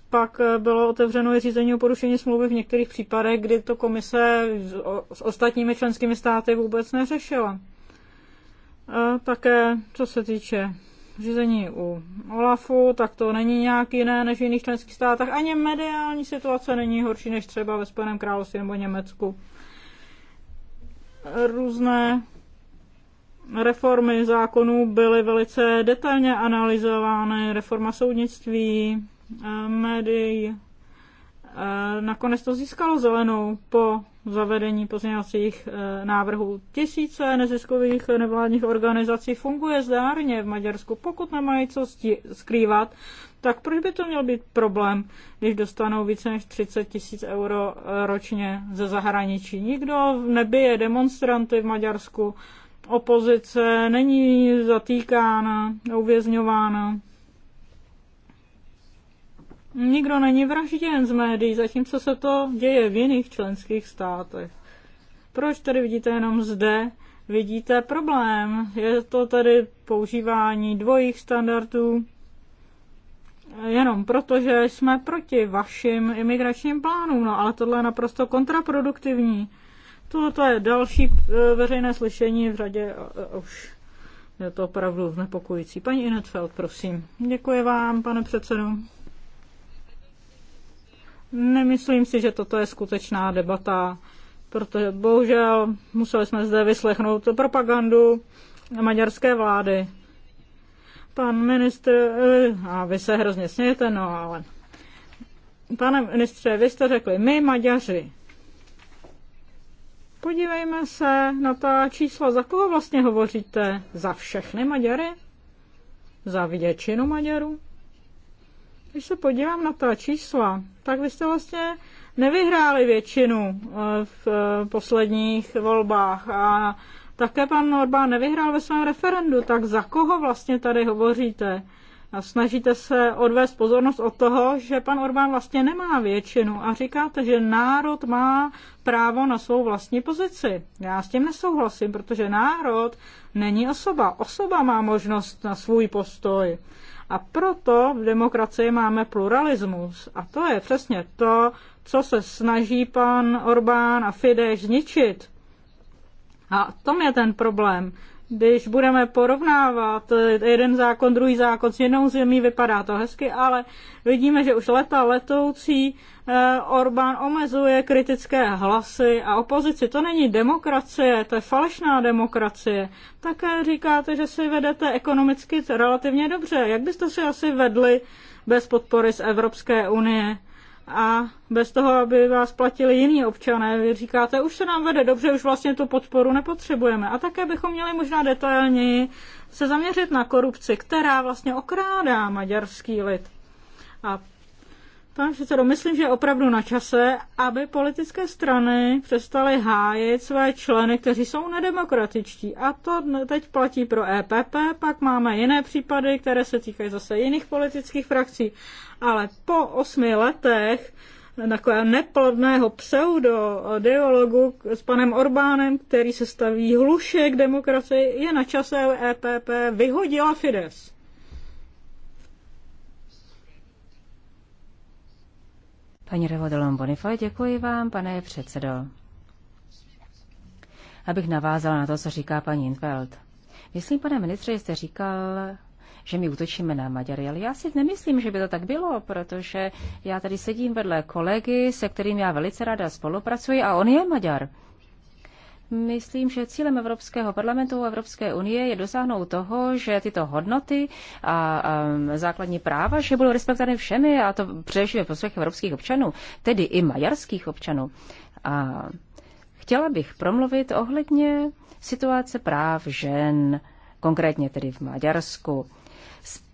B: pak bylo otevřeno i řízení o porušení smlouvy v některých případech, kdy to komise s ostatními členskými státy vůbec neřešila. A také, co se týče řízení u OLAFu, tak to není nějak jiné než v jiných členských státech. Ani mediální situace není horší než třeba ve Spojeném království nebo Německu. Různé reformy zákonů byly velice detailně analyzovány. Reforma soudnictví, eh, médií, Eh, nakonec to získalo zelenou po zavedení pozměňovacích eh, návrhů. Tisíce neziskových eh, nevládních organizací funguje zdárně v Maďarsku. Pokud nemají co skrývat, tak proč by to měl být problém, když dostanou více než 30 tisíc euro ročně ze zahraničí? Nikdo nebije demonstranty v Maďarsku, opozice není zatýkána, uvězňována nikdo není vražděn z médií, zatímco se to děje v jiných členských státech. Proč tady vidíte jenom zde? Vidíte problém. Je to tady používání dvojích standardů, jenom protože jsme proti vašim imigračním plánům, no ale tohle je naprosto kontraproduktivní. Toto je další e, veřejné slyšení v řadě e, e, už. Je to opravdu znepokojící. Paní Inetfeld, prosím. Děkuji vám, pane předsedo. Nemyslím si, že toto je skutečná debata, protože bohužel museli jsme zde vyslechnout propagandu maďarské vlády. Pan ministr, eh, a vy se hrozně smějete, no ale. Pane ministře, vy jste řekli, my Maďaři. Podívejme se na ta čísla, za koho vlastně hovoříte? Za všechny Maďary? Za většinu Maďarů? Když se podívám na ta čísla, tak vy jste vlastně nevyhráli většinu eh, v eh, posledních volbách a také pan Orbán nevyhrál ve svém referendu, tak za koho vlastně tady hovoříte? A snažíte se odvést pozornost od toho, že pan Orbán vlastně nemá většinu a říkáte, že národ má právo na svou vlastní pozici. Já s tím nesouhlasím, protože národ není osoba. Osoba má možnost na svůj postoj. A proto v demokracii máme pluralismus. A to je přesně to, co se snaží pan Orbán a Fidesz zničit. A tom je ten problém když budeme porovnávat eh, jeden zákon, druhý zákon s jednou zemí, vypadá to hezky, ale vidíme, že už leta letoucí eh, Orbán omezuje kritické hlasy a opozici. To není demokracie, to je falešná demokracie. Také říkáte, že si vedete ekonomicky relativně dobře. Jak byste si asi vedli bez podpory z Evropské unie? a bez toho, aby vás platili jiní občané, vy říkáte, už se nám vede dobře, už vlastně tu podporu nepotřebujeme. A také bychom měli možná detailněji se zaměřit na korupci, která vlastně okrádá maďarský lid. A Pane předsedo, myslím, že je opravdu na čase, aby politické strany přestaly hájit své členy, kteří jsou nedemokratičtí. A to teď platí pro EPP, pak máme jiné případy, které se týkají zase jiných politických frakcí. Ale po osmi letech takového neplodného pseudo-dialogu s panem Orbánem, který se staví hluše k demokracii, je na čase EPP vyhodila Fides.
C: Paní Revodolom Bonifoj, děkuji vám, pane předsedo. Abych navázala na to, co říká paní Infeld. Myslím, pane ministře, jste říkal, že my útočíme na Maďary, ale já si nemyslím, že by to tak bylo, protože já tady sedím vedle kolegy, se kterým já velice ráda spolupracuji a on je Maďar. Myslím, že cílem Evropského parlamentu a Evropské unie je dosáhnout toho, že tyto hodnoty a, a základní práva, že budou respektovány všemi, a to především po svých evropských občanů, tedy i maďarských občanů. A chtěla bych promluvit ohledně situace práv žen, konkrétně tedy v Maďarsku.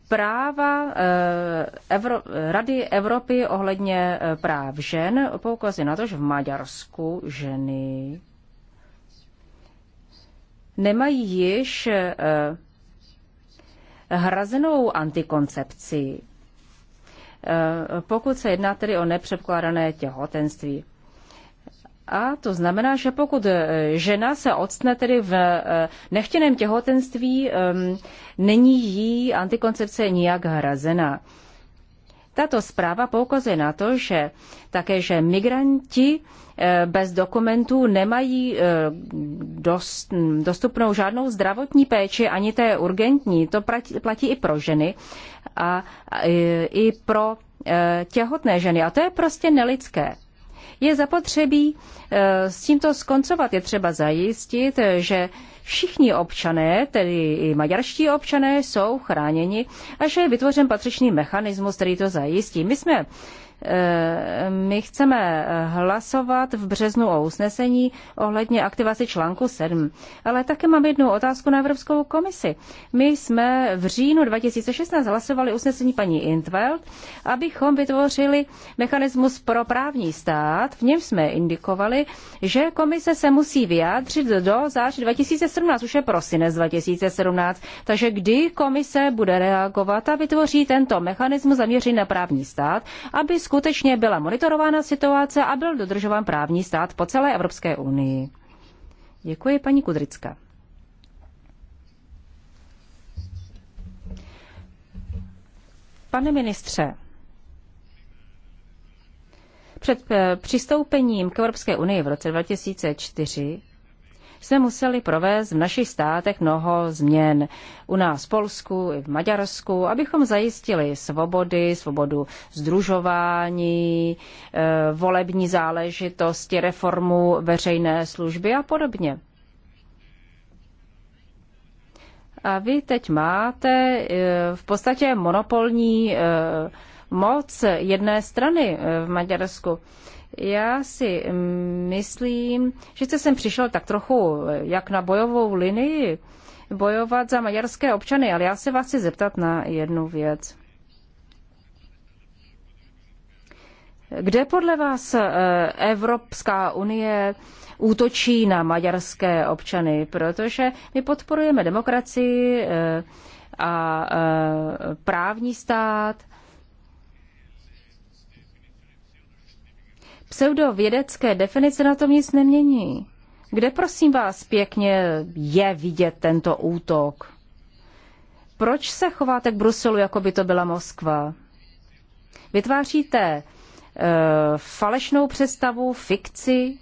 C: Práva eh, Evro, Rady Evropy ohledně eh, práv žen poukazuje na to, že v Maďarsku ženy nemají již eh, hrazenou antikoncepci, eh, pokud se jedná tedy o nepředkládané těhotenství. A to znamená, že pokud eh, žena se odstne tedy v nechtěném těhotenství, není jí antikoncepce nijak hrazena. Tato zpráva poukazuje na to, že také, že migranti Eh, bez dokumentů nemají eh, dost, dostupnou žádnou zdravotní péči, ani té urgentní. To platí i pro ženy a i pro eh, těhotné ženy. A to je prostě nelidské. Je zapotřebí s tímto skoncovat. Je třeba zajistit, že všichni občané, tedy i maďarští občané, jsou chráněni a že je vytvořen patřičný mechanismus, který to zajistí. My jsme Eh, my chceme hlasovat v březnu o usnesení ohledně aktivace článku 7. Ale také mám jednu otázku na Evropskou komisi. My jsme v říjnu 2016 hlasovali usnesení paní Intveld, abychom vytvořili mechanismus pro právní stát. V něm jsme indikovali, že komise se musí vyjádřit do září 2017, už je prosinec 2017. Takže kdy komise bude reagovat a vytvoří tento mechanismus zaměřený na právní stát, aby skutečně byla monitorována situace a byl dodržován právní stát po celé Evropské unii. Děkuji, paní Kudrická. Pane ministře, před eh, přistoupením k Evropské unii v roce 2004 jsme museli provést v našich státech mnoho změn. U nás v Polsku i v Maďarsku, abychom zajistili svobody, svobodu združování, eh, volební záležitosti, reformu veřejné služby a podobně. A vy teď máte eh, v podstatě monopolní eh, moc jedné strany v Maďarsku. Já si myslím, že jste sem přišel tak trochu jak na bojovou linii bojovat za maďarské občany, ale já se vás chci zeptat na jednu věc. Kde podle vás eh, Evropská unie útočí na maďarské občany? Protože my podporujeme demokracii eh, a eh, právní stát pseudovědecké definice na tom nic nemění. Kde, prosím vás, pěkně je vidět tento útok? Proč se chováte k Bruselu, jako by to byla Moskva? Vytváříte e, falešnou představu, fikci,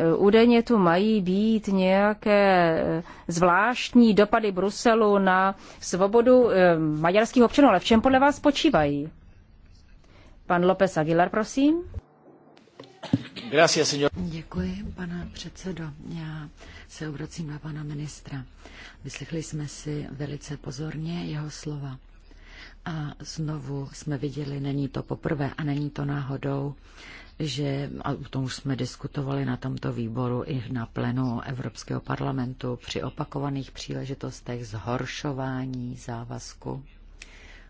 C: Eh, údajně tu mají být nějaké eh, zvláštní dopady Bruselu na svobodu eh, maďarských občanů, ale
D: v čem podle vás spočívají? Pan López Aguilar, prosím. Děkuji, pane předsedo. Já se obracím na pana ministra. Vyslechli jsme si velice pozorně jeho slova. A znovu jsme viděli, není to poprvé a není to náhodou, že, a o tom už jsme diskutovali na tomto výboru i na plenu Evropského parlamentu, při opakovaných příležitostech zhoršování závazku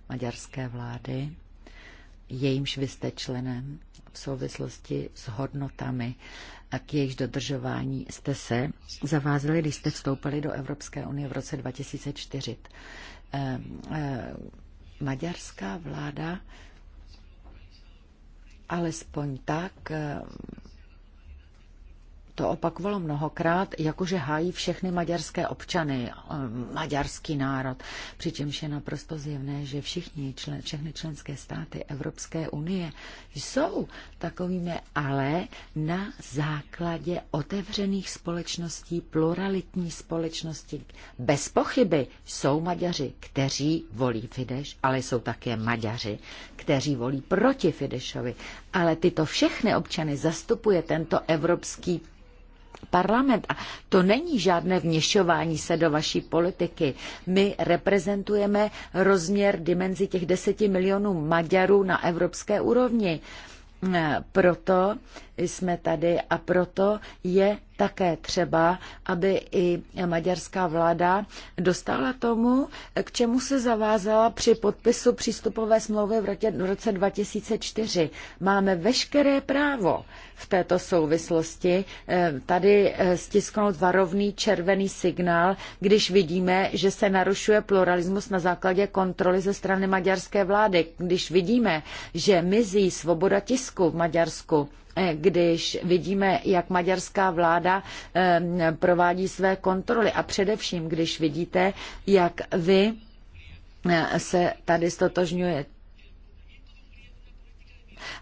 D: maďarské vlády, jejímž vy jste členem v souvislosti s hodnotami, k jejichž dodržování jste se zavázali, když jste vstoupili do Evropské unie v roce 2004. Ehm, ehm, maďarská vláda alespoň tak eh, to opakovalo mnohokrát, jakože hájí všechny maďarské občany, um, maďarský národ, přičemž je naprosto zjevné, že všichni, člen, všechny členské státy Evropské unie jsou takovými, ale na základě otevřených společností, pluralitní společnosti. Bez pochyby jsou Maďaři, kteří volí Fideš, ale jsou také Maďaři, kteří volí proti Fidešovi. Ale tyto všechny občany zastupuje tento evropský parlament. A to není žádné vněšování se do vaší politiky. My reprezentujeme rozměr dimenzi těch deseti milionů Maďarů na evropské úrovni. E, proto jsme tady a proto je také třeba, aby i maďarská vláda dostala tomu, k čemu se zavázala při podpisu přístupové smlouvy v roce 2004. Máme veškeré právo v této souvislosti eh, tady eh, stisknout varovný červený signál, když vidíme, že se narušuje pluralismus na základě kontroly ze strany maďarské vlády, když vidíme, že mizí svoboda tisku v Maďarsku Eh, když vidíme, jak maďarská vláda eh, provádí své kontroly a především, když vidíte, jak vy eh, se tady stotožňujete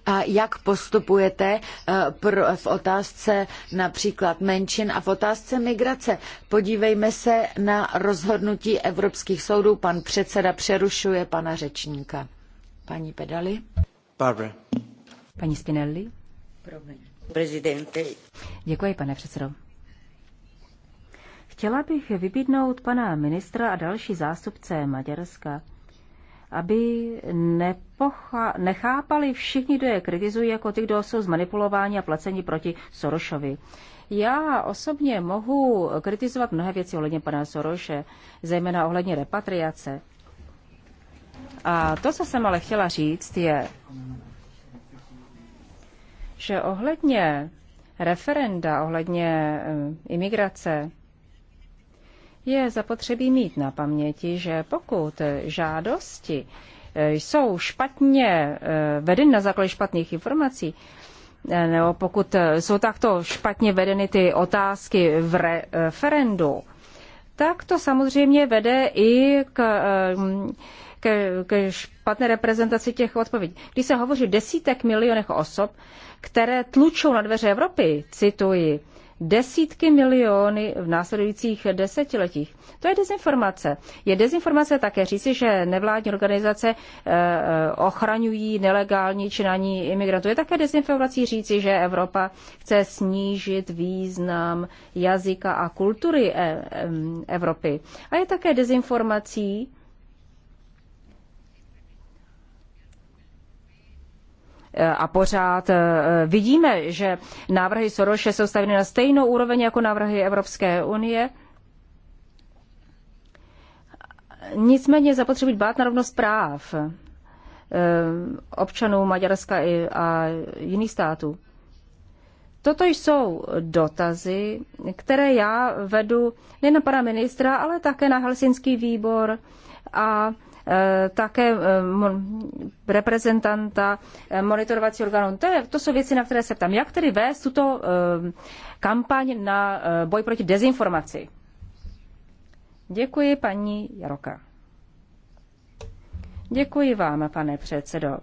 D: a jak postupujete v otázce například menšin a v otázce migrace. Podívejme se na rozhodnutí evropských soudů. Pan předseda přerušuje pana řečníka. Paní Pedali. Barbara. Paní Spinelli.
C: Děkuji, pane předsedo. Chtěla bych vybídnout pana ministra a další zástupce Maďarska, aby nepocha- nechápali všichni, kdo je kritizují, jako ty, kdo jsou zmanipulováni a placeni proti Sorošovi. Já osobně mohu kritizovat mnohé věci ohledně pana Soroše, zejména ohledně repatriace. A to, co jsem ale chtěla říct, je, že ohledně referenda, ohledně eh, imigrace, je zapotřebí mít na paměti, že pokud žádosti eh, jsou špatně eh, vedeny na základě špatných informací, nebo pokud jsou takto špatně vedeny ty otázky v referendu, tak to samozřejmě vede i k ke ke špatné reprezentaci těch odpovědí. Když se hovoří o desítek milionech osob, které tlučou na dveře Evropy, cituji, desítky miliony v následujících desetiletích. To je dezinformace. Je dezinformace také říci, že nevládní organizace eh, eh, ochraňují nelegální činání imigrantů. Je také dezinformací říci, že Evropa chce snížit význam jazyka a kultury eh, Evropy. A je také dezinformací a pořád eh, vidíme, že návrhy Soroše jsou stavěny na stejnou úroveň jako návrhy Evropské unie. Nicméně zapotřebí dbát na rovnost práv eh, občanů Maďarska a jiných států. Toto jsou dotazy, které já vedu nejen na pana ministra, ale také na Helsinský výbor a Eh, také eh, reprezentanta eh, monitorovací orgánu. To, je, to jsou věci, na které se ptám. Jak tedy vést tuto kampaň na boj proti dezinformaci? Děkuji, paní Jaroka. Děkuji vám, pane předsedo.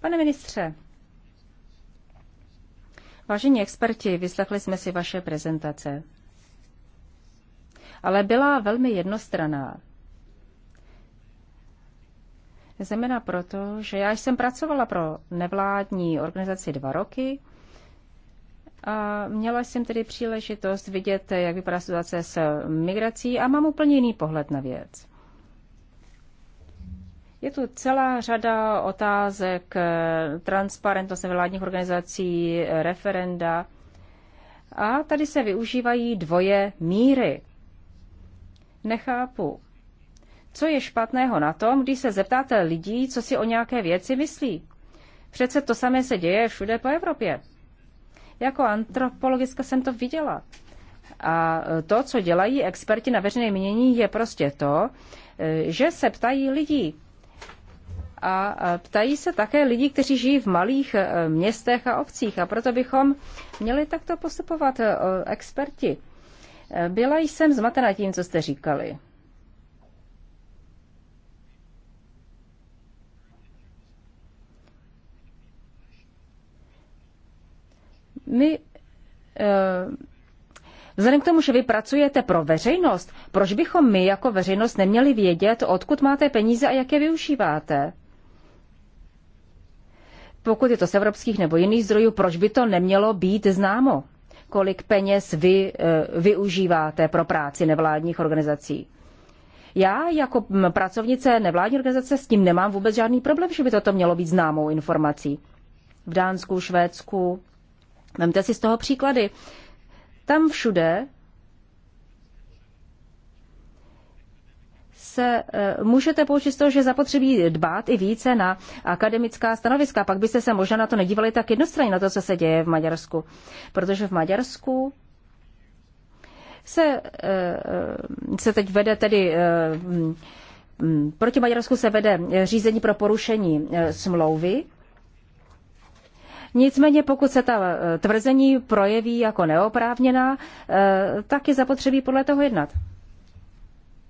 C: Pane ministře, vážení experti, vyslechli jsme si vaše prezentace, ale byla velmi jednostraná. Zejména proto, že já jsem pracovala pro nevládní organizaci dva roky a měla jsem tedy příležitost vidět, jak vypadá situace s migrací a mám úplně jiný pohled na věc. Je tu celá řada otázek, transparentnosti vládních organizací, referenda. A tady se využívají dvoje míry. Nechápu, co je špatného na tom, když se zeptáte lidí, co si o nějaké věci myslí? Přece to samé se děje všude po Evropě. Jako antropologická jsem to viděla. A to, co dělají experti na veřejné mění, je prostě to, e, že se ptají lidí. A ptají se také lidí, kteří žijí v malých e, městech a obcích. A proto bychom měli takto postupovat e, experti. Byla jsem zmatena tím, co jste říkali. my eh, Vzhledem k tomu, že vy pracujete pro veřejnost, proč bychom my jako veřejnost neměli vědět, odkud máte peníze a jak je využíváte? Pokud je to z evropských nebo jiných zdrojů, proč by to nemělo být známo? Kolik peněz vy e, využíváte pro práci nevládních organizací? Já jako mm, pracovnice nevládní organizace s tím nemám vůbec žádný problém, že by toto mělo být známou informací. V Dánsku, Švédsku, Vemte si z toho příklady. Tam všude se eh, můžete poučit z toho, že zapotřebí dbát i více na akademická stanoviska. Pak byste se možná na to nedívali tak jednostranně, na to, co se děje v Maďarsku. Protože v Maďarsku se, eh, se teď vede tedy eh, hm, hm, proti Maďarsku se vede řízení pro porušení smlouvy Nicméně pokud se ta e, tvrzení projeví jako neoprávněná, e, tak je zapotřebí podle toho jednat.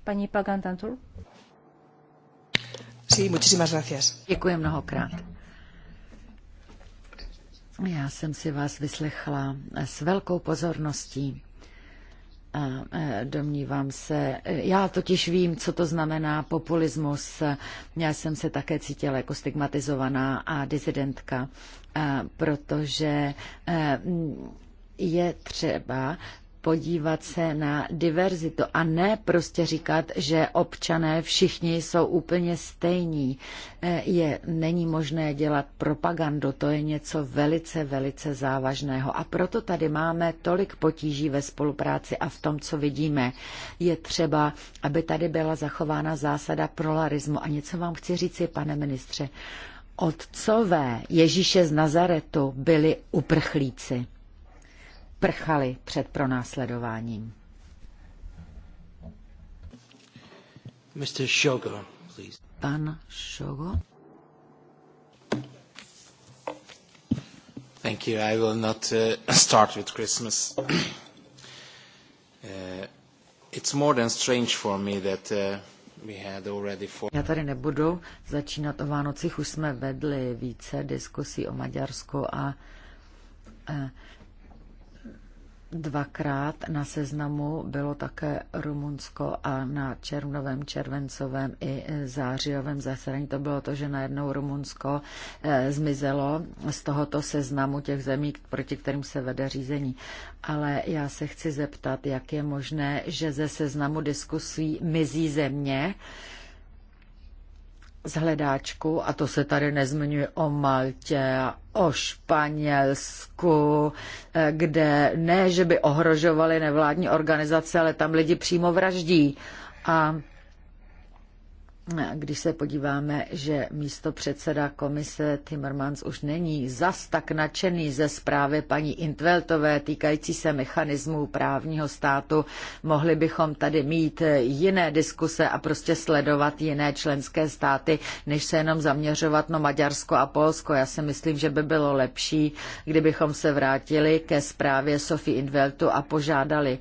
C: Paní Pagantantul?
A: Sí, muchísimas
D: gracias. Děkuji mnohokrát. Já jsem si vás vyslechla s velkou pozorností E, domnívám se, e, já totiž vím, co to znamená populismus. Já jsem se také cítila jako stigmatizovaná a dizidentka, e, protože je třeba podívat se na diverzitu a ne prostě říkat, že občané všichni jsou úplně stejní. E, je, není možné dělat propagandu, to je něco velice, velice závažného. A proto tady máme tolik potíží ve spolupráci a v tom, co vidíme. Je třeba, aby tady byla zachována zásada prolarismu. A něco vám chci říci, pane ministře. Otcové Ježíše z Nazaretu byli uprchlíci prchali před pronásledováním.
A: Mr. Shogo, please.
D: Pan Shogo.
A: Thank you. I will not uh, *clears throat* start with Christmas. *clears throat* uh, it's more than strange for me that uh, já tady
D: nebudu začínat o Vánocích, už jsme vedli více diskusí o Maďarsku a eh, Dvakrát na seznamu bylo také Rumunsko a na červnovém, červencovém i zářijovém zasedání to bylo to, že najednou Rumunsko eh, zmizelo z tohoto seznamu těch zemí, proti kterým se vede řízení. Ale já se chci zeptat, jak je možné, že ze seznamu diskusí mizí země, z hledáčku, a to se tady nezmiňuje o Maltě, o Španělsku, eh, kde ne, že by ohrožovali nevládní organizace, ale tam lidi přímo vraždí. A když se podíváme, že místo předseda komise Timmermans už není zas tak nadšený ze zprávy paní Intveltové týkající se mechanismů právního státu, mohli bychom tady mít jiné diskuse a prostě sledovat jiné členské státy, než se jenom zaměřovat na Maďarsko a Polsko. Já si myslím, že by bylo lepší, kdybychom se vrátili ke zprávě Sophie Intveltu a požádali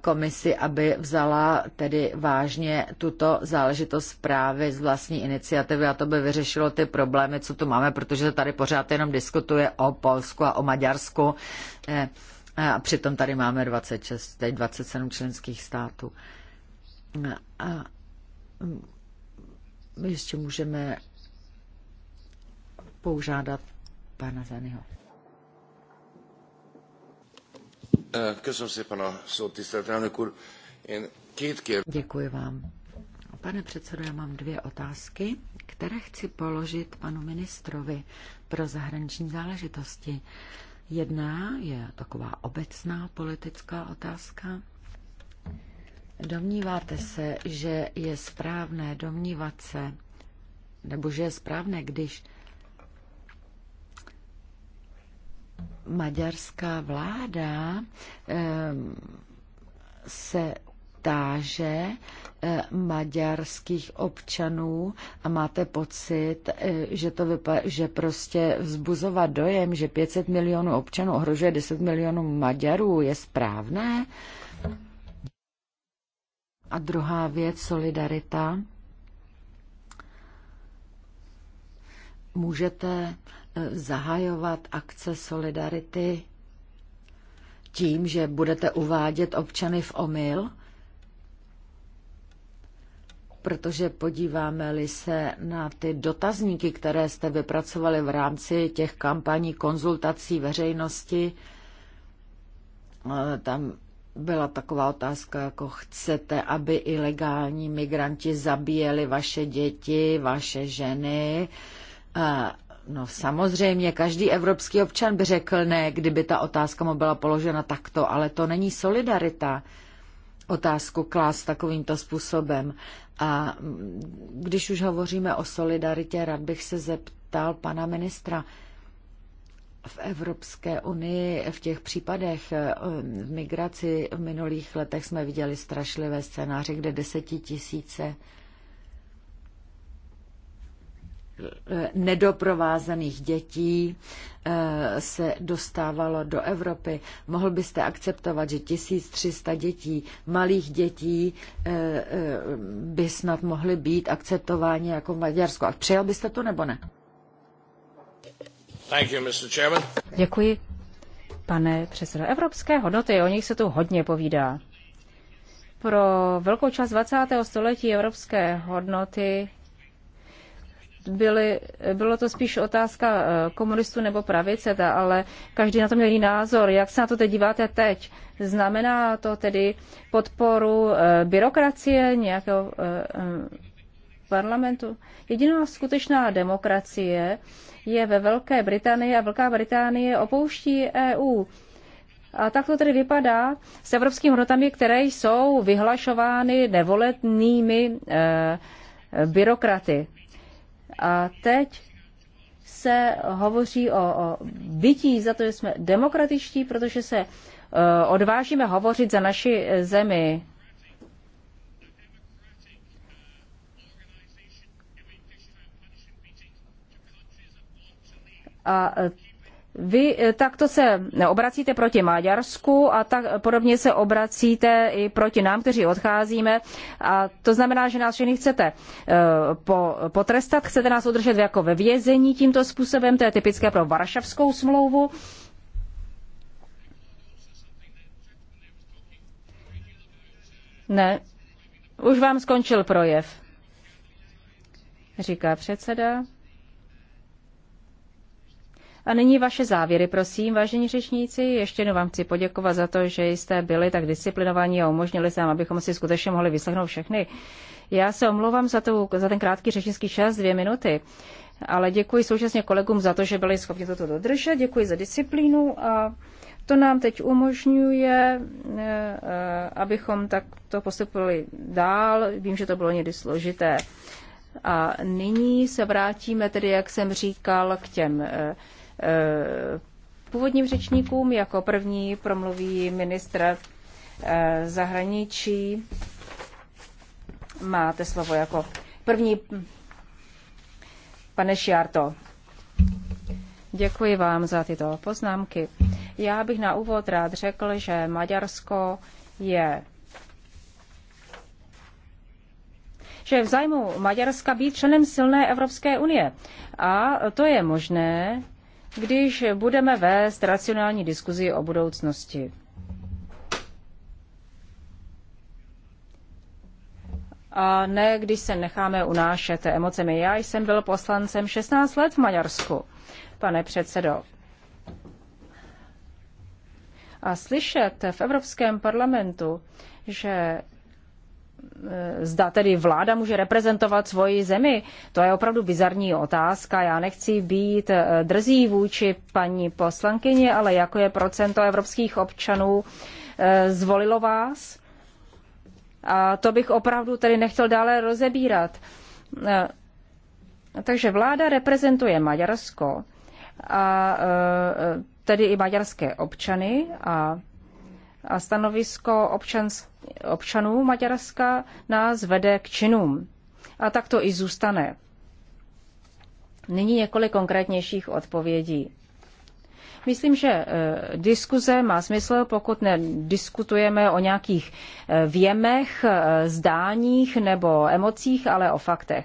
D: komisi, aby vzala tedy vážně tuto záležitost právě z vlastní iniciativy a to by vyřešilo ty problémy, co tu máme, protože se tady pořád jenom diskutuje o Polsku a o Maďarsku eh, eh, a přitom tady máme 26, teď 27 členských států. Eh, a my mm, ještě můžeme požádat pana Zanyho. Děkuji vám. Pane předsedo, já mám dvě otázky, které chci položit panu ministrovi pro zahraniční záležitosti. Jedna je taková obecná politická otázka. Domníváte se, že je správné domnívat se, nebo že je správné, když maďarská vláda eh, se táže eh, maďarských občanů a máte pocit, eh, že, to vypa- že prostě vzbuzovat dojem, že 500 milionů občanů ohrožuje 10 milionů Maďarů, je správné? A druhá věc, solidarita. Můžete zahajovat akce solidarity tím, že budete uvádět občany v omyl? protože podíváme-li se na ty dotazníky, které jste vypracovali v rámci těch kampaní konzultací veřejnosti, eh, tam byla taková otázka, jako chcete, aby ilegální migranti zabíjeli vaše děti, vaše ženy, eh, No samozřejmě, každý evropský občan by řekl ne, kdyby ta otázka mu byla položena takto, ale to není solidarita otázku klás takovýmto způsobem. A když už hovoříme o solidaritě, rád bych se zeptal pana ministra, v Evropské unii v těch případech eh, v migraci v minulých letech jsme viděli strašlivé scénáře, kde desetitisíce tisíce Eh, nedoprovázených dětí eh, se dostávalo do Evropy. Mohl byste akceptovat, že 1300 dětí, malých dětí eh, by snad mohly být akceptováni jako v Maďarsku. A přijal byste to nebo ne?
B: Thank you, Mr. Chairman.
D: Děkuji.
C: Pane předsedo, evropské hodnoty, o nich se tu hodně povídá. Pro velkou část 20. století evropské hodnoty byly, bylo to spíš otázka eh, komunistů nebo pravice, ta, ale každý na to měl jiný názor. Jak se na to teď díváte teď? Znamená to tedy podporu eh, byrokracie nějakého eh, parlamentu? Jediná skutečná demokracie je ve Velké Británii a Velká Británie opouští EU. A tak to tedy vypadá s evropskými hodnotami, které jsou vyhlašovány nevoletnými e, byrokraty. A teď se hovoří o, o bytí za to, že jsme demokratičtí, protože se uh, odvážíme hovořit za naši zemi. A vy eh, takto se obracíte proti Maďarsku a tak podobně se obracíte i proti nám, kteří odcházíme. A to znamená, že nás všechny chcete eh, potrestat, chcete nás udržet jako ve vězení tímto způsobem, to je typické pro Varšavskou smlouvu. Ne, už vám skončil projev, říká předseda. A nyní vaše závěry, prosím, vážení řečníci. Ještě jednou vám chci poděkovat za to, že jste byli tak disciplinovaní a umožnili nám, abychom si skutečně mohli vyslechnout všechny. Já se omlouvám za, tu, za ten krátký řečnický čas, dvě minuty, ale děkuji současně kolegům za to, že byli schopni toto dodržet, děkuji za disciplínu a to nám teď umožňuje, eh, eh, abychom takto postupovali dál. Vím, že to bylo někdy složité. A nyní se vrátíme tedy, jak jsem říkal, k těm eh, Eh, původním řečníkům. Jako první promluví ministr eh, zahraničí. Máte slovo jako první. Pane Šiarto, děkuji vám za tyto poznámky. Já bych na úvod rád řekl, že Maďarsko je že je v zájmu Maďarska být členem silné Evropské unie. A to je možné když budeme vést racionální diskuzi o budoucnosti. A ne, když se necháme unášet emocemi. Já jsem byl poslancem 16 let v Maďarsku, pane předsedo. A slyšet v Evropském parlamentu, že Eh, zda tedy vláda může reprezentovat svoji zemi. To je opravdu bizarní otázka. Já nechci být eh, drzí vůči paní poslankyni, ale jako je procento evropských občanů eh, zvolilo vás. A to bych opravdu tedy nechtěl dále rozebírat. Takže vláda reprezentuje Maďarsko a tedy i maďarské občany a a stanovisko občans, občanů Maďarska nás vede k činům. A tak to i zůstane. Nyní několik konkrétnějších odpovědí. Myslím, že e, diskuze má smysl, pokud nediskutujeme o nějakých e, věmech, e, zdáních nebo emocích, ale o faktech.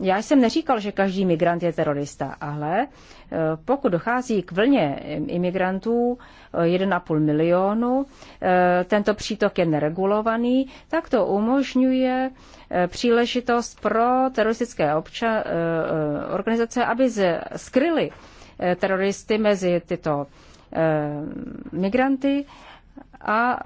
C: Já jsem neříkal, že každý migrant je terorista, ale eh, pokud dochází k vlně imigrantů 1,5 eh, milionu, eh, tento přítok je neregulovaný, tak to umožňuje příležitost pro teroristické obča- organizace, aby skryly teroristy mezi tyto migranty a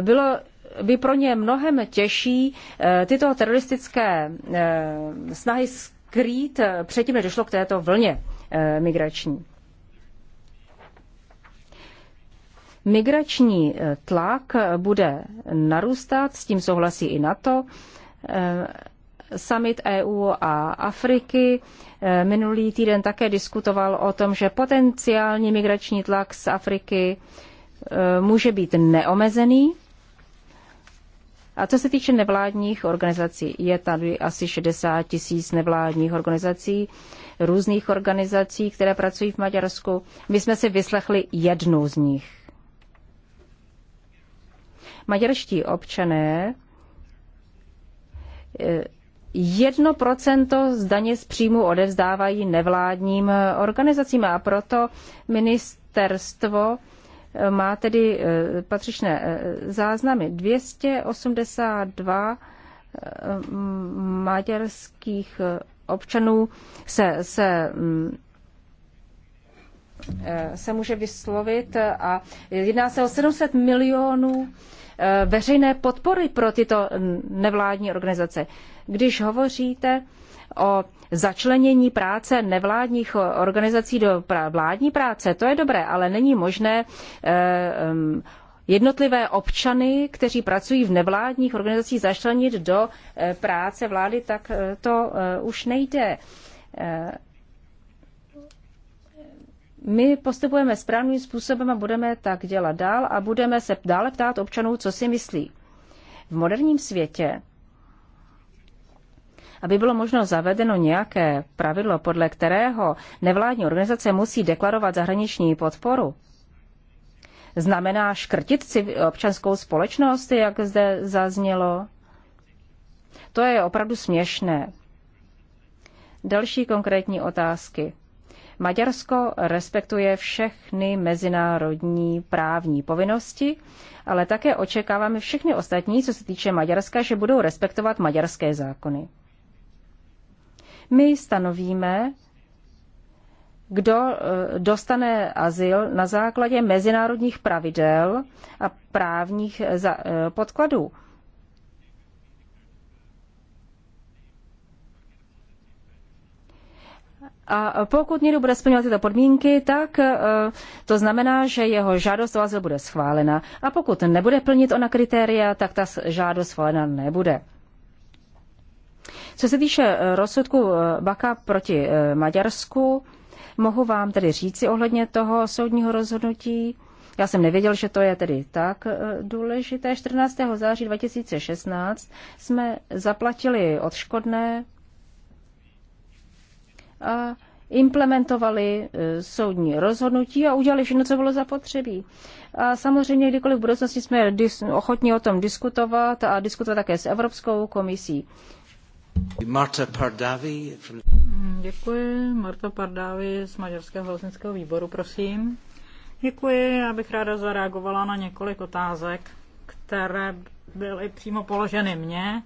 C: bylo by pro ně mnohem těžší eh, tyto teroristické eh, snahy skrýt eh, předtím, než došlo k této vlně migrační. Migrační tlak bude narůstat, s tím souhlasí i NATO. Summit EU a Afriky minulý týden také diskutoval o tom, že potenciální migrační tlak z Afriky může být neomezený a co se týče nevládních organizací, je tady asi 60 tisíc nevládních organizací, různých organizací, které pracují v Maďarsku. My jsme si vyslechli jednu z nich. Maďarští občané eh, jedno procento z daně z příjmu odevzdávají nevládním organizacím a proto ministerstvo má tedy eh, patřičné eh, záznamy. 282 eh, maďarských občanů se, se mm, se může vyslovit a jedná se o 700 milionů veřejné podpory pro tyto nevládní organizace. Když hovoříte o začlenění práce nevládních organizací do vládní práce, to je dobré, ale není možné eh, jednotlivé občany, kteří pracují v nevládních organizacích, začlenit do eh, práce vlády, tak eh, to už nejde. My postupujeme správným způsobem a budeme tak dělat dál a budeme se dále ptát občanů, co si myslí. V moderním světě aby bylo možno zavedeno nějaké pravidlo, podle kterého nevládní organizace musí deklarovat zahraniční podporu, znamená škrtit občanskou společnost, jak zde zaznělo? To je opravdu směšné. Další konkrétní otázky. Maďarsko respektuje všechny mezinárodní právní povinnosti, ale také očekáváme všechny ostatní, co se týče Maďarska, že budou respektovat maďarské zákony. My stanovíme, kdo eh, dostane azyl na základě mezinárodních pravidel a právních eh, eh, podkladů. A pokud někdo bude splňovat tyto podmínky, tak to znamená, že jeho žádost o azyl bude schválena. A pokud nebude plnit ona kritéria, tak ta žádost schválena nebude. Co se týče eh, rozsudku eh, Baka proti eh, Maďarsku, mohu vám tedy říci ohledně toho soudního rozhodnutí, já jsem nevěděl, že to je tedy tak důležité. 14. září 2016 jsme zaplatili odškodné a implementovali soudní rozhodnutí a udělali všechno, co bylo zapotřebí. A samozřejmě kdykoliv v budoucnosti jsme ochotni o tom diskutovat a diskutovat také s Evropskou komisí.
A: Marta Pardavi. From...
B: Mm, děkuji. Marta Pardavi z Maďarského lesnického výboru, prosím. Děkuji. Já bych ráda zareagovala na několik otázek, které byly přímo položeny mně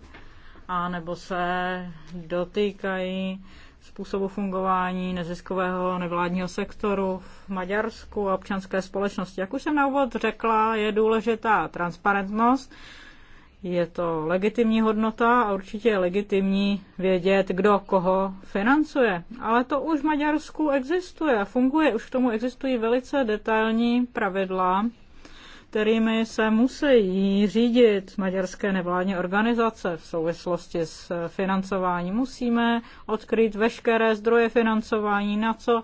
B: a nebo se dotýkají způsobu fungování neziskového nevládního sektoru v Maďarsku a občanské společnosti. Jak už jsem na úvod řekla, je důležitá transparentnost je to legitimní hodnota a určitě je legitimní vědět, kdo koho financuje. Ale to už v Maďarsku existuje a funguje. Už k tomu existují velice detailní pravidla, kterými se musí řídit maďarské nevládní organizace v souvislosti s financováním. Musíme odkryt veškeré zdroje financování, na co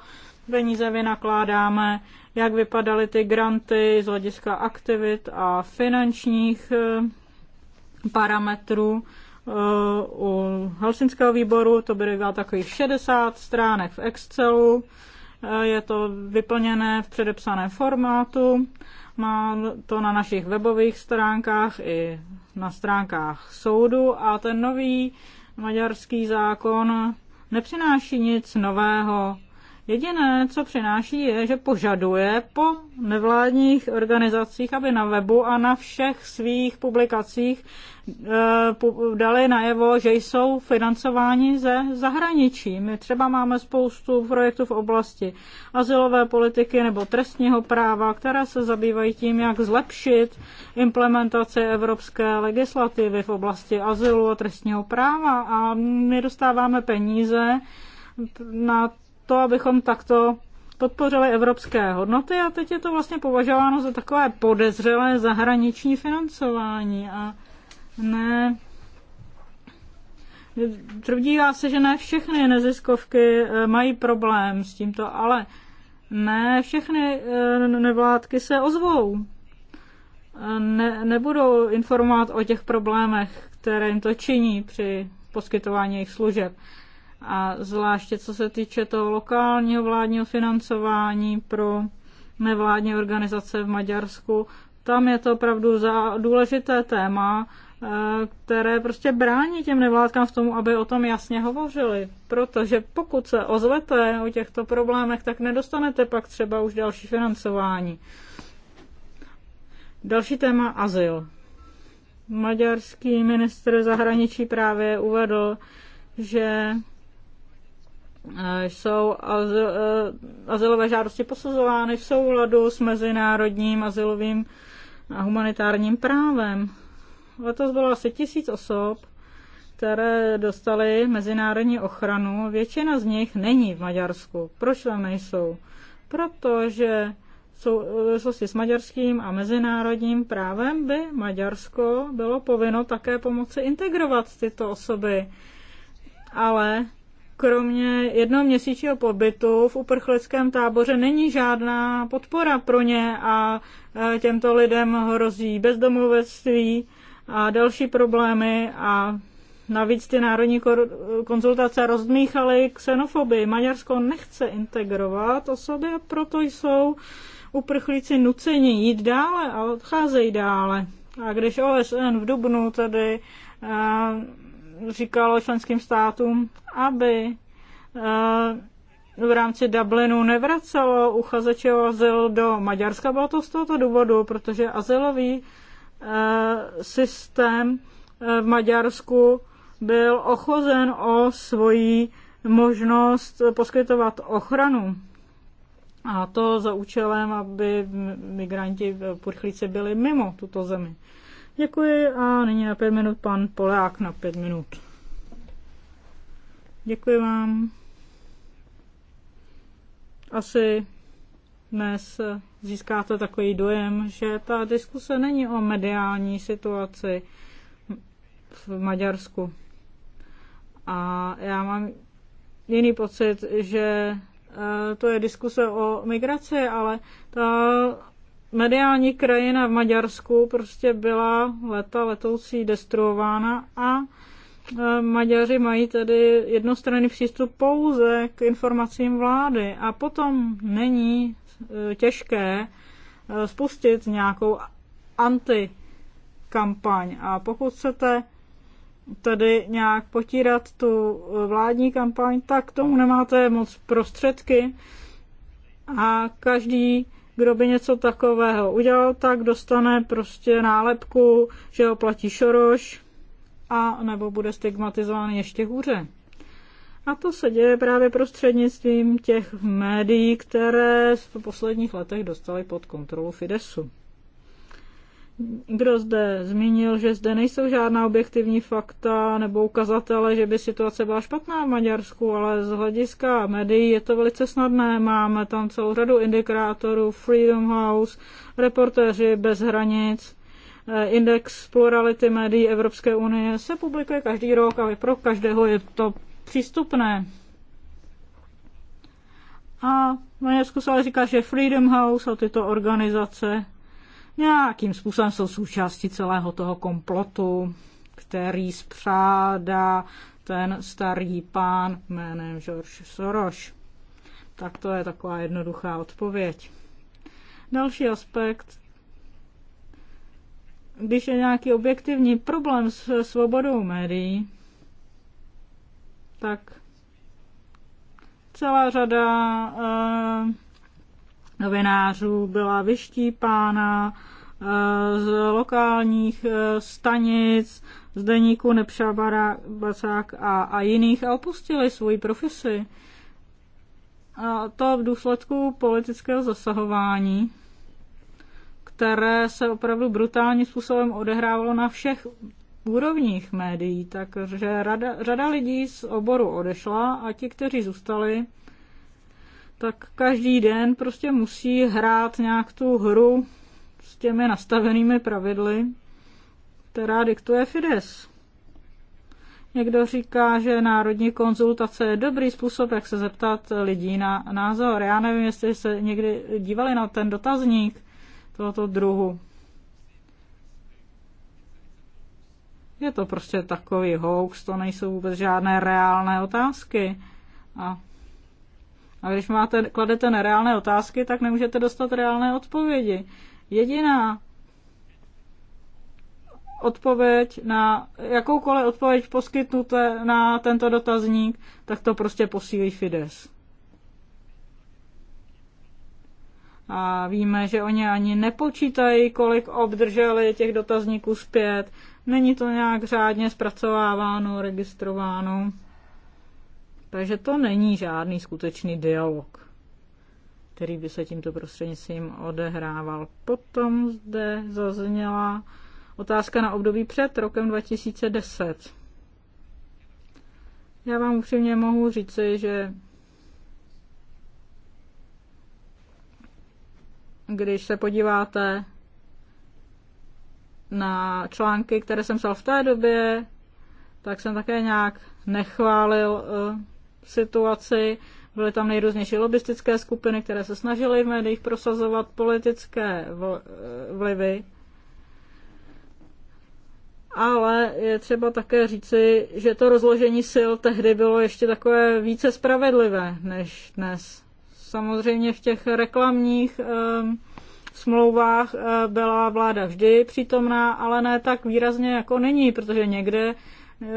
B: peníze vynakládáme, jak vypadaly ty granty z hlediska aktivit a finančních eh, parametrů eh, u Helsinského výboru, to by bylo takových 60 stránek v Excelu, eh, je to vyplněné v předepsaném formátu, má to na našich webových stránkách i na stránkách soudu a ten nový maďarský zákon nepřináší nic nového Jediné, co přináší, je, že požaduje po nevládních organizacích, aby na webu a na všech svých publikacích eh, dali najevo, že jsou financováni ze zahraničí. My třeba máme spoustu projektů v oblasti asilové politiky nebo trestního práva, které se zabývají tím, jak zlepšit implementaci evropské legislativy v oblasti azylu a trestního práva a my dostáváme peníze na to, abychom takto podpořili evropské hodnoty a teď je to vlastně považováno za takové podezřelé zahraniční financování a ne Tvrdívá se, že ne všechny neziskovky eh, mají problém s tímto, ale ne všechny eh, nevládky se ozvou. Eh, ne, nebudou informovat o těch problémech, které jim to činí při poskytování jejich služeb a zvláště co se týče toho lokálního vládního financování pro nevládní organizace v Maďarsku, tam je to opravdu za důležité téma, eh, které prostě brání těm nevládkám v tom, aby o tom jasně hovořili. Protože pokud se ozvete o těchto problémech, tak nedostanete pak třeba už další financování. Další téma azyl. Maďarský ministr zahraničí právě uvedl, že Eh, jsou eh, azylové žádosti posuzovány v souladu s mezinárodním azylovým a humanitárním právem. Letos bylo asi tisíc osob, které dostaly mezinárodní ochranu. Většina z nich není v Maďarsku. Proč tam nejsou? Protože v souvislosti s maďarským a mezinárodním právem by Maďarsko bylo povinno také pomoci integrovat tyto osoby. Ale kromě měsíčního pobytu v uprchlickém táboře není žádná podpora pro ně a e, těmto lidem hrozí bezdomovectví a další problémy a navíc ty národní konzultace rozdmíchaly xenofobii. Maďarsko nechce integrovat osoby a proto jsou uprchlíci nuceni jít dále a odcházejí dále. A když OSN v Dubnu tady e, říkalo členským státům, aby eh, v rámci Dublinu nevracelo uchazeče o azyl do Maďarska. Bylo to z tohoto důvodu, protože azylový eh, systém eh, v Maďarsku byl ochozen o svoji možnost poskytovat ochranu. A to za účelem, aby migranti, purchlíci byli mimo tuto zemi. Děkuji a nyní na pět minut pan Polák na pět minut. Děkuji vám. Asi dnes získáte takový dojem, že ta diskuse není o mediální situaci v Maďarsku. A já mám jiný pocit, že eh, to je diskuse o migraci, ale ta mediální krajina v Maďarsku prostě byla leta letoucí destruována a e, Maďaři mají tedy jednostranný přístup pouze k informacím vlády a potom není e, těžké e, spustit nějakou antikampaň. A pokud chcete tedy nějak potírat tu vládní kampaň, tak k tomu nemáte moc prostředky a každý kdo by něco takového udělal, tak dostane prostě nálepku, že ho platí Šoroš a nebo bude stigmatizován ještě hůře. A to se děje právě prostřednictvím těch médií, které v posledních letech dostaly pod kontrolu Fidesu kdo zde zmínil, že zde nejsou žádná objektivní fakta nebo ukazatele, že by situace byla špatná v Maďarsku, ale z hlediska médií je to velice snadné. Máme tam celou řadu indikátorů, Freedom House, reportéři bez hranic, eh, index plurality médií Evropské unie se publikuje každý rok a pro každého je to přístupné. A Maďarsku se ale říká, že Freedom House a tyto organizace nějakým způsobem jsou součástí celého toho komplotu, který zpřádá ten starý pán jménem George Soros. Tak to je taková jednoduchá odpověď. Další aspekt. Když je nějaký objektivní problém s svobodou médií, tak celá řada uh, novinářů byla vyštípána eh, z lokálních eh, stanic, z deníku Nepša Bacák a, a jiných a opustili svoji profesi. A to v důsledku politického zasahování, které se opravdu brutálním způsobem odehrávalo na všech úrovních médií, takže rada, řada lidí z oboru odešla a ti, kteří zůstali, tak každý den prostě musí hrát nějak tu hru s těmi nastavenými pravidly, která diktuje Fides. Někdo říká, že národní konzultace je dobrý způsob, jak se zeptat lidí na názor. Já nevím, jestli se někdy dívali na ten dotazník tohoto druhu. Je to prostě takový hoax, to nejsou vůbec žádné reálné otázky. A a když máte, kladete nereálné otázky, tak nemůžete dostat reálné odpovědi. Jediná odpověď na jakoukoliv odpověď poskytnuté na tento dotazník, tak to prostě posílí Fides. A víme, že oni ani nepočítají, kolik obdrželi těch dotazníků zpět. Není to nějak řádně zpracováváno, registrováno. Takže to není žádný skutečný dialog, který by se tímto prostřednictvím odehrával. Potom zde zazněla otázka na období před rokem 2010. Já vám upřímně mohu říci, že když se podíváte na články, které jsem psal v té době, tak jsem také nějak nechválil eh, situaci. Byly tam nejrůznější lobbystické skupiny, které se snažily v médiích prosazovat politické eh, vlivy. Ale je třeba také říci, že to rozložení sil tehdy bylo ještě takové více spravedlivé než dnes. Samozřejmě v těch reklamních um, smlouvách eh, byla vláda vždy přítomná, ale ne tak výrazně jako nyní, protože někde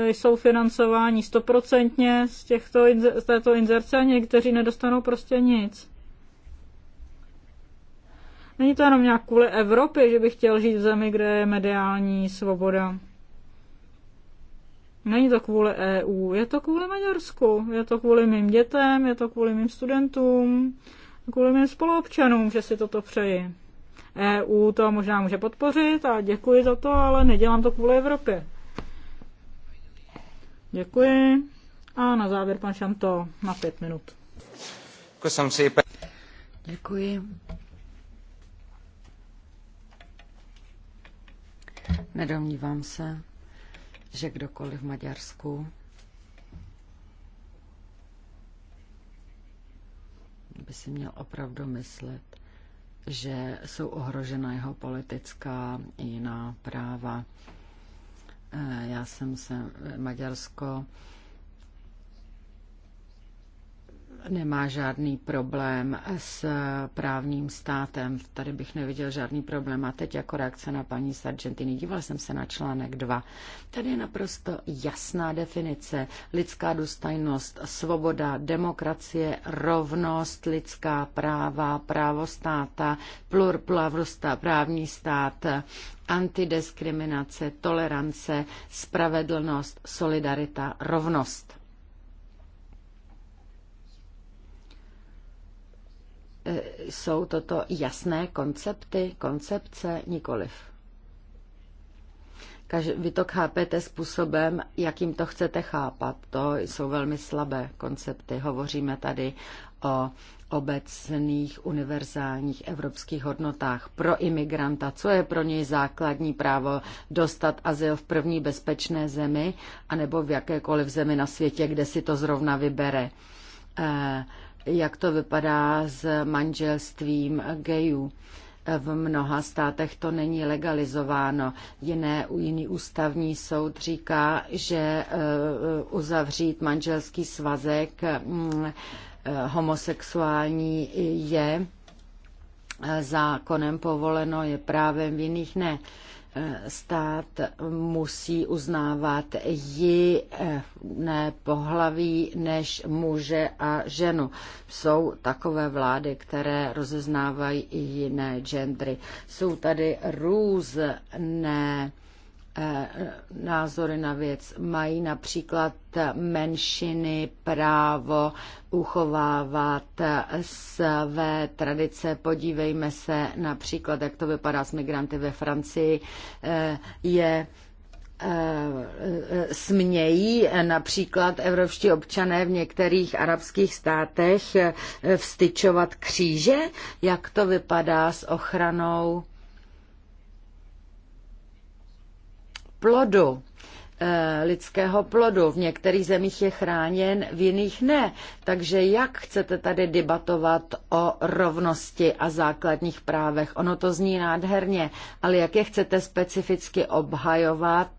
B: jsou financováni stoprocentně z, těchto, z této inzerce a někteří nedostanou prostě nic. Není to jenom nějak kvůli Evropě, že bych chtěl žít v zemi, kde je mediální svoboda. Není to kvůli EU, je to kvůli Maďarsku, je to kvůli mým dětem, je to kvůli mým studentům, kvůli mým spoluobčanům, že si toto přeji. EU to možná může podpořit a děkuji za to, ale nedělám to kvůli Evropě. Děkuji. A na závěr pan Šanto na pět minut. Děkuji.
D: Nedomnívám se, že kdokoliv v Maďarsku by si měl opravdu myslet, že jsou ohrožena jeho politická i jiná práva. Eh, já jsem se eh, Maďarsko nemá žádný problém s právním státem. Tady bych neviděl žádný problém. A teď jako reakce na paní Sargentini Díval jsem se na článek 2. Tady je naprosto jasná definice. Lidská důstojnost, svoboda, demokracie, rovnost, lidská práva, právo státa, plur, právní stát, antidiskriminace, tolerance, spravedlnost, solidarita, rovnost. jsou toto jasné koncepty, koncepce nikoliv. vy to chápete způsobem, jakým to chcete chápat. To jsou velmi slabé koncepty. Hovoříme tady o obecných univerzálních evropských hodnotách pro imigranta, co je pro něj základní právo dostat azyl v první bezpečné zemi anebo v jakékoliv zemi na světě, kde si to zrovna vybere. Eh, jak to vypadá s manželstvím gejů. V mnoha státech to není legalizováno. Jiné, jiný ústavní soud říká, že e, e, uzavřít manželský svazek mm, e, homosexuální je zákonem povoleno, je právem, v jiných ne stát musí uznávat jiné pohlaví než muže a ženu. Jsou takové vlády, které rozeznávají i jiné gendry. Jsou tady různé Eh, názory na věc. Mají například menšiny právo uchovávat své tradice. Podívejme se například, jak to vypadá s migranty ve Francii. Eh, je eh, smějí například evropští občané v některých arabských státech vstyčovat kříže? Jak to vypadá s ochranou plodu eh, lidského plodu. V některých zemích je chráněn, v jiných ne. Takže jak chcete tady debatovat o rovnosti a základních právech? Ono to zní nádherně, ale jak je chcete specificky obhajovat,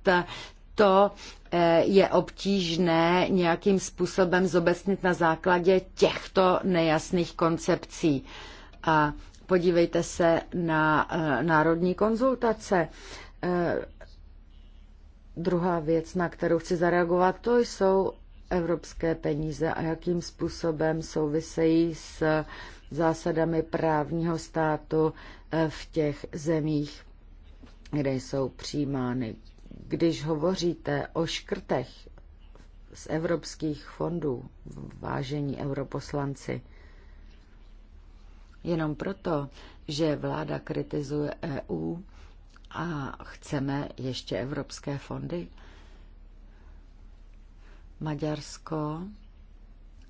D: to eh, je obtížné nějakým způsobem zobecnit na základě těchto nejasných koncepcí. A podívejte se na eh, národní konzultace Druhá věc, na kterou chci zareagovat, to jsou evropské peníze a jakým způsobem souvisejí s zásadami právního státu eh, v těch zemích, kde jsou přijímány. Když hovoříte o škrtech z evropských fondů, vážení europoslanci, jenom proto, že vláda kritizuje EU, a chceme ještě evropské fondy? Maďarsko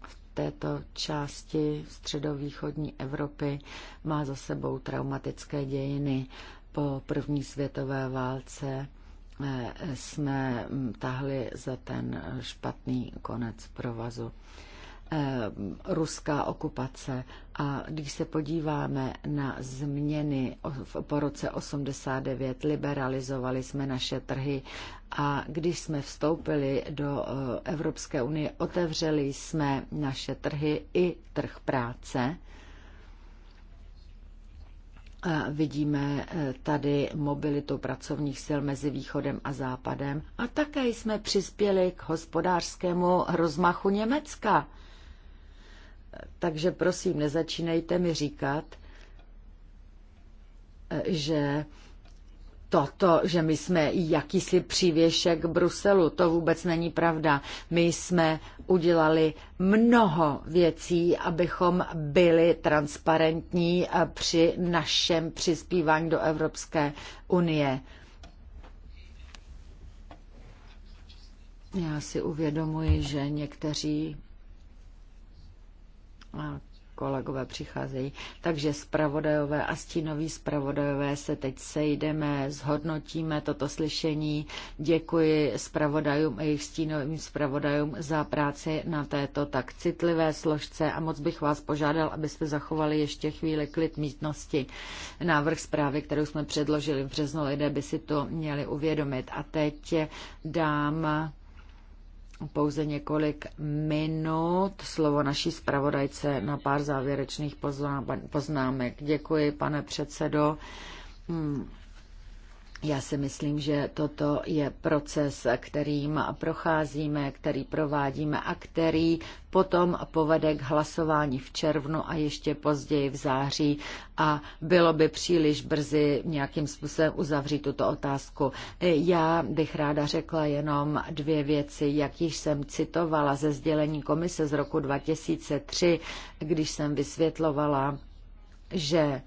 D: v této části středovýchodní Evropy má za sebou traumatické dějiny. Po první světové válce eh, jsme tahli za ten špatný konec provazu. Eh, ruská okupace. A když se podíváme na změny po roce 89, liberalizovali jsme naše trhy a když jsme vstoupili do eh, Evropské unie, otevřeli jsme naše trhy i trh práce. A vidíme eh, tady mobilitu pracovních sil mezi východem a západem a také jsme přispěli k hospodářskému rozmachu Německa. Takže prosím, nezačínejte mi říkat, že toto, že my jsme jakýsi přívěšek Bruselu, to vůbec není pravda. My jsme udělali mnoho věcí, abychom byli transparentní při našem přispívání do Evropské unie. Já si uvědomuji, že někteří kolegové přicházejí. Takže zpravodajové a stínoví zpravodajové se teď sejdeme, zhodnotíme toto slyšení. Děkuji zpravodajům a jejich stínovým zpravodajům za práci na této tak citlivé složce a moc bych vás požádal, abyste zachovali ještě chvíli klid místnosti. Návrh zprávy, kterou jsme předložili v březnu, lidé by si to měli uvědomit. A teď dám pouze několik minut. Slovo naší zpravodajce na pár závěrečných poznámek. Děkuji, pane předsedo. Hmm. Já si myslím, že toto je proces, kterým procházíme, který provádíme a který potom povede k hlasování v červnu a ještě později v září a bylo by příliš brzy nějakým způsobem uzavřít tuto otázku. Já bych ráda řekla jenom dvě věci, jak již jsem citovala ze sdělení komise z roku 2003, když jsem vysvětlovala, že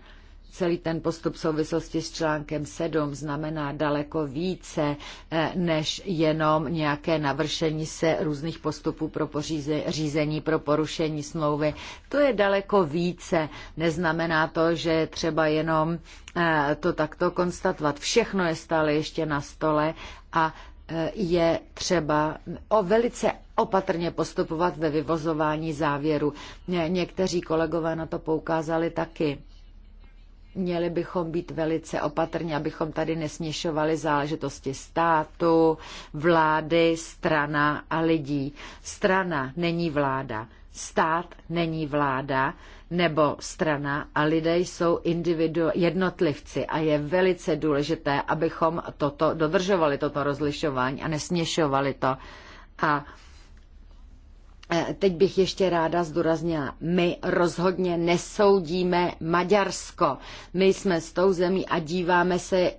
D: Celý ten postup v souvislosti s článkem 7 znamená daleko více eh, než jenom nějaké navršení se různých postupů pro řízení pro porušení smlouvy. To je daleko více. Neznamená to, že třeba jenom eh, to takto konstatovat. Všechno je stále ještě na stole a eh, je třeba o velice opatrně postupovat ve vyvozování závěru. Někteří kolegové na to poukázali taky měli bychom být velice opatrní, abychom tady nesměšovali záležitosti státu, vlády, strana a lidí. Strana není vláda, stát není vláda, nebo strana a lidé jsou individu, jednotlivci a je velice důležité, abychom toto dodržovali, toto rozlišování a nesměšovali to. A Eh, teď bych ještě ráda zdůraznila, my rozhodně nesoudíme Maďarsko. My jsme s tou zemí a díváme se, eh,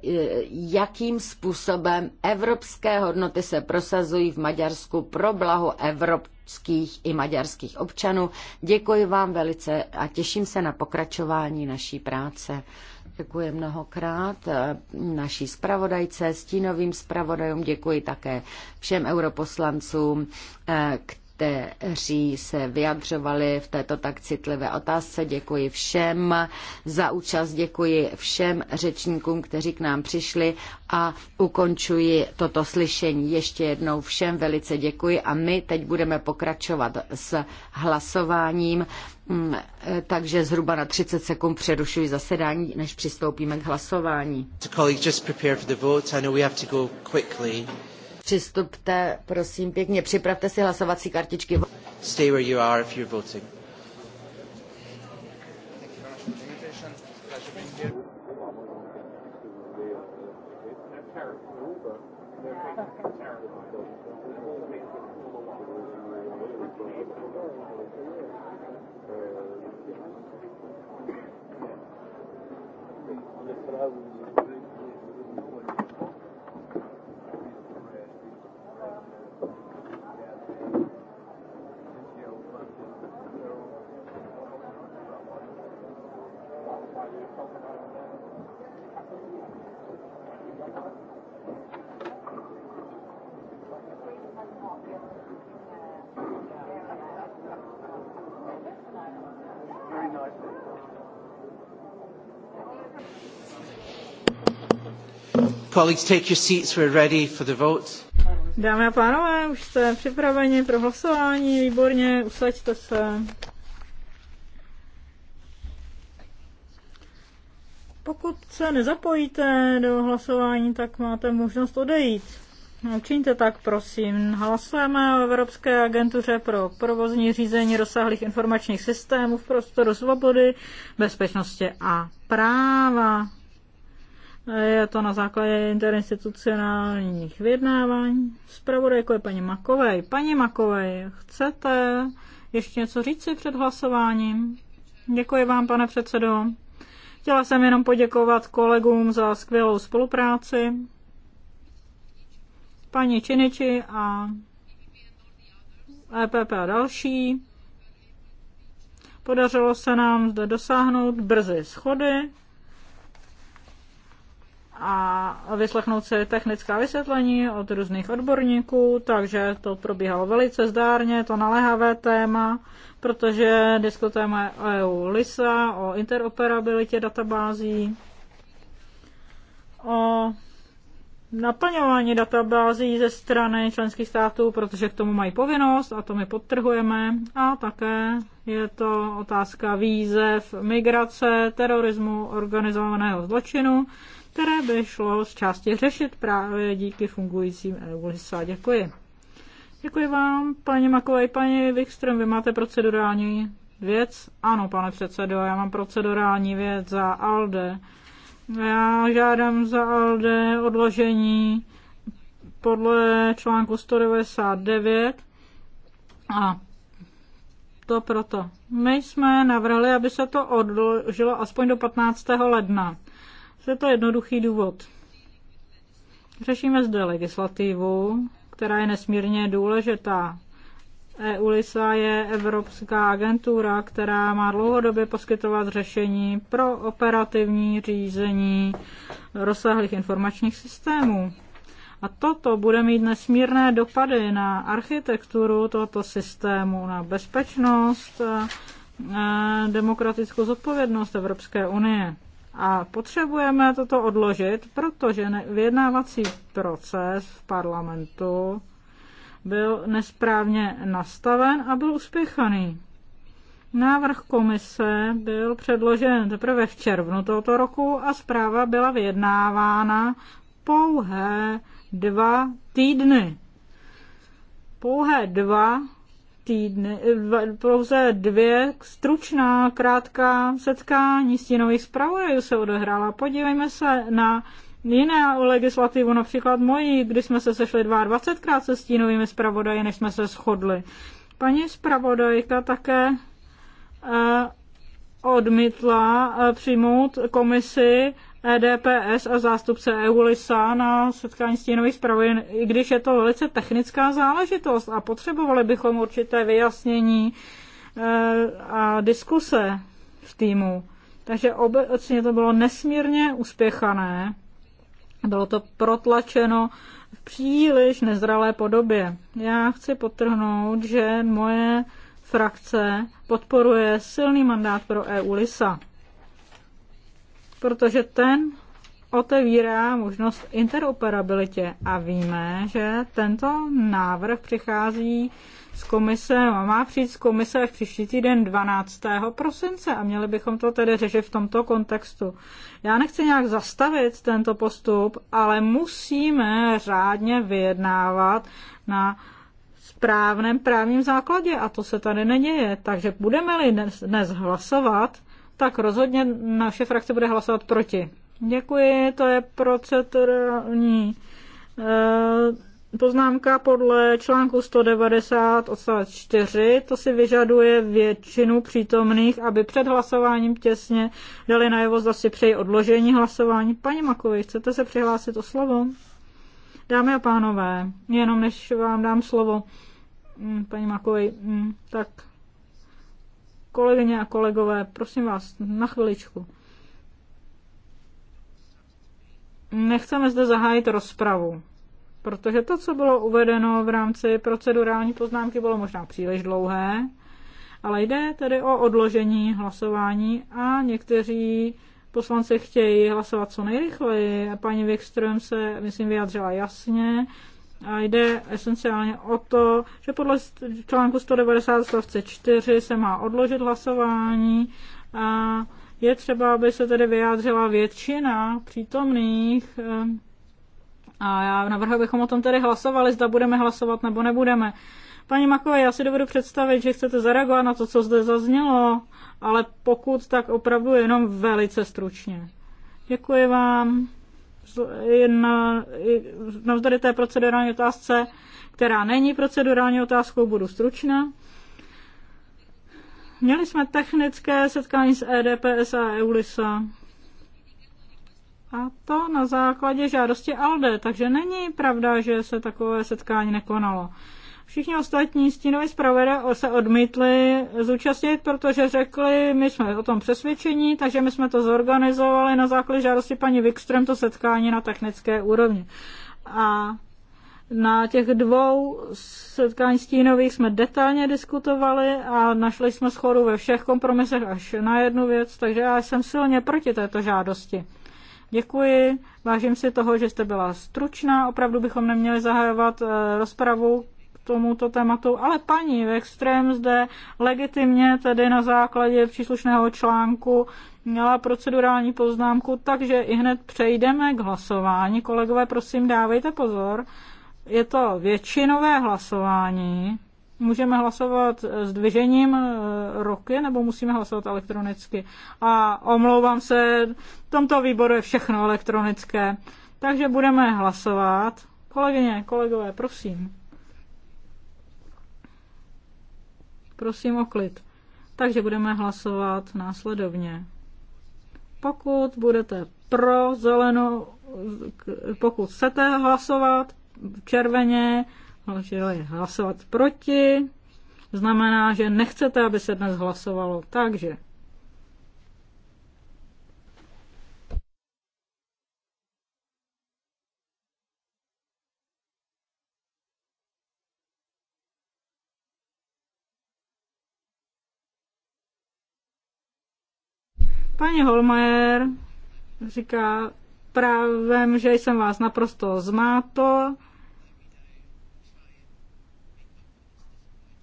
D: jakým způsobem evropské hodnoty se prosazují v Maďarsku pro blaho evropských i maďarských občanů. Děkuji vám velice a těším se na pokračování naší práce. Děkuji mnohokrát eh, naší zpravodajce, stínovým zpravodajům, děkuji také všem europoslancům, kteří kteří se vyjadřovali v této tak citlivé otázce. Děkuji všem za účast, děkuji všem řečníkům, kteří k nám přišli a ukončuji toto slyšení. Ještě jednou všem velice děkuji a my teď budeme pokračovat s hlasováním, mm, takže zhruba na 30 sekund přerušuji zasedání, než přistoupíme
A: k hlasování.
D: Přistupte, prosím, pěkně, připravte si hlasovací kartičky.
A: Stay where you are if you're voting. Colleagues, take your seats. We're ready for the vote.
B: Dámy a pánové, už jste připraveni pro hlasování. Výborně, usaďte se. Pokud se nezapojíte do hlasování, tak máte možnost odejít. Učiňte tak, prosím. Hlasujeme o Evropské agentuře pro provozní řízení rozsáhlých informačních systémů v prostoru svobody, bezpečnosti a práva. Je to na základě interinstitucionálních vyjednávání. Zpravodajko je paní Makovej. Paní Makovej, chcete ještě něco říci před hlasováním? Děkuji vám, pane předsedo. Chtěla jsem jenom poděkovat kolegům za skvělou spolupráci. Paní Činiči a EPP a další. Podařilo se nám zde dosáhnout brzy schody a vyslechnout si technická vysvětlení od různých odborníků, takže to probíhalo velice zdárně, to naléhavé téma, protože diskutujeme o EU LISA, o interoperabilitě databází, o naplňování databází ze strany členských států, protože k tomu mají povinnost a to my podtrhujeme. A také je to otázka výzev migrace, terorismu, organizovaného zločinu které by šlo z části řešit právě díky fungujícím EU LISA. Děkuji. Děkuji vám, paní Makovej, paní Wikström, vy máte procedurální věc? Ano, pane předsedo, já mám procedurální věc za ALDE. Já žádám za ALDE odložení podle článku 199 a to proto. My jsme navrhli, aby se to odložilo aspoň do 15. ledna. Je to jednoduchý důvod. Řešíme zde legislativu, která je nesmírně důležitá. EULISA je evropská agentura, která má dlouhodobě poskytovat řešení pro operativní řízení rozsáhlých informačních systémů. A toto bude mít nesmírné dopady na architekturu tohoto systému, na bezpečnost, demokratickou zodpovědnost Evropské unie. A potřebujeme toto odložit, protože vyjednávací proces v parlamentu byl nesprávně nastaven a byl uspěchaný. Návrh komise byl předložen teprve v červnu tohoto roku a zpráva byla vyjednávána pouhé dva týdny. Pouhé dva týdny, pouze dvě stručná, krátká setkání stínových zpravodajů se odehrála. Podívejme se na jiné legislativu, například moji, kdy jsme se sešli 22krát se stínovými zpravodaji, než jsme se shodli. Paní zpravodajka také eh, odmítla eh, přijmout komisi EDPS a zástupce EULISA na setkání stínových zpravy, i když je to velice technická záležitost a potřebovali bychom určité vyjasnění e, a diskuse v týmu. Takže obecně to bylo nesmírně uspěchané. Bylo to protlačeno v příliš nezralé podobě. Já chci potrhnout, že moje frakce podporuje silný mandát pro EU-LISA protože ten otevírá možnost interoperabilitě a víme, že tento návrh přichází z komise, má přijít z komise v příští týden 12. prosince a měli bychom to tedy řešit v tomto kontextu. Já nechci nějak zastavit tento postup, ale musíme řádně vyjednávat na správném právním základě a to se tady neděje. Takže budeme-li dnes hlasovat, tak rozhodně naše frakce bude hlasovat proti. Děkuji, to je procedurální eh, poznámka podle článku 190 odstavec 4. To si vyžaduje většinu přítomných, aby před hlasováním těsně dali najevo, zda si přeji odložení hlasování. Paní Makovi, chcete se přihlásit o slovo? Dámy a pánové, jenom než vám dám slovo, mm, paní Makovi, mm, tak Kolegyně a kolegové, prosím vás, na chviličku. Nechceme zde zahájit rozpravu, protože to, co bylo uvedeno v rámci procedurální poznámky, bylo možná příliš dlouhé, ale jde tedy o odložení hlasování a někteří poslanci chtějí hlasovat co nejrychleji. Paní Wikström se, myslím, vyjádřila jasně, a jde esenciálně o to, že podle článku 190 stavce 4 se má odložit hlasování a je třeba, aby se tedy vyjádřila většina přítomných eh, a já navrhuji, abychom o tom tedy hlasovali, zda budeme hlasovat nebo nebudeme. Paní Makové, já si dovedu představit, že chcete zareagovat na to, co zde zaznělo, ale pokud, tak opravdu jenom velice stručně. Děkuji vám na, navzdory té procedurální otázce, která není procedurální otázkou, budu stručná. Měli jsme technické setkání s EDPS a EULISA. A to na základě žádosti ALDE, takže není pravda, že se takové setkání nekonalo. Všichni ostatní stínové zpravodaj se odmítli zúčastnit, protože řekli, my jsme o tom přesvědčení, takže my jsme to zorganizovali na základě žádosti paní Wikström to setkání na technické úrovni. A na těch dvou setkání stínových jsme detailně diskutovali a našli jsme schodu ve všech kompromisech až na jednu věc, takže já jsem silně proti této žádosti. Děkuji, vážím si toho, že jste byla stručná, opravdu bychom neměli zahajovat eh, rozpravu tomuto tématu, ale paní v Extrém zde legitimně tedy na základě příslušného článku měla procedurální poznámku, takže i hned přejdeme k hlasování. Kolegové, prosím, dávejte pozor. Je to většinové hlasování. Můžeme hlasovat s dvižením eh, roky nebo musíme hlasovat elektronicky. A omlouvám se, v tomto výboru je všechno elektronické. Takže budeme hlasovat. Kolegyně, kolegové, prosím. Prosím o klid. Takže budeme hlasovat následovně. Pokud budete pro zelenou, pokud chcete hlasovat červeně, čili hlasovat proti, znamená, že nechcete, aby se dnes hlasovalo. Takže Paní Holmajer říká právě, že jsem vás naprosto zmátl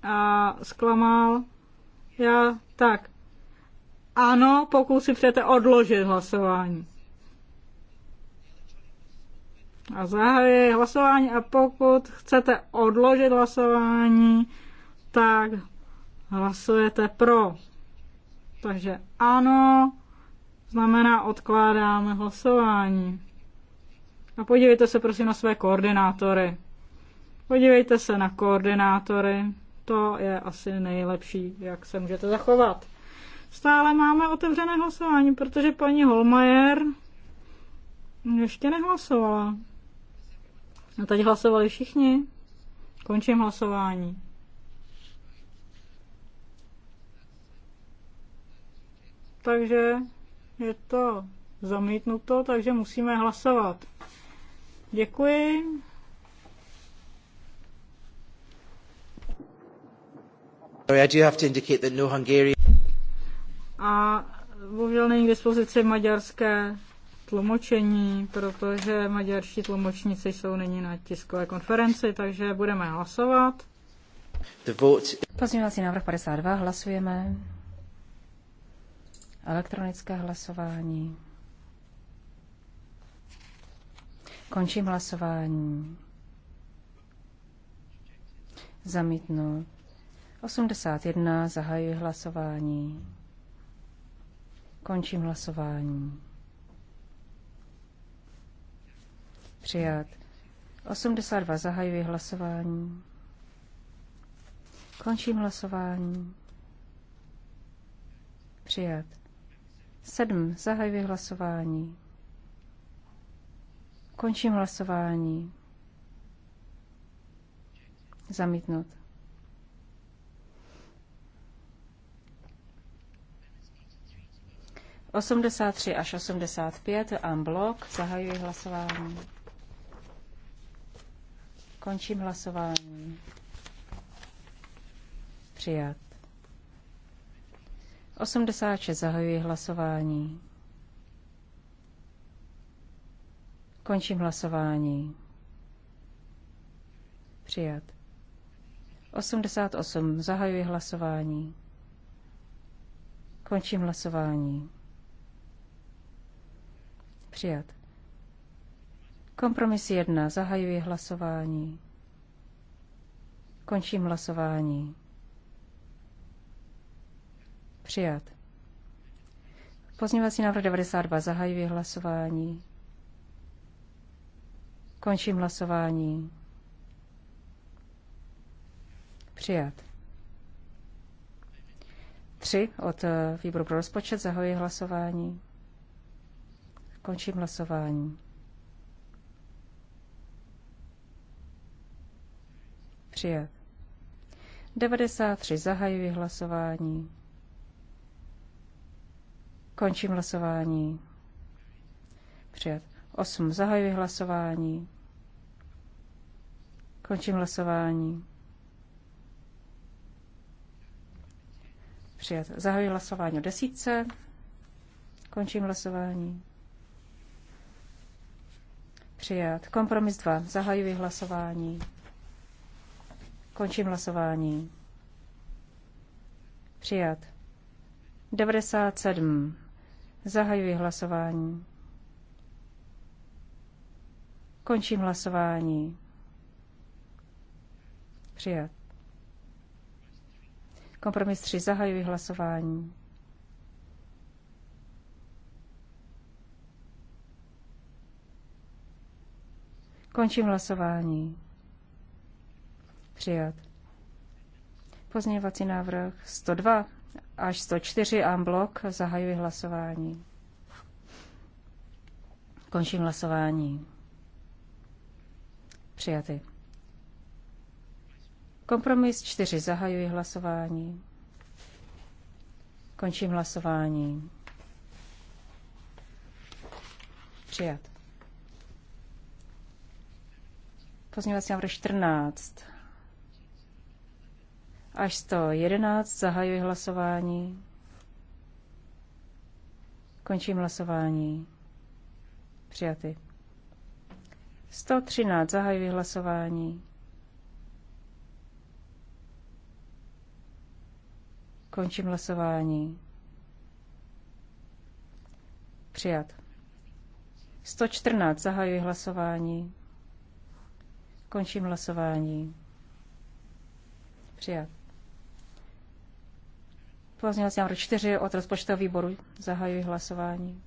B: a zklamal. Já tak. Ano, pokud si chcete odložit hlasování. A zahajuji hlasování a pokud chcete odložit hlasování, tak hlasujete pro. Takže ano, znamená odkládáme hlasování. A podívejte se prosím na své koordinátory. Podívejte se na koordinátory. To je asi nejlepší, jak se můžete zachovat. Stále máme otevřené hlasování, protože paní Holmajer ještě nehlasovala. No teď hlasovali všichni. Končím hlasování. Takže je to zamítnuto, takže musíme hlasovat. Děkuji.
A: Sorry, I do have to indicate that no Hungarian...
B: A bohužel není k dispozici maďarské tlumočení, protože maďarští tlumočníci jsou nyní na tiskové konferenci, takže budeme hlasovat. Pozměňovací návrh 52, hlasujeme.
C: Elektronické hlasování. Končím hlasování. Zamítnu. 81. Zahajuji hlasování. Končím hlasování. Přijat. 82. Zahajuji hlasování. Končím hlasování. Přijat. 7. Zahajuji hlasování. Končím hlasování. Zamítnout. Osmdesát tři až osmdesát pět a blok zahajuji hlasování. Končím hlasování. Přijat. 86 zahajuji hlasování. Končím hlasování. Přijat. 88 zahajuji hlasování. Končím hlasování. Přijat. Kompromis 1. Zahajuji hlasování. Končím hlasování. Přijat. Pozměňovací návrh 92. Zahajuji hlasování. Končím hlasování. Přijat. 3 od eh, výboru pro rozpočet. Zahajuji hlasování. Končím hlasování. Přijat. 93. Zahajuji hlasování. Končím hlasování. Přijat. 8. Zahajuji hlasování. Končím hlasování. Přijat. Zahajuji hlasování o desítce. Končím hlasování. Přijat. Kompromis 2. Zahajuji hlasování. Končím hlasování. Přijat. 97. Zahajuji hlasování. Končím hlasování. Přijat. Kompromis 3. Zahajuji hlasování. Končím hlasování. Přijat. Pozměňovací návrh 102 až 104 amblok zahajuji hlasování. Končím hlasování. Přijaty. Kompromis 4. Zahajuji hlasování. Končím hlasování. Přijat. Pozměňovací návrh 14 až 111. Zahajuji hlasování. Končím hlasování. Přijaty. 113. Zahajuji hlasování. Končím hlasování. Přijat. 114. Zahajuji hlasování. Končím hlasování. Přijat. Pozměňovací návrh 4 od rozpočtového výboru. Zahajuji hlasování.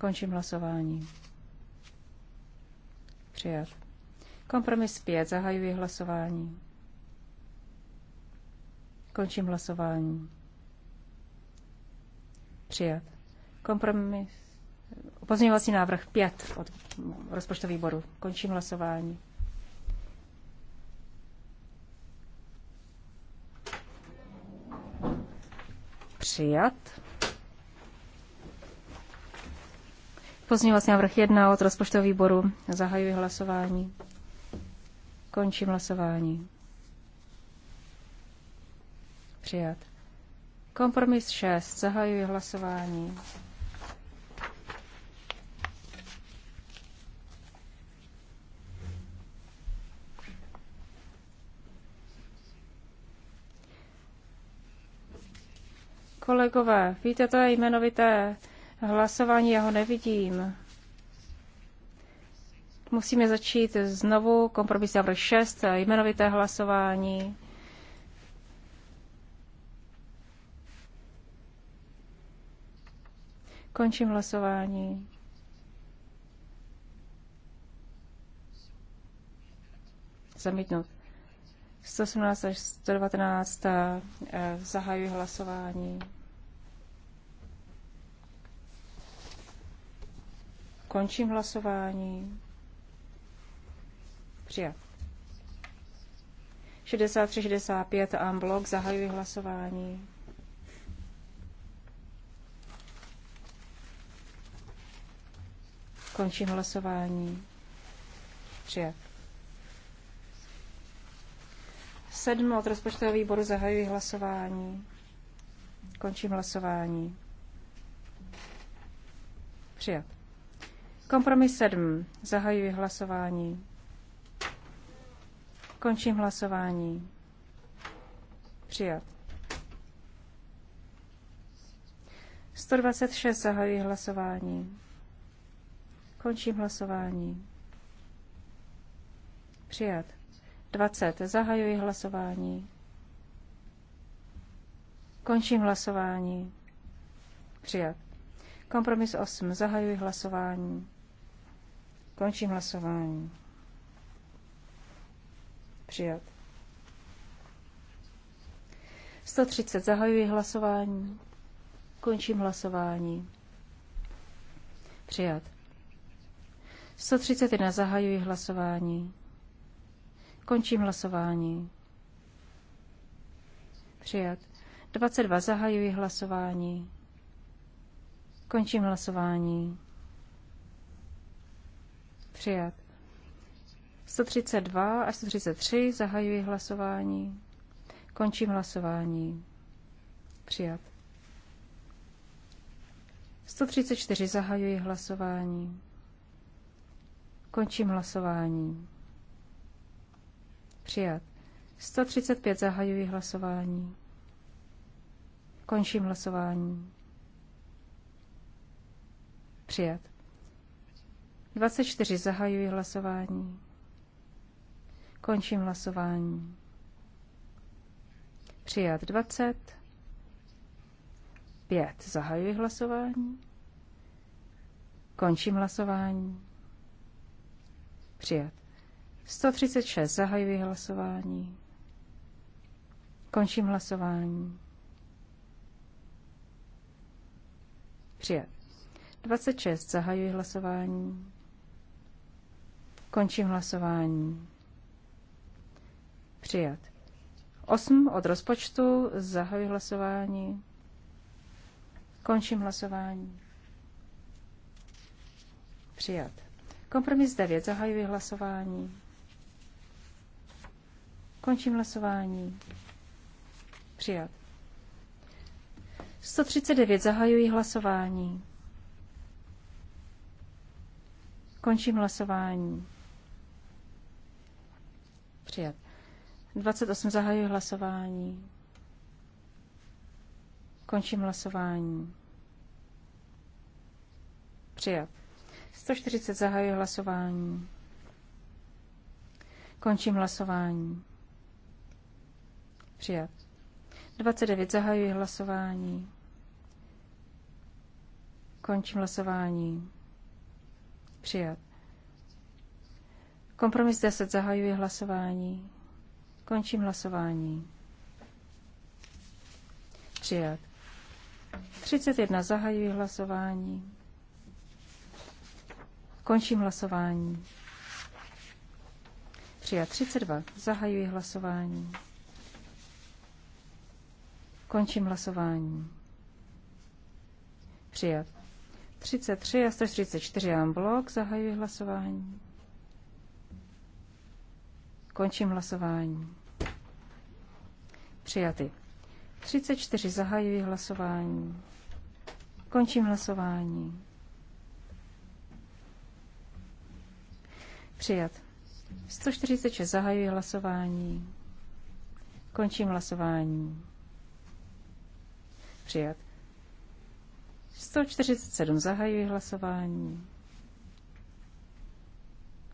C: Končím hlasování. Přijat. Kompromis 5. Zahajuji hlasování. Končím hlasování. Přijat. Kompromis. Pozměňovací návrh 5 od rozpočtového výboru. Končím hlasování. přijat. Pozměňovací návrh 1 od rozpočtového výboru. Zahajuji hlasování. Končím hlasování. Přijat. Kompromis 6. Zahajuji hlasování. Kolegové, víte, to je jmenovité hlasování, já ho nevidím. Musíme začít znovu kompromis návrh 6, jmenovité hlasování. Končím hlasování. Zamítnout. 118 až 119 eh, zahajuji hlasování. Končím hlasování. Přijat. 63, 65 a blok zahajuji hlasování. Končím hlasování. Přijat. 7 od rozpočtového výboru zahajuji hlasování. Končím hlasování. Přijat. Kompromis 7. Zahajuji hlasování. Končím hlasování. Přijat. 126. Zahajuji hlasování. Končím hlasování. Přijat. 20. Zahajuji hlasování. Končím hlasování. Přijat. Kompromis 8. Zahajuji hlasování. Končím hlasování. Přijat. 130. Zahajuji hlasování. Končím hlasování. Přijat. 131. Zahajuji hlasování. Končím hlasování. Přijat. 22. Zahajuji hlasování. Končím hlasování. Přijat. 132 až 133 zahajuji hlasování. Končím hlasování. Přijat. 134 zahajuji hlasování. Končím hlasování. Přijat. 135 zahajuji hlasování. Končím hlasování. Přijat. 24 zahajuji hlasování. Končím hlasování. Přijat 20. 5. Zahajuji hlasování. Končím hlasování. Přijat. 136. Zahajuji hlasování. Končím hlasování. Přijat. 26. Zahajuji hlasování. Končím hlasování. Přijat. 8. Od rozpočtu. Zahajuji hlasování. Končím hlasování. Přijat. Kompromis 9. Zahajuji hlasování. Končím hlasování. Přijat. 139. Zahajuji hlasování. Končím hlasování. Přijat. 28. Zahajuji hlasování. Končím hlasování. Přijat. 140. Zahajuji hlasování. Končím hlasování. Přijat. 29. Zahajuji hlasování. Končím hlasování. Přijat. Kompromis 10. Zahajuji hlasování. Končím hlasování. Přijat. 31. Zahajuji hlasování. Končím hlasování. Přijat 32. Zahajuji hlasování. Končím hlasování. Přijat. 33 a 134. en blok. Zahajuji hlasování. Končím hlasování. Přijaty. 34 zahajuji hlasování. Končím hlasování. Přijat. 146 zahajuji hlasování. Končím hlasování. Přijat. 147 zahajuji hlasování.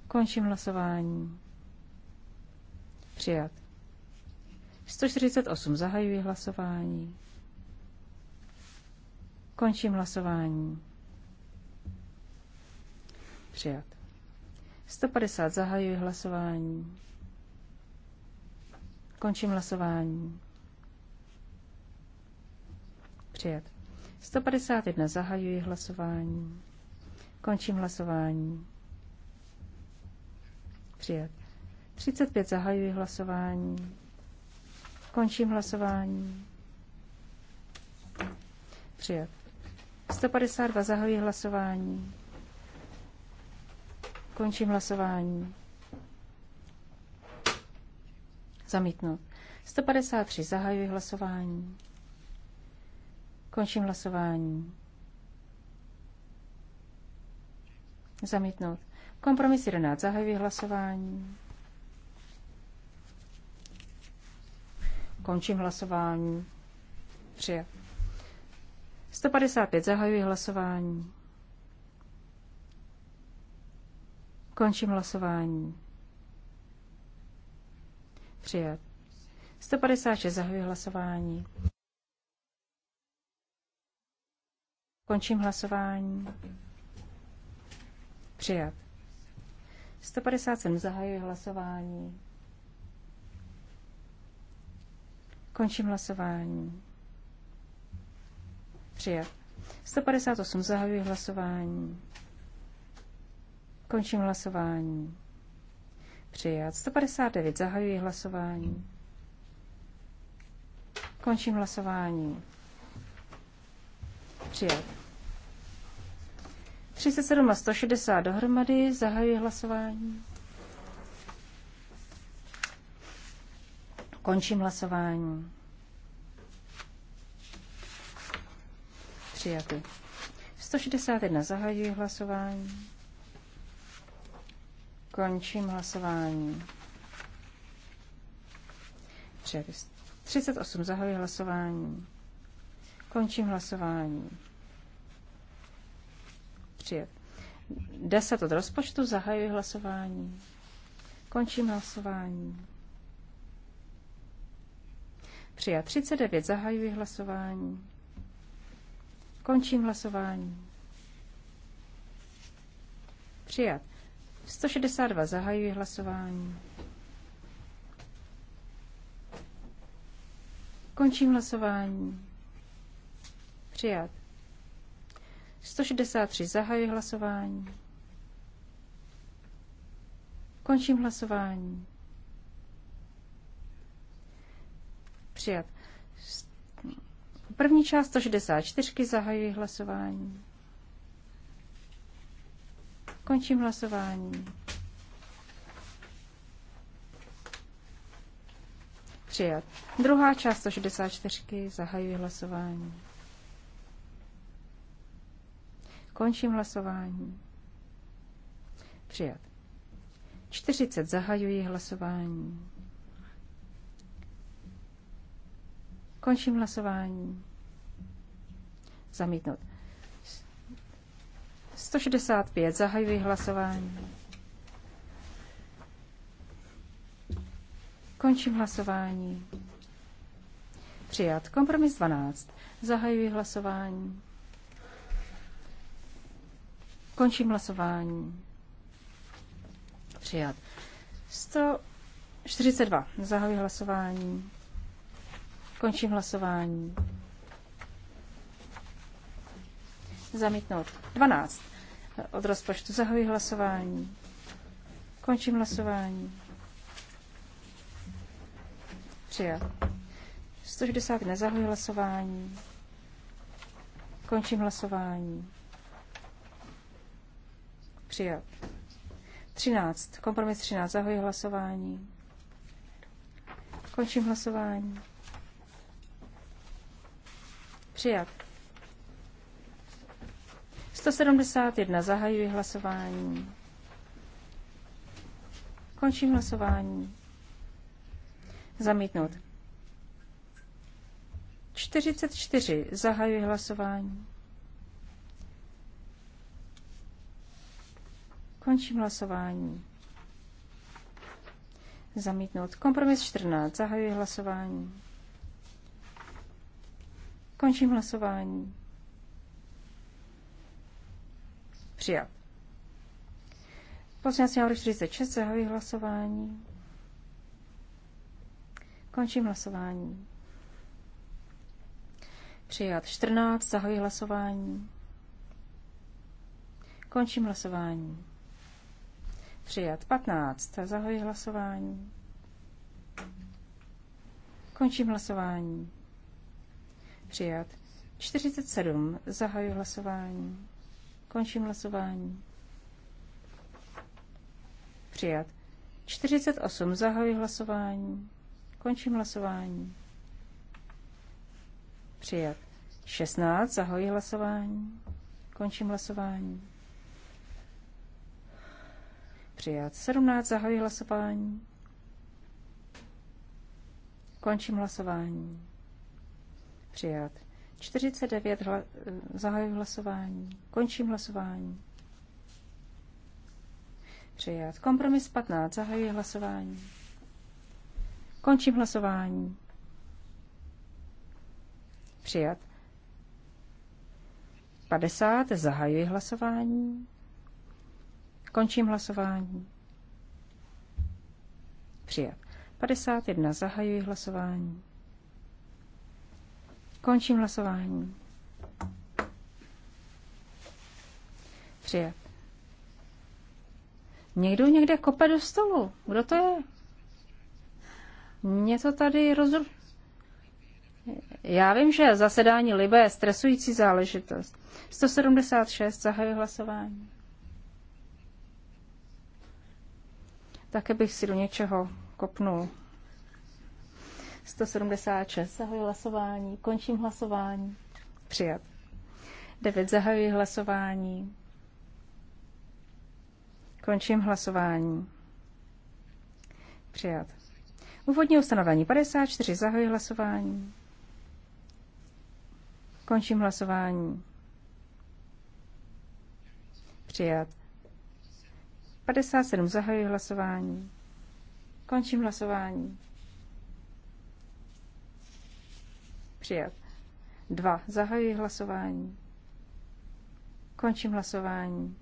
C: Končím hlasování. Přijat. 148 zahajuji hlasování. Končím hlasování. Přijat. 150 zahajuji hlasování. Končím hlasování. Přijat. 151. Zahajuji hlasování. Končím hlasování. Přijat. 35. Zahajuji hlasování. Končím hlasování. Přijat. 152. Zahajuji hlasování. Končím hlasování. Zamítnout. 153. Zahajuji hlasování. Končím hlasování. Zamítnout. Kompromis 11. Zahajuji hlasování. Končím hlasování. Přijat. 155. Zahajuji hlasování. Končím hlasování. Přijat. 156. Zahajuji hlasování. Končím hlasování. Přijat. 157 Zahajuji hlasování. Končím hlasování. Přijat. 158 zahajuji hlasování. Končím hlasování. Přijat. 159 zahajuji hlasování. Končím hlasování. Přijat. 37 a 160 dohromady. Zahajuji hlasování. Končím hlasování. Přijaty. 161 zahajuji hlasování. Končím hlasování. Přijaty. 38 zahajuji hlasování. Končím hlasování přijet. Deset od rozpočtu, zahajuji hlasování. Končím hlasování. Přijat 39, zahajuji hlasování. Končím hlasování. Přijat 162, zahajuji hlasování. Končím hlasování. Přijat 163. Zahajuji hlasování. Končím hlasování. Přijat. První část 164. Zahajuji hlasování. Končím hlasování. Přijat. Druhá část 164. Zahajuji hlasování. Končím hlasování. Přijat. 40. Zahajuji hlasování. Končím hlasování. Zamítnout. 165. Zahajuji hlasování. Končím hlasování. Přijat. Kompromis 12. Zahajuji hlasování. Končím hlasování. Přijat. 142. Zahajuji hlasování. Končím hlasování. Zamítnout. 12. Od rozpočtu zahajuji hlasování. Končím hlasování. Přijat. 160 nezahajuji hlasování. Končím hlasování. Přijat. 13. Kompromis 13. Zahoji hlasování. Končím hlasování. Přijat. 171. Zahajuji hlasování. Končím hlasování. Zamítnout. 44. Zahajuji hlasování. Končím hlasování. Zamítnout. Kompromis 14. Zahajuji hlasování. Končím hlasování. Přijat. Poslední návrh 46. Zahajuji hlasování. Končím hlasování. Přijat 14. Zahajuji hlasování. Končím hlasování. Přijat 15. Zahoji hlasování. Končím hlasování. Přijat 47. Zahoji hlasování. Končím hlasování. Přijat 48. Zahoji hlasování. Končím hlasování. Přijat 16. Zahoji hlasování. Končím hlasování. Přijat 17. Zahajuji hlasování. Končím hlasování. Přijat 49. Hla, zahajuji hlasování. Končím hlasování. Přijat. Kompromis 15. Zahajuji hlasování. Končím hlasování. Přijat. 50. Zahajuji hlasování. Končím hlasování. Přijat. 51. Zahajuji hlasování. Končím hlasování. Přijat. Někdo někde kope do stolu. Kdo to je? Mě to tady rozru... Já vím, že zasedání Libe je stresující záležitost. 176. Zahajuji hlasování. Také bych si do něčeho kopnul. 176. Zahajuji hlasování. Končím hlasování. Přijat. 9. Zahajuji hlasování. Končím hlasování. Přijat. Úvodní ustanovení 54. Zahajuji hlasování. Končím hlasování. Přijat. 57. Zahajuji hlasování. Končím hlasování. Přijat. 2. Zahajuji hlasování. Končím hlasování.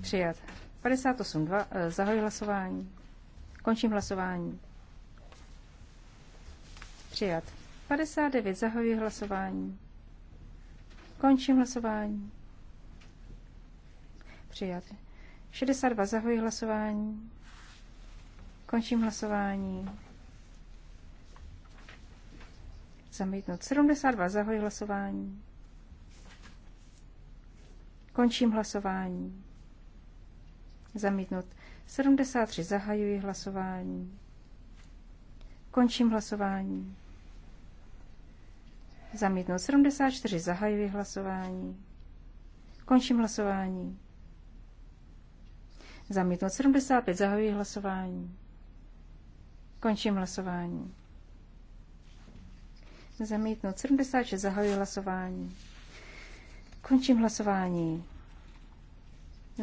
C: Přijat. 58. 2. Eh, zahajuji hlasování. Končím hlasování. Přijat. 59. Zahajuji hlasování. Končím hlasování. Přijat. 62. Zahoji hlasování. Končím hlasování. Zamítnout. 72. Zahoji hlasování. Končím hlasování. Zamítnout. 73. Zahajuji hlasování. Končím hlasování. Zamítnout. 74. Zahajuji hlasování. Končím hlasování. Zamítnout 75. Zahajuji hlasování. Končím hlasování. Zamítnout 76. Zahajuji hlasování. Končím hlasování.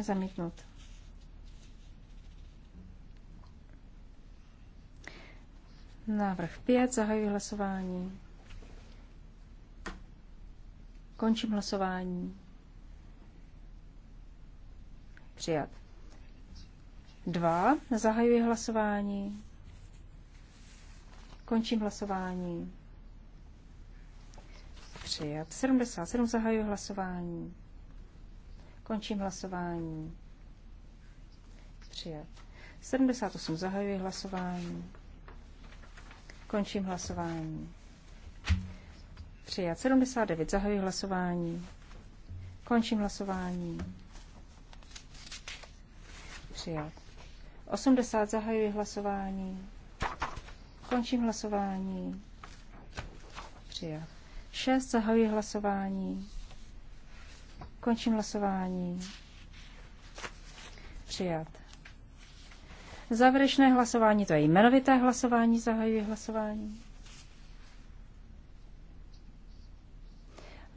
C: Zamítnout. Návrh 5. Zahajuji hlasování. Končím hlasování. Přijat. 2. Zahajuji hlasování. Končím hlasování. Přijat. 77. Zahajuji hlasování. Končím hlasování. Přijat. 78. Zahajuji hlasování. Končím hlasování. Přijat. 79. Zahajuji hlasování. Končím hlasování. Přijat. 80 zahajuji hlasování. Končím hlasování. Přijat. 6 zahajuji hlasování. Končím hlasování. Přijat. Závěrečné hlasování, to je jmenovité hlasování, zahajuji hlasování.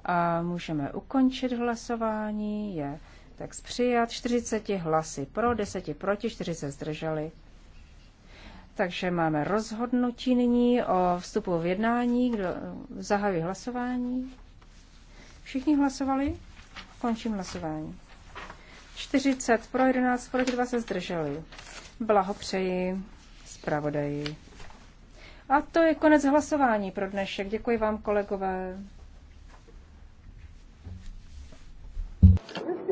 C: A můžeme ukončit hlasování. Je Text přijat 40 hlasy pro, 10 proti, 40 zdrželi. Takže máme rozhodnutí nyní o vstupu v jednání. Kdo zahájí hlasování? Všichni hlasovali? Končím hlasování. 40 pro, 11 proti, 2 se zdrželi. Blahopřeji zpravodaji. A to je konec hlasování pro dnešek. Děkuji vám, kolegové.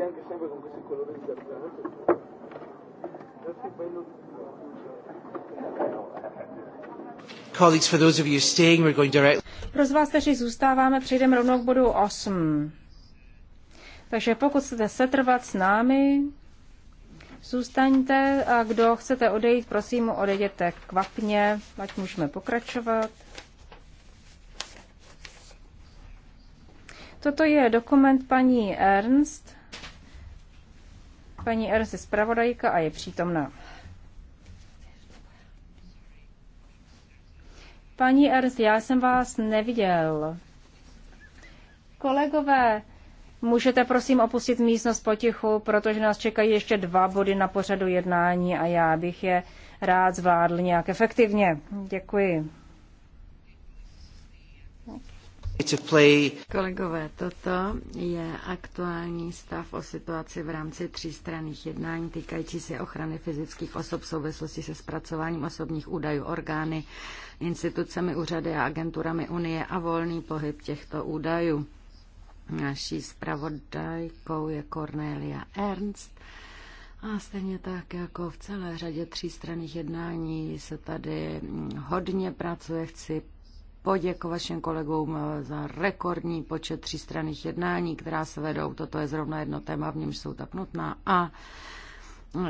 C: vedi anche sempre con questi colori di
A: Colleagues, for those of you staying, we're going direct.
C: Pro z vás, kteří zůstáváme, přejdeme rovnou k bodu 8. Takže pokud chcete setrvat s námi, zůstaňte a kdo chcete odejít, prosím, odejděte kvapně, ať můžeme pokračovat. Toto je dokument paní Ernst Paní Erz je zpravodajka a je přítomná. Paní Erz, já jsem vás neviděl. Kolegové, můžete prosím opustit místnost potichu, protože nás čekají ještě dva body na pořadu jednání a já bych je rád zvládl nějak efektivně. Děkuji.
D: Kolegové, toto je aktuální stav o situaci v rámci třístranných jednání týkající se ochrany fyzických osob v souvislosti se zpracováním osobních údajů orgány, institucemi, úřady a agenturami Unie a volný pohyb těchto údajů. Naší zpravodajkou je Cornelia Ernst. A stejně tak jako v celé řadě třístranných jednání se tady hodně pracuje. Chci poděkovat všem kolegům eh, za rekordní počet třístranných jednání, která se vedou. Toto je zrovna jedno téma, v němž jsou tak nutná. A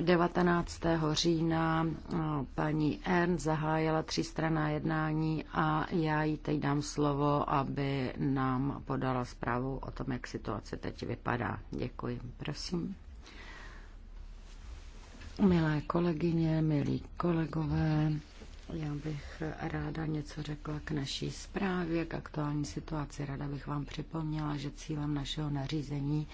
D: 19. října eh, paní Ern zahájila třístranná jednání a já jí teď dám slovo, aby nám podala zprávu o tom, jak situace teď vypadá. Děkuji. Prosím. Milé kolegyně, milí kolegové, já bych ráda něco řekla k naší zprávě, k aktuální situaci. Rada bych vám připomněla, že cílem našeho nařízení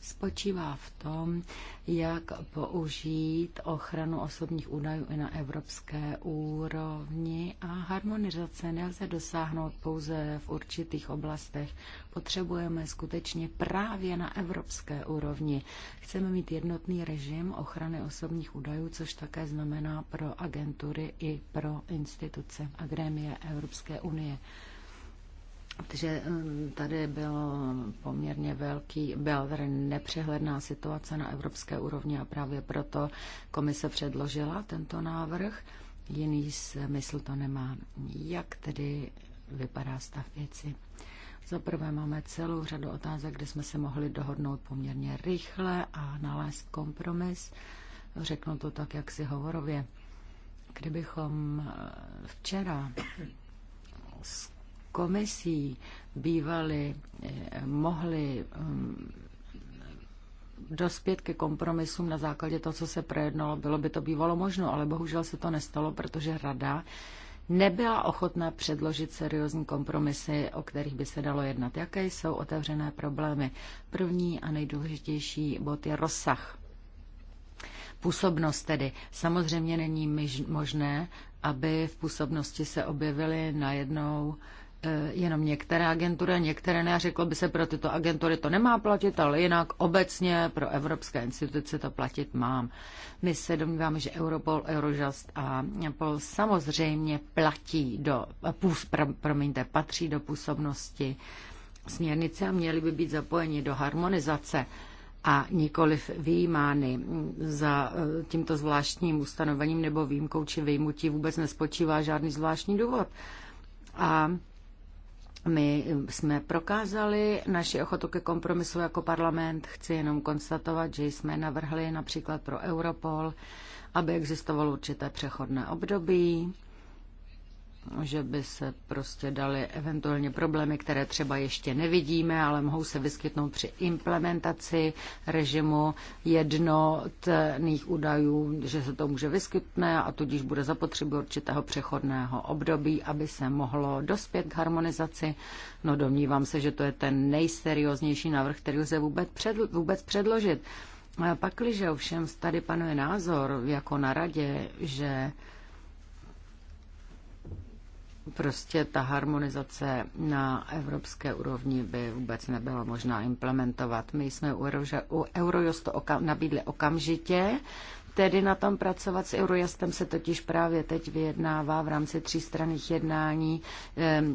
D: spočívá v tom, jak použít ochranu osobních údajů i na evropské úrovni a harmonizace nelze dosáhnout pouze v určitých oblastech. Potřebujeme skutečně právě na evropské úrovni. Chceme mít jednotný režim ochrany osobních údajů, což také znamená pro agentury i pro instituce a grémie Evropské unie že um, tady byl poměrně velký, byla nepřehledná situace na evropské úrovni a právě proto komise předložila tento návrh. Jiný smysl to nemá. Jak tedy vypadá stav věci? Za prvé máme celou řadu otázek, kde jsme se mohli dohodnout poměrně rychle a nalézt kompromis. Řeknu to tak, jak si hovorově. Kdybychom včera komisí bývali, eh, mohli mm, dospět ke kompromisům na základě toho, co se projednalo, bylo by to bývalo možno, ale bohužel se to nestalo, protože rada nebyla ochotná předložit seriózní kompromisy, o kterých by se dalo jednat. Jaké jsou otevřené problémy? První a nejdůležitější bod je rozsah. Působnost tedy. Samozřejmě není možné, aby v působnosti se objevily najednou uh, Eh, jenom některé agentury a některé ne. A řeklo by se, pro tyto agentury to nemá platit, ale jinak obecně pro evropské instituce to platit mám. My se domníváme, že Europol, Eurojust a Pol samozřejmě platí do, půs, promiňte, patří do působnosti směrnice a měly by být zapojeni do harmonizace a nikoliv výjímány. Za eh, tímto zvláštním ustanovením nebo výjimkou či výjimutí vůbec nespočívá žádný zvláštní důvod. A my jsme prokázali naši ochotu ke kompromisu jako parlament. Chci jenom konstatovat, že jsme navrhli například pro Europol, aby existovalo určité přechodné období že by se prostě daly eventuálně problémy, které třeba ještě nevidíme, ale mohou se vyskytnout při implementaci režimu jednotných údajů, že se to může vyskytne a tudíž bude zapotřebí určitého přechodného období, aby se mohlo dospět k harmonizaci. No domnívám se, že to je ten nejserióznější návrh, který lze vůbec, předl- vůbec předložit. Pakliže ovšem tady panuje názor, jako na radě, že prostě ta harmonizace na evropské úrovni by vůbec nebyla možná implementovat. My jsme u, Euro, u Eurojustu okam, nabídli okamžitě, tedy na tom pracovat s Eurojustem se totiž právě teď vyjednává v rámci třístranných jednání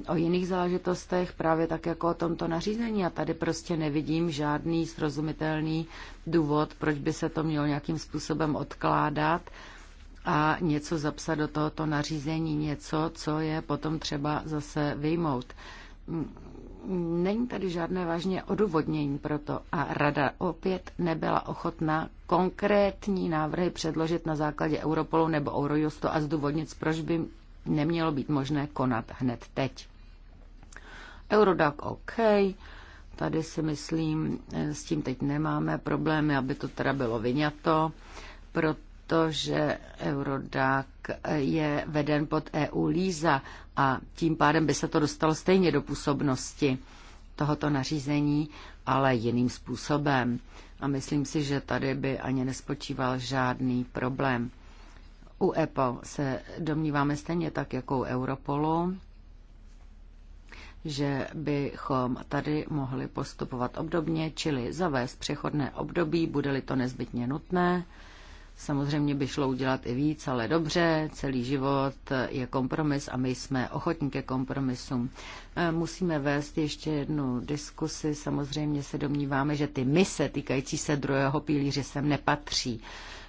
D: o jiných záležitostech, právě tak jako o tomto nařízení. A tady prostě nevidím žádný srozumitelný důvod, proč by se to mělo nějakým způsobem odkládat a něco zapsat do tohoto nařízení, něco, co je potom třeba zase vyjmout. Není tady žádné vážně odůvodnění pro to a rada opět nebyla ochotná konkrétní návrhy předložit na základě Europolu nebo Eurojustu a zdůvodnit, proč by nemělo být možné konat hned teď. Eurodac OK, tady si myslím, s tím teď nemáme problémy, aby to teda bylo vyňato, proto to, že Eurodac je veden pod EU Líza a tím pádem by se to dostalo stejně do působnosti tohoto nařízení, ale jiným způsobem. A myslím si, že tady by ani nespočíval žádný problém. U EPO se domníváme stejně tak jako u Europolu, že bychom tady mohli postupovat obdobně, čili zavést přechodné období, bude-li to nezbytně nutné, Samozřejmě by šlo udělat i víc, ale dobře, celý život je kompromis a my jsme ochotní ke kompromisům. E, musíme vést ještě jednu diskusi. Samozřejmě se domníváme, že ty mise týkající se druhého pilíře sem nepatří.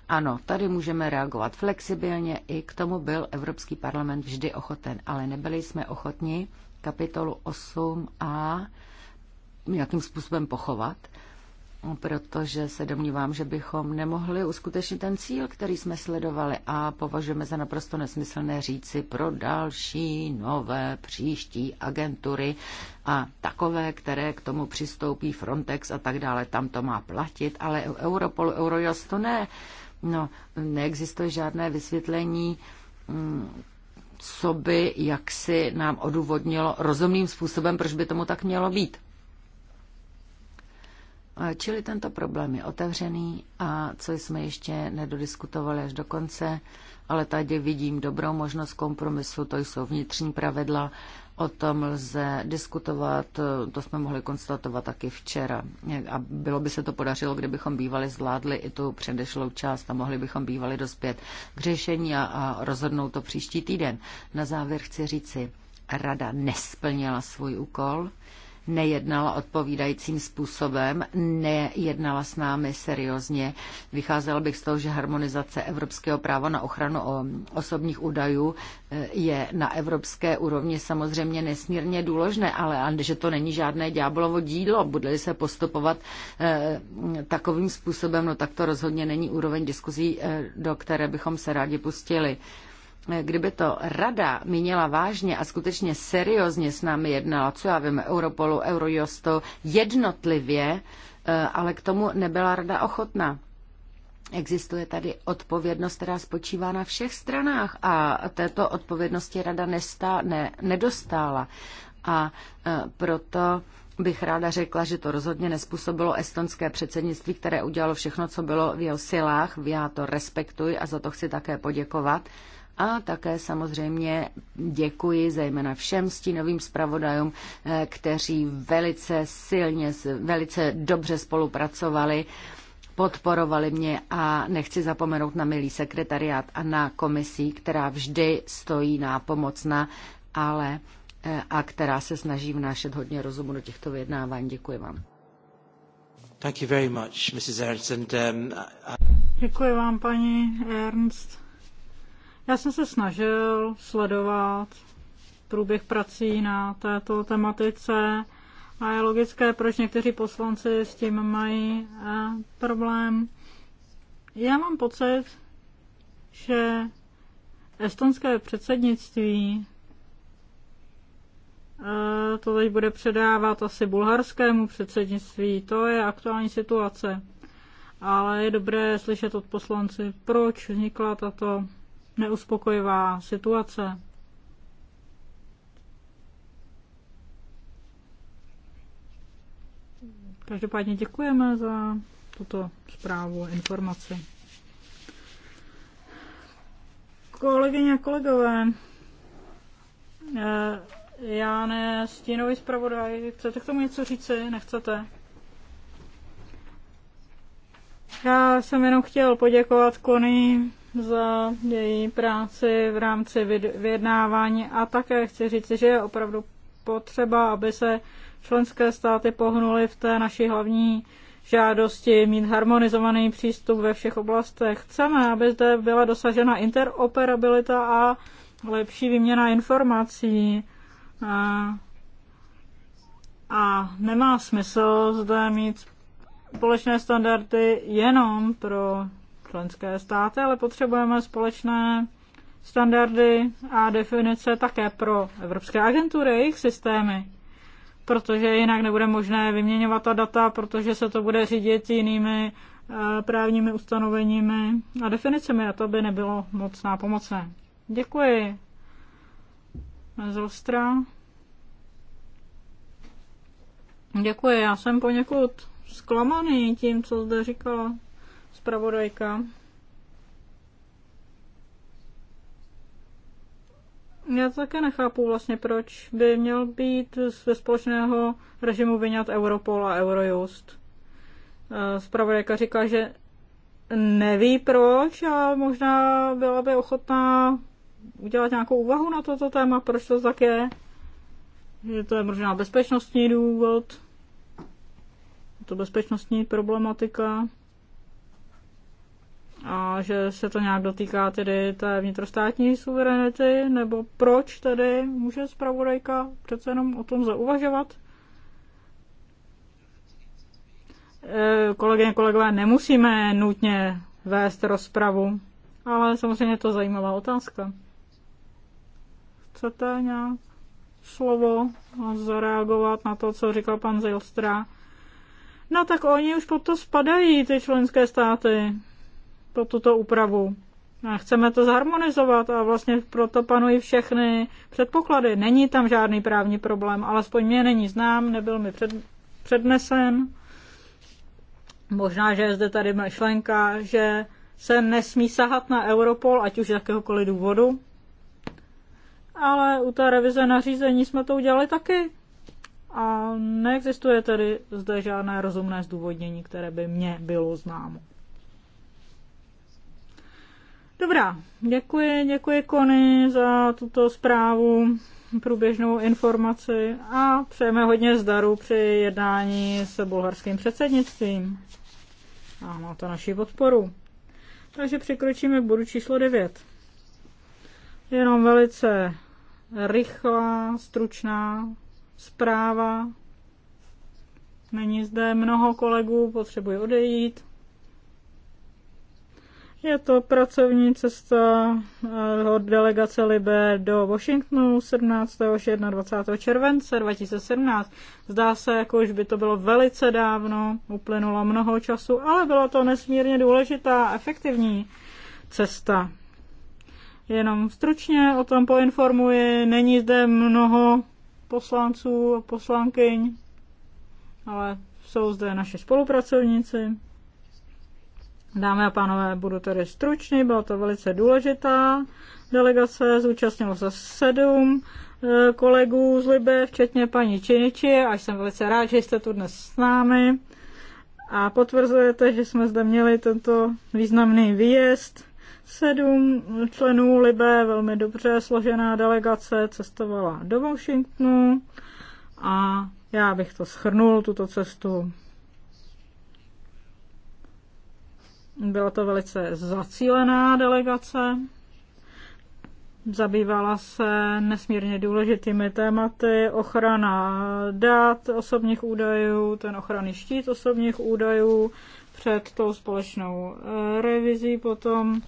D: Ano, tady můžeme reagovat flexibilně, i k tomu byl Evropský parlament vždy ochoten, ale nebyli jsme ochotni kapitolu 8a nějakým způsobem pochovat protože se domnívám, že bychom nemohli uskutečnit ten cíl, který jsme sledovali a považujeme za naprosto nesmyslné říci pro další nové příští agentury a takové, které k tomu přistoupí Frontex a tak dále. Tam to má platit, ale Europol, Eurojust to ne. No, neexistuje žádné vysvětlení, mm, co by jaksi nám odůvodnilo rozumným způsobem, proč by tomu tak mělo být. Čili tento problém je otevřený a co jsme ještě nedodiskutovali až do konce, ale tady vidím dobrou možnost kompromisu, to jsou vnitřní pravidla, o tom lze diskutovat, to jsme mohli konstatovat taky včera. A bylo by se to podařilo, kdybychom bývali zvládli i tu předešlou část a mohli bychom bývali dospět k řešení a, a rozhodnout to příští týden. Na závěr chci říci, rada nesplnila svůj úkol nejednala odpovídajícím způsobem, nejednala s námi seriózně. Vycházela bych z toho, že harmonizace evropského práva na ochranu osobních údajů e, je na evropské úrovni samozřejmě nesmírně důležné, ale že to není žádné ďáblovo dílo. bude se postupovat e, takovým způsobem, no tak to rozhodně není úroveň diskuzí, e, do které bychom se rádi pustili kdyby to rada měla vážně a skutečně seriózně s námi jednala, co já vím, Europolu, Eurojustu, jednotlivě, eh, ale k tomu nebyla rada ochotná. Existuje tady odpovědnost, která spočívá na všech stranách a této odpovědnosti rada nestá, ne, nedostála. A eh, proto bych ráda řekla, že to rozhodně nespůsobilo estonské předsednictví, které udělalo všechno, co bylo v jeho silách. Já to respektuji a za to chci také poděkovat a také samozřejmě děkuji zejména všem stínovým zpravodajům, eh, kteří velice silně, velice dobře spolupracovali podporovali mě a nechci zapomenout na milý sekretariát a na komisí, která vždy stojí nápomocna, ale eh, a která se snaží vnášet hodně rozumu do těchto vyjednávání. Děkuji vám.
A: Thank you very much, Mrs. Ernst. And, um, I...
B: Děkuji vám, paní Ernst. Já jsem se snažil sledovat průběh prací na této tematice a je logické, proč někteří poslanci s tím mají eh, problém. Já mám pocit, že estonské předsednictví eh, to teď bude předávat asi bulharskému předsednictví. To je aktuální situace. Ale je dobré slyšet od poslanci, proč vznikla tato neuspokojivá situace. Každopádně děkujeme za tuto zprávu a informaci. Kolegyně a kolegové, eh, já ne stínový zpravodaj, chcete k tomu něco říci? Nechcete? Já jsem jenom chtěl poděkovat Kony za její práci v rámci vyjednávání a také chci říct, že je opravdu potřeba, aby se členské státy pohnuly v té naší hlavní žádosti mít harmonizovaný přístup ve všech oblastech. Chceme, aby zde byla dosažena interoperabilita a lepší výměna informací. A, a nemá smysl zde mít společné standardy jenom pro členské státy, ale potřebujeme společné standardy a definice také pro evropské agentury, jejich systémy, protože jinak nebude možné vyměňovat ta data, protože se to bude řídit jinými eh, právními ustanoveními a definicemi a to by nebylo moc nápomocné. Děkuji. Zostra. Děkuji, já jsem poněkud zklamaný tím, co zde říkala zpravodajka. Já také nechápu vlastně, proč by měl být ze společného režimu vyňat Europol a Eurojust. Zpravodajka eh, říká, že neví proč a možná byla by ochotná udělat nějakou úvahu na toto téma, proč to tak je. Že to je možná bezpečnostní důvod, je to bezpečnostní problematika a že se to nějak dotýká tedy té vnitrostátní suverenity, nebo proč tedy může zpravodajka přece jenom o tom zauvažovat? Eh, kolegyně, kolegové, nemusíme nutně vést rozpravu, ale samozřejmě je to zajímavá otázka. Chcete nějak slovo zareagovat na to, co říkal pan Zilstra? No tak oni už pod to spadají, ty členské státy pro tuto úpravu. A chceme to zharmonizovat a vlastně proto panují všechny předpoklady. Není tam žádný právní problém, alespoň mě není znám, nebyl mi před, přednesen. Možná, že je zde tady myšlenka, že se nesmí sahat na Europol, ať už z jakéhokoliv důvodu. Ale u té revize nařízení jsme to udělali taky. A neexistuje tedy zde žádné rozumné zdůvodnění, které by mě bylo známo. Dobrá, děkuji, děkuji Kony za tuto zprávu, průběžnou informaci a přejeme hodně zdaru při jednání s bulharským předsednictvím. A má to naši podporu. Takže překročíme k bodu číslo 9. Jenom velice rychlá, stručná zpráva. Není zde mnoho kolegů, potřebuji odejít. Je to pracovní cesta eh, od delegace Libe do Washingtonu 17. až 21. července 2017. Zdá se, jako už by to bylo velice dávno, uplynulo mnoho času, ale byla to nesmírně důležitá a efektivní cesta. Jenom stručně o tom poinformuji, není zde mnoho poslanců a poslankyň, ale jsou zde naše spolupracovníci. Dámy a pánové, budu tedy stručný, byla to velice důležitá delegace, zúčastnilo se sedm eh, kolegů z Libe, včetně paní Činiči, a jsem velice rád, že jste tu dnes s námi a potvrzujete, že jsme zde měli tento významný výjezd. Sedm členů Libe, velmi dobře složená delegace, cestovala do Washingtonu a já bych to schrnul, tuto cestu. Byla to velice zacílená delegace. Zabývala se nesmírně důležitými tématy, ochrana dat osobních údajů, ten ochranný štít osobních údajů před tou společnou eh, revizí, potom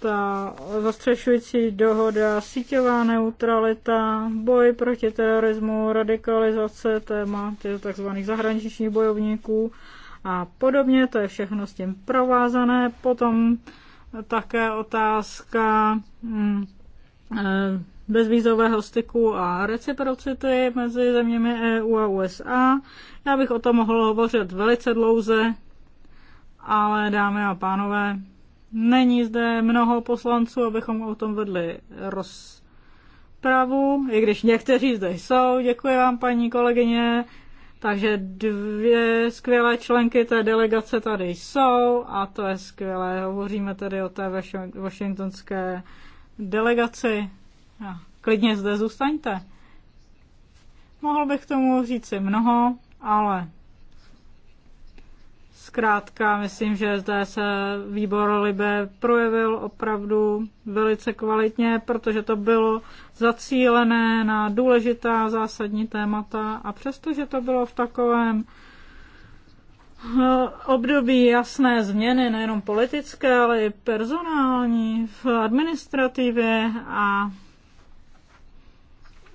B: ta zastřešující dohoda, síťová neutralita, boj proti terorismu, radikalizace téma těch tzv. zahraničních bojovníků a podobně. To je všechno s tím provázané. Potom také otázka mm, eh, bezvízového styku a reciprocity mezi zeměmi EU a USA. Já bych o tom mohl hovořit velice dlouze, ale dámy a pánové, není zde mnoho poslanců, abychom o tom vedli rozpravu, i když někteří zde jsou. Děkuji vám, paní kolegyně, takže dvě skvělé členky té delegace tady jsou a to je skvělé. Hovoříme tedy o té washingtonské delegaci. A klidně zde zůstaňte. Mohl bych tomu říci mnoho, ale Zkrátka, myslím, že zde se výbor Libe projevil opravdu velice kvalitně, protože to bylo zacílené na důležitá zásadní témata a přestože to bylo v takovém eh, období jasné změny, nejenom politické, ale i personální, v administrativě a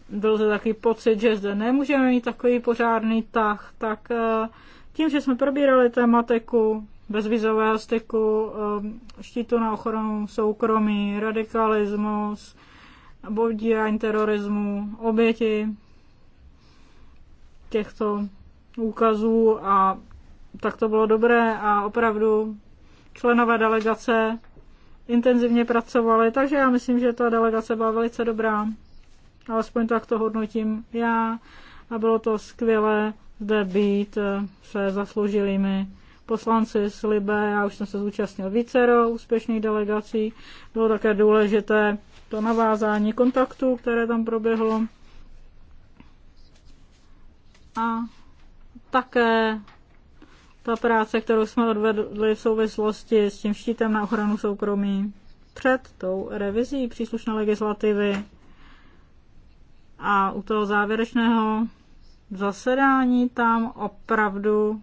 B: byl zde takový pocit, že zde nemůžeme mít takový pořádný tah, tak eh, tím, že jsme probírali tématiku bezvizového styku, ehm, štítu na ochranu soukromí, radikalismus, a terorismu, oběti těchto úkazů a tak to bylo dobré a opravdu členové delegace intenzivně pracovali, takže já myslím, že ta delegace byla velice dobrá. Alespoň tak to hodnotím já a bylo to skvělé zde být eh, se zasloužilými poslanci z Libe. Já už jsem se zúčastnil vícero úspěšných delegací. Bylo také důležité to navázání kontaktů, které tam proběhlo. A také ta práce, kterou jsme odvedli v souvislosti s tím štítem na ochranu soukromí před tou revizí příslušné legislativy a u toho závěrečného zasedání tam opravdu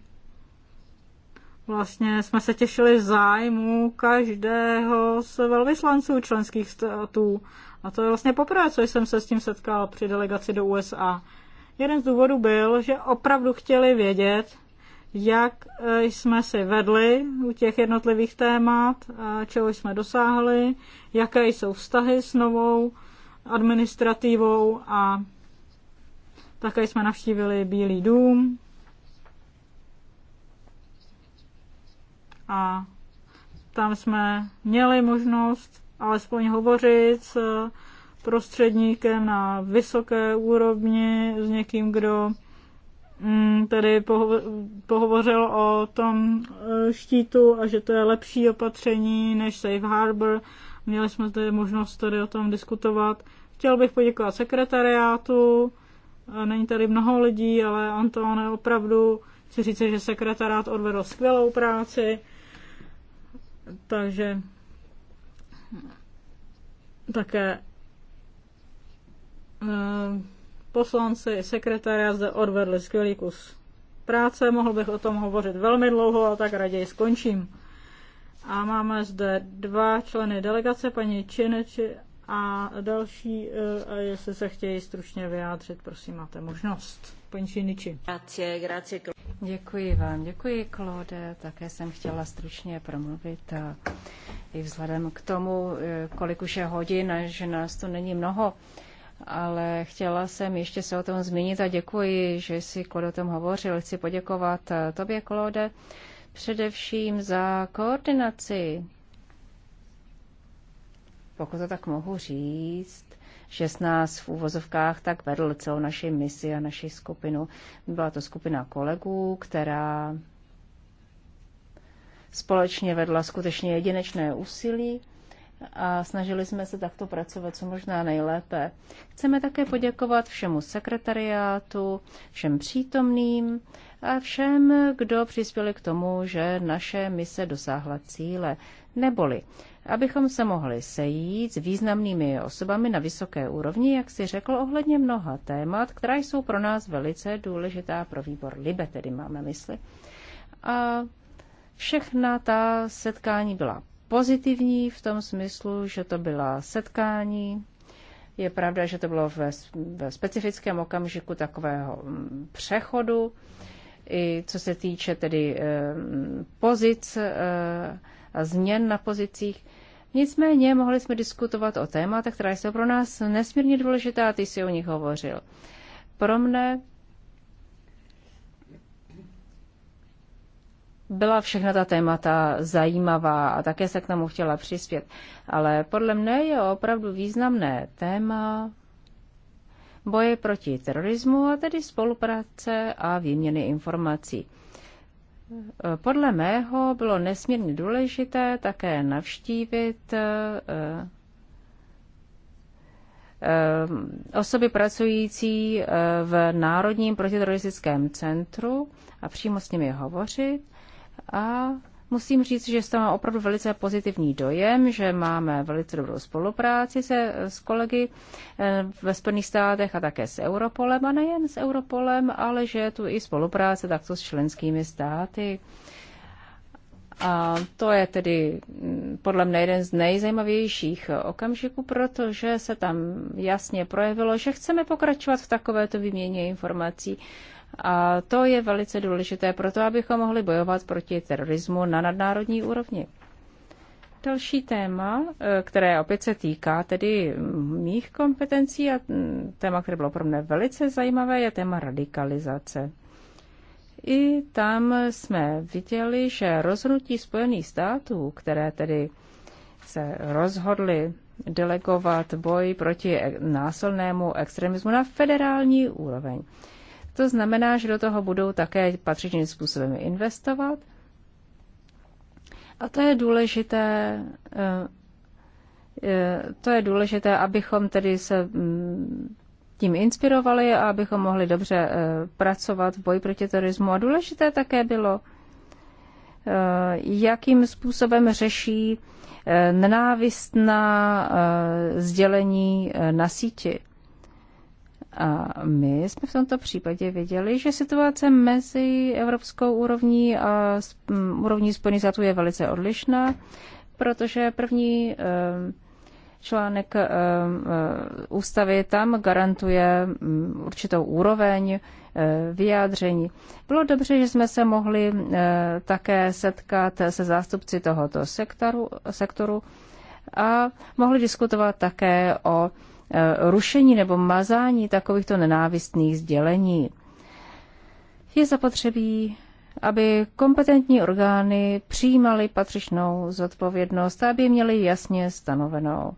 B: vlastně jsme se těšili zájmu každého z velvyslanců členských států. A to je vlastně poprvé, co jsem se s tím setkal při delegaci do USA. Jeden z důvodů byl, že opravdu chtěli vědět, jak eh, jsme si vedli u těch jednotlivých témat, eh, čeho jsme dosáhli, jaké jsou vztahy s novou administrativou a také jsme navštívili Bílý dům a tam jsme měli možnost alespoň hovořit s prostředníkem na vysoké úrovni, s někým, kdo mm, tedy pohovořil o tom eh, štítu a že to je lepší opatření než Safe Harbor. Měli jsme tedy možnost tady o tom diskutovat. Chtěl bych poděkovat sekretariátu, Není tady mnoho lidí, ale Anton je opravdu chci říct, že sekretarát odvedl skvělou práci, takže také eh, poslanci, sekretariát zde odvedli skvělý kus práce. Mohl bych o tom hovořit velmi dlouho, ale tak raději skončím. A máme zde dva členy delegace, paní Čineči a další, eh, jestli se chtějí stručně vyjádřit, prosím, máte možnost. Paní Činiči. Děkuji vám,
C: děkuji, Klode. Také jsem chtěla stručně promluvit a i vzhledem k tomu, eh, kolik už je hodin, že nás to není mnoho, ale chtěla jsem ještě se o tom zmínit a děkuji, že jsi, Klode, o tom hovořil. Chci poděkovat eh, tobě, Klode, především za koordinaci pokud to tak mohu říct, že s nás v úvozovkách tak vedl celou naši misi a naši skupinu. Byla to skupina kolegů, která společně vedla skutečně jedinečné úsilí a snažili jsme se takto pracovat co možná nejlépe. Chceme také poděkovat všemu sekretariátu, všem přítomným a všem, kdo přispěli k tomu, že naše mise dosáhla cíle. Neboli abychom se mohli sejít s významnými osobami na vysoké úrovni, jak si řekl, ohledně mnoha témat, která jsou pro nás velice důležitá pro výbor LIBE, tedy máme mysli. A všechna ta setkání byla pozitivní v tom smyslu, že to byla setkání, je pravda, že to bylo ve, ve specifickém okamžiku takového mm, přechodu, i co se týče tedy eh, pozic eh, a změn na pozicích. Nicméně mohli jsme diskutovat o tématech, která jsou pro nás nesmírně důležitá, ty jsi o nich hovořil. Pro mne byla všechna ta témata zajímavá a také se k tomu chtěla přispět. Ale podle mne je opravdu významné téma boje proti terorismu a tedy spolupráce a výměny informací. Podle mého bylo nesmírně důležité také navštívit eh, eh, osoby pracující eh, v Národním protiteroristickém centru a přímo s nimi hovořit a Musím říct, že to má opravdu velice pozitivní dojem, že máme velice dobrou spolupráci se s kolegy eh, ve Spojených státech a také s Europolem, a nejen s Europolem, ale že je tu i spolupráce takto s členskými státy. A to je tedy mm, podle mě jeden z nejzajímavějších okamžiků, protože se tam jasně projevilo, že chceme pokračovat v takovéto výměně informací a to je velice důležité pro to, abychom mohli bojovat proti terorismu na nadnárodní úrovni. Další téma, eh, které opět se týká tedy mých kompetencí a mm, téma, které bylo pro mě velice zajímavé, je téma radikalizace. I tam jsme viděli, že rozhodnutí Spojených států, které tedy se rozhodly delegovat boj proti e- násilnému extremismu na federální úroveň, to znamená, že do toho budou také patřičným způsobem investovat. A to je důležité, eh, eh, to je důležité, abychom tedy se mm, tím inspirovali a abychom mohli dobře eh, pracovat v boji proti terorismu. A důležité také bylo, jakým způsobem řeší nenávistná sdělení na síti. A my jsme v tomto případě viděli, že situace mezi evropskou úrovní a úrovní Spojených států je velice odlišná, protože první eh, článek eh, eh, ústavy tam garantuje mm, určitou úroveň vyjádření. Bylo dobře, že jsme se mohli také setkat se zástupci tohoto sektoru, sektoru a mohli diskutovat také o Eh, rušení nebo mazání takovýchto nenávistných sdělení. Je zapotřebí, aby kompetentní orgány přijímaly patřičnou zodpovědnost, aby měly jasně stanovenou.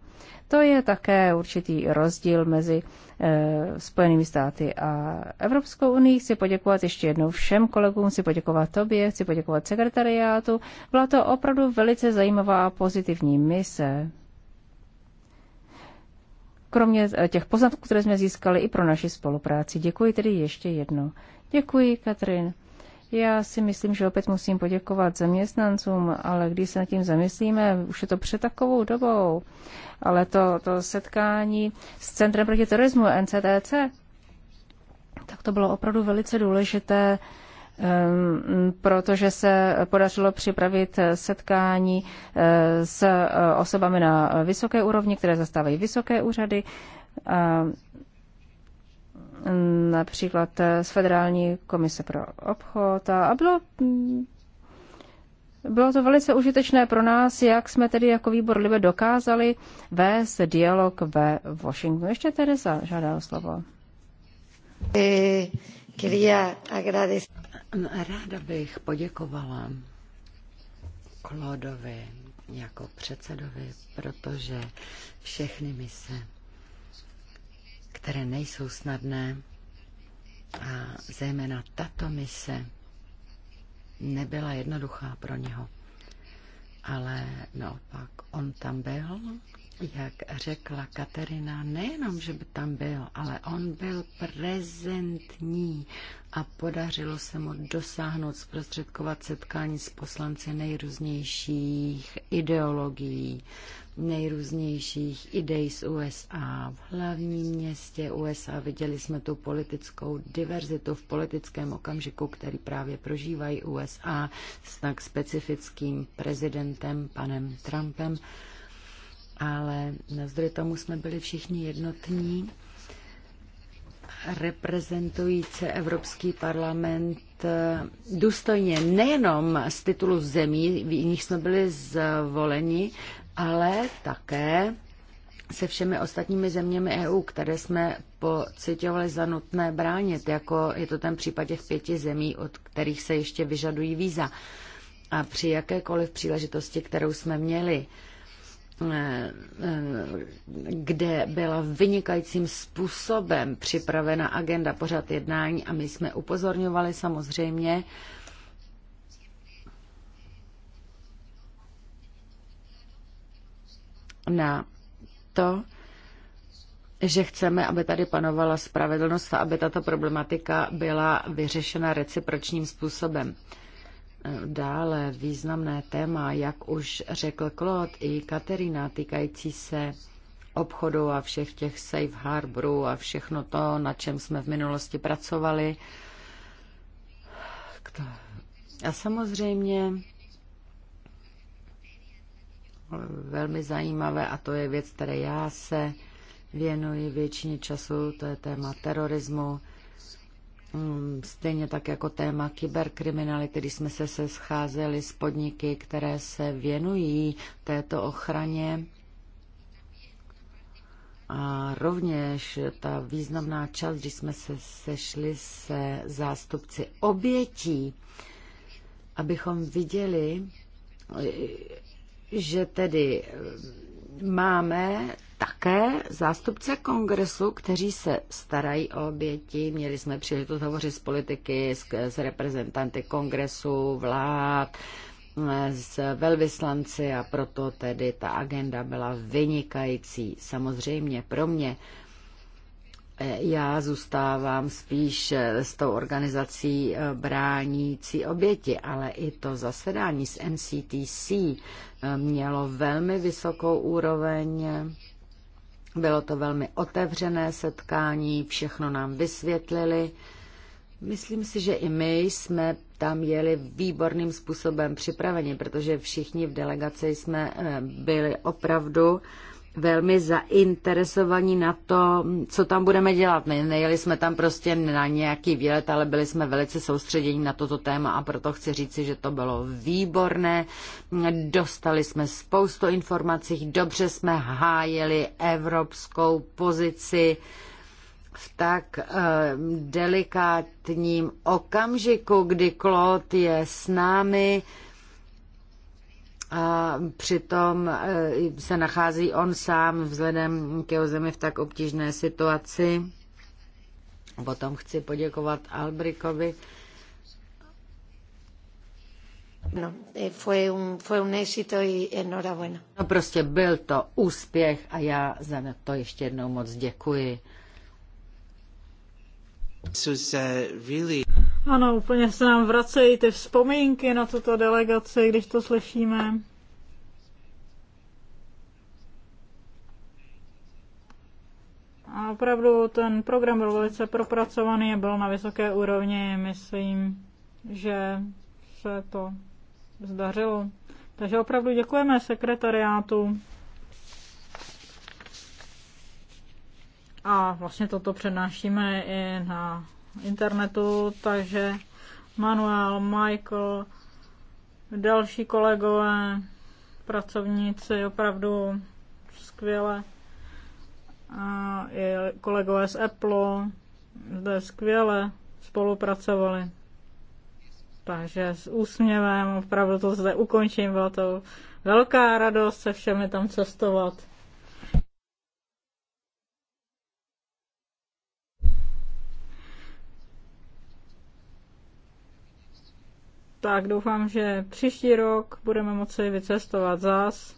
C: To je také určitý rozdíl mezi e, Spojenými státy a Evropskou unii. Chci poděkovat ještě jednou všem kolegům, chci poděkovat tobě, chci poděkovat sekretariátu. Byla to opravdu velice zajímavá a pozitivní mise kromě eh, těch poznatků, které jsme získali i pro naši spolupráci. Děkuji tedy ještě jednou. Děkuji, Katrin. Já si myslím, že opět musím poděkovat zaměstnancům, ale když se nad tím zamyslíme, už je to před takovou dobou, ale to, to setkání s Centrem proti terorismu NCTC, tak to bylo opravdu velice důležité Ehm, protože se podařilo připravit setkání eh, s eh, osobami na vysoké úrovni, které zastávají vysoké úřady, mm, například eh, z Federální komise pro obchod a bylo mm, bylo to velice užitečné pro nás, jak jsme tedy jako výbor Libe dokázali vést dialog ve Washingtonu. Ještě Teresa žádá o slovo.
D: Ráda bych poděkovala Klodovi jako předsedovi, protože všechny mise, které nejsou snadné, a zejména tato mise nebyla jednoduchá pro něho. Ale naopak, on tam byl jak řekla Katerina, nejenom, že by tam byl, ale on byl prezentní a podařilo se mu dosáhnout zprostředkovat setkání s poslanci nejrůznějších ideologií, nejrůznějších idej z USA. V hlavním městě USA viděli jsme tu politickou diverzitu v politickém okamžiku, který právě prožívají USA s tak specifickým prezidentem panem Trumpem ale navzdory tomu jsme byli všichni jednotní reprezentující Evropský parlament eh, důstojně nejenom z titulu zemí, v jiných jsme byli zvoleni, ale také se všemi ostatními zeměmi EU, které jsme pocitovali za nutné bránit, jako je to ten případ těch pěti zemí, od kterých se ještě vyžadují víza. A při jakékoliv příležitosti, kterou jsme měli, Eh, kde byla vynikajícím způsobem připravena agenda pořad jednání a my jsme upozorňovali samozřejmě, na to, že chceme, aby tady panovala spravedlnost a aby tato problematika byla vyřešena recipročním způsobem. Dále významné téma, jak už řekl Claude i Katerina, týkající se obchodu a všech těch safe harborů a všechno to, na čem jsme v minulosti pracovali. A samozřejmě velmi zajímavé, a to je věc, které já se věnuji většině času, to je téma terorismu Mm, stejně tak jako téma kyberkriminality, když jsme se, se scházeli s podniky, které se věnují této ochraně. A rovněž ta významná část, když jsme se sešli se zástupci obětí, abychom viděli, že tedy máme také zástupce kongresu, kteří se starají o oběti. Měli jsme příležitost hovořit s politiky, s, s reprezentanty kongresu, vlád, s velvyslanci a proto tedy ta agenda byla vynikající. Samozřejmě pro mě já zůstávám spíš eh, s tou organizací eh, bránící oběti, ale i to zasedání s NCTC eh, mělo velmi vysokou úroveň. Bylo to velmi otevřené setkání, všechno nám vysvětlili. Myslím si, že i my jsme tam jeli výborným způsobem připraveni, protože všichni v delegaci jsme byli opravdu uh, velmi zainteresovaní na to, co tam budeme dělat. Ne, nejeli jsme tam prostě na nějaký výlet, ale byli jsme velice soustředění na toto téma a proto chci říci, že to bylo výborné. Dostali jsme spoustu informací, dobře jsme hájeli evropskou pozici v tak eh, delikátním okamžiku, kdy Klot je s námi, a přitom eh, se nachází on sám vzhledem k jeho zemi v tak obtížné situaci. Potom chci poděkovat Albrikovi. No, fue un, fue un éxito y enhorabuena. No prostě byl to úspěch a já za to ještě jednou moc děkuji.
A: This was, uh, really...
B: Ano, úplně se nám vracejí ty vzpomínky na tuto delegaci, když to slyšíme. A opravdu ten program byl velice propracovaný a byl na vysoké úrovni. Myslím, že se to zdařilo. Takže opravdu děkujeme sekretariátu. A vlastně toto přednášíme i na internetu, takže Manuel, Michael, další kolegové, pracovníci opravdu skvěle. A i kolegové z Apple zde skvěle spolupracovali. Takže s úsměvem opravdu to zde ukončím. Byla to velká radost se všemi tam cestovat. tak doufám, že příští rok budeme moci vycestovat zas.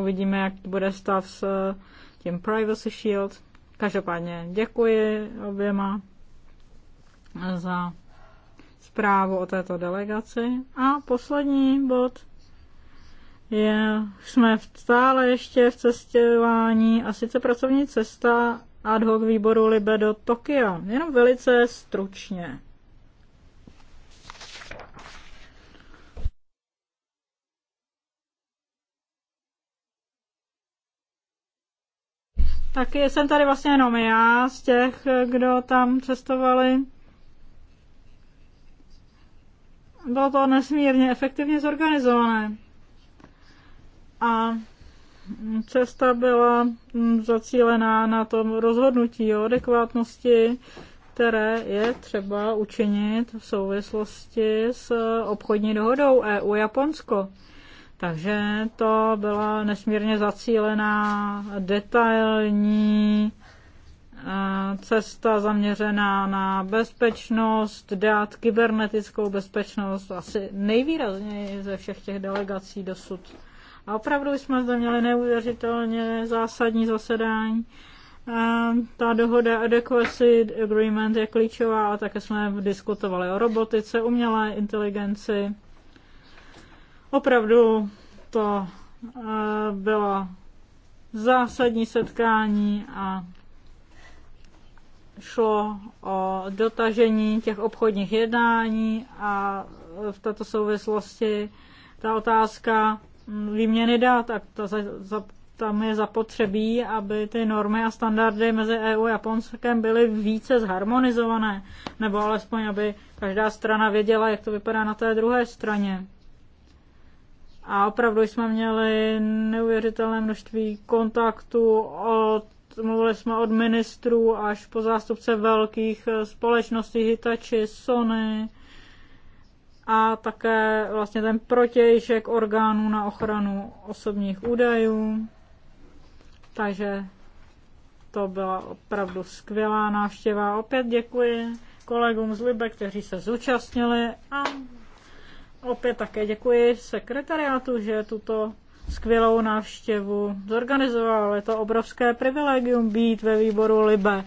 B: Uvidíme, jak bude stav s eh, tím Privacy Shield. Každopádně děkuji oběma za zprávu o této delegaci. A poslední bod je, jsme stále ještě v cestování a sice pracovní cesta ad hoc výboru Libe do Tokia. Jenom velice stručně. Tak jsem tady vlastně jenom já z těch, kdo tam cestovali. Bylo to nesmírně efektivně zorganizované. A cesta byla zacílená na tom rozhodnutí o adekvátnosti, které je třeba učinit v souvislosti s obchodní dohodou EU-Japonsko. Takže to byla nesmírně zacílená, detailní eh, cesta zaměřená na bezpečnost, dát kybernetickou bezpečnost asi nejvýrazněji ze všech těch delegací dosud. A opravdu jsme zde měli neuvěřitelně zásadní zasedání. A eh, ta dohoda Adequacy Agreement je klíčová a také jsme diskutovali o robotice, umělé inteligenci Opravdu to eh, bylo zásadní setkání a šlo o dotažení těch obchodních jednání a eh, v této souvislosti ta otázka mm, výměny dat, tak ta za, za, tam je zapotřebí, aby ty normy a standardy mezi EU a Japonskem byly více zharmonizované, nebo alespoň, aby každá strana věděla, jak to vypadá na té druhé straně. A opravdu jsme měli neuvěřitelné množství kontaktů od mluvili jsme od ministrů až po zástupce velkých eh, společností Hitachi, Sony a také vlastně ten protějšek orgánů na ochranu osobních údajů. Takže to byla opravdu skvělá návštěva. Opět děkuji kolegům z Libe, kteří se zúčastnili a Opět také děkuji sekretariátu, že tuto skvělou návštěvu zorganizoval. Je to obrovské privilegium být ve výboru Libe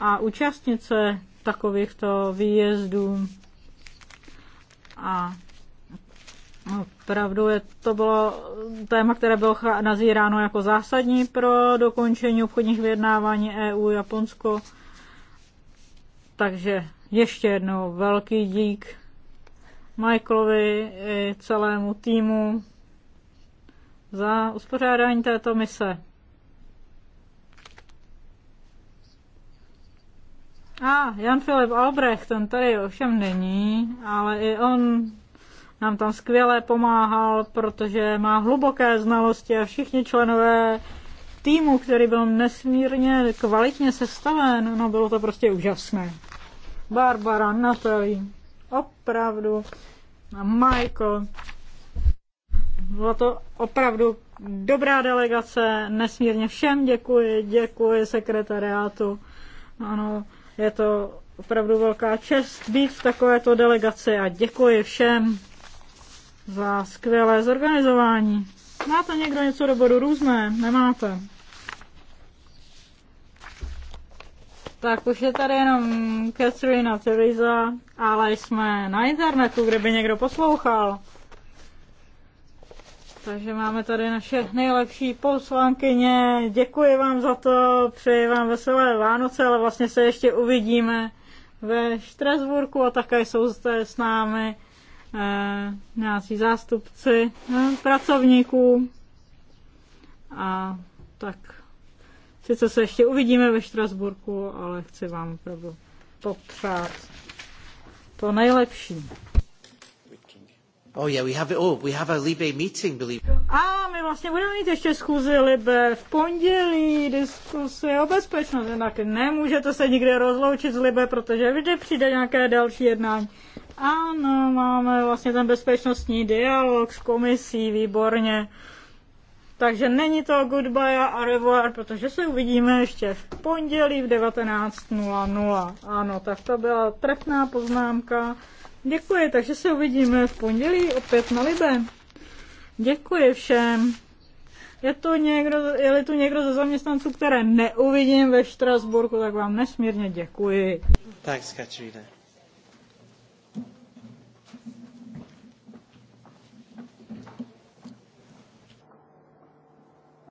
B: a účastnit se takovýchto výjezdů. A opravdu je, to bylo téma, které bylo nazíráno jako zásadní pro dokončení obchodních vyjednávání EU-Japonsko. Takže ještě jednou velký dík Michaelovi i celému týmu za uspořádání této mise. A ah, Jan Filip Albrecht, ten tady ovšem není, ale i on nám tam skvěle pomáhal, protože má hluboké znalosti a všichni členové týmu, který byl nesmírně kvalitně sestaven, no bylo to prostě úžasné. Barbara, Natalie, opravdu a Michael. Byla to opravdu dobrá delegace, nesmírně všem děkuji, děkuji sekretariátu. Ano, je to opravdu velká čest být v takovéto delegaci a děkuji všem za skvělé zorganizování. Máte někdo něco do bodu různé? Nemáte. Tak už je tady jenom Catherine a Teresa, ale jsme na internetu, kde by někdo poslouchal. Takže máme tady naše nejlepší poslankyně. Děkuji vám za to, přeji vám veselé Vánoce, ale vlastně se ještě uvidíme ve Štrasburku a také jsou zde s námi eh, nějací zástupci eh, pracovníků. A tak Sice se ještě uvidíme ve Štrasburku, ale chci vám opravdu popřát to nejlepší.
A: Oh yeah, we have it all. We have a Libe meeting, believe.
B: A my vlastně budeme mít ještě schůzi Libe v pondělí, diskusy o bezpečnosti. Jinak nemůžete se nikdy rozloučit z Libe, protože vždy přijde nějaké další jednání. Ano, máme vlastně ten bezpečnostní dialog s komisí, výborně. Takže není to goodbye a revoir, protože se uvidíme ještě v pondělí v 19.00. Ano, tak to byla trefná poznámka. Děkuji, takže se uvidíme v pondělí opět na Libe. Děkuji všem. Je tu někdo, je tu někdo ze zaměstnanců, které neuvidím ve Štrasburku, tak vám nesmírně děkuji.
A: Thanks, skačujte.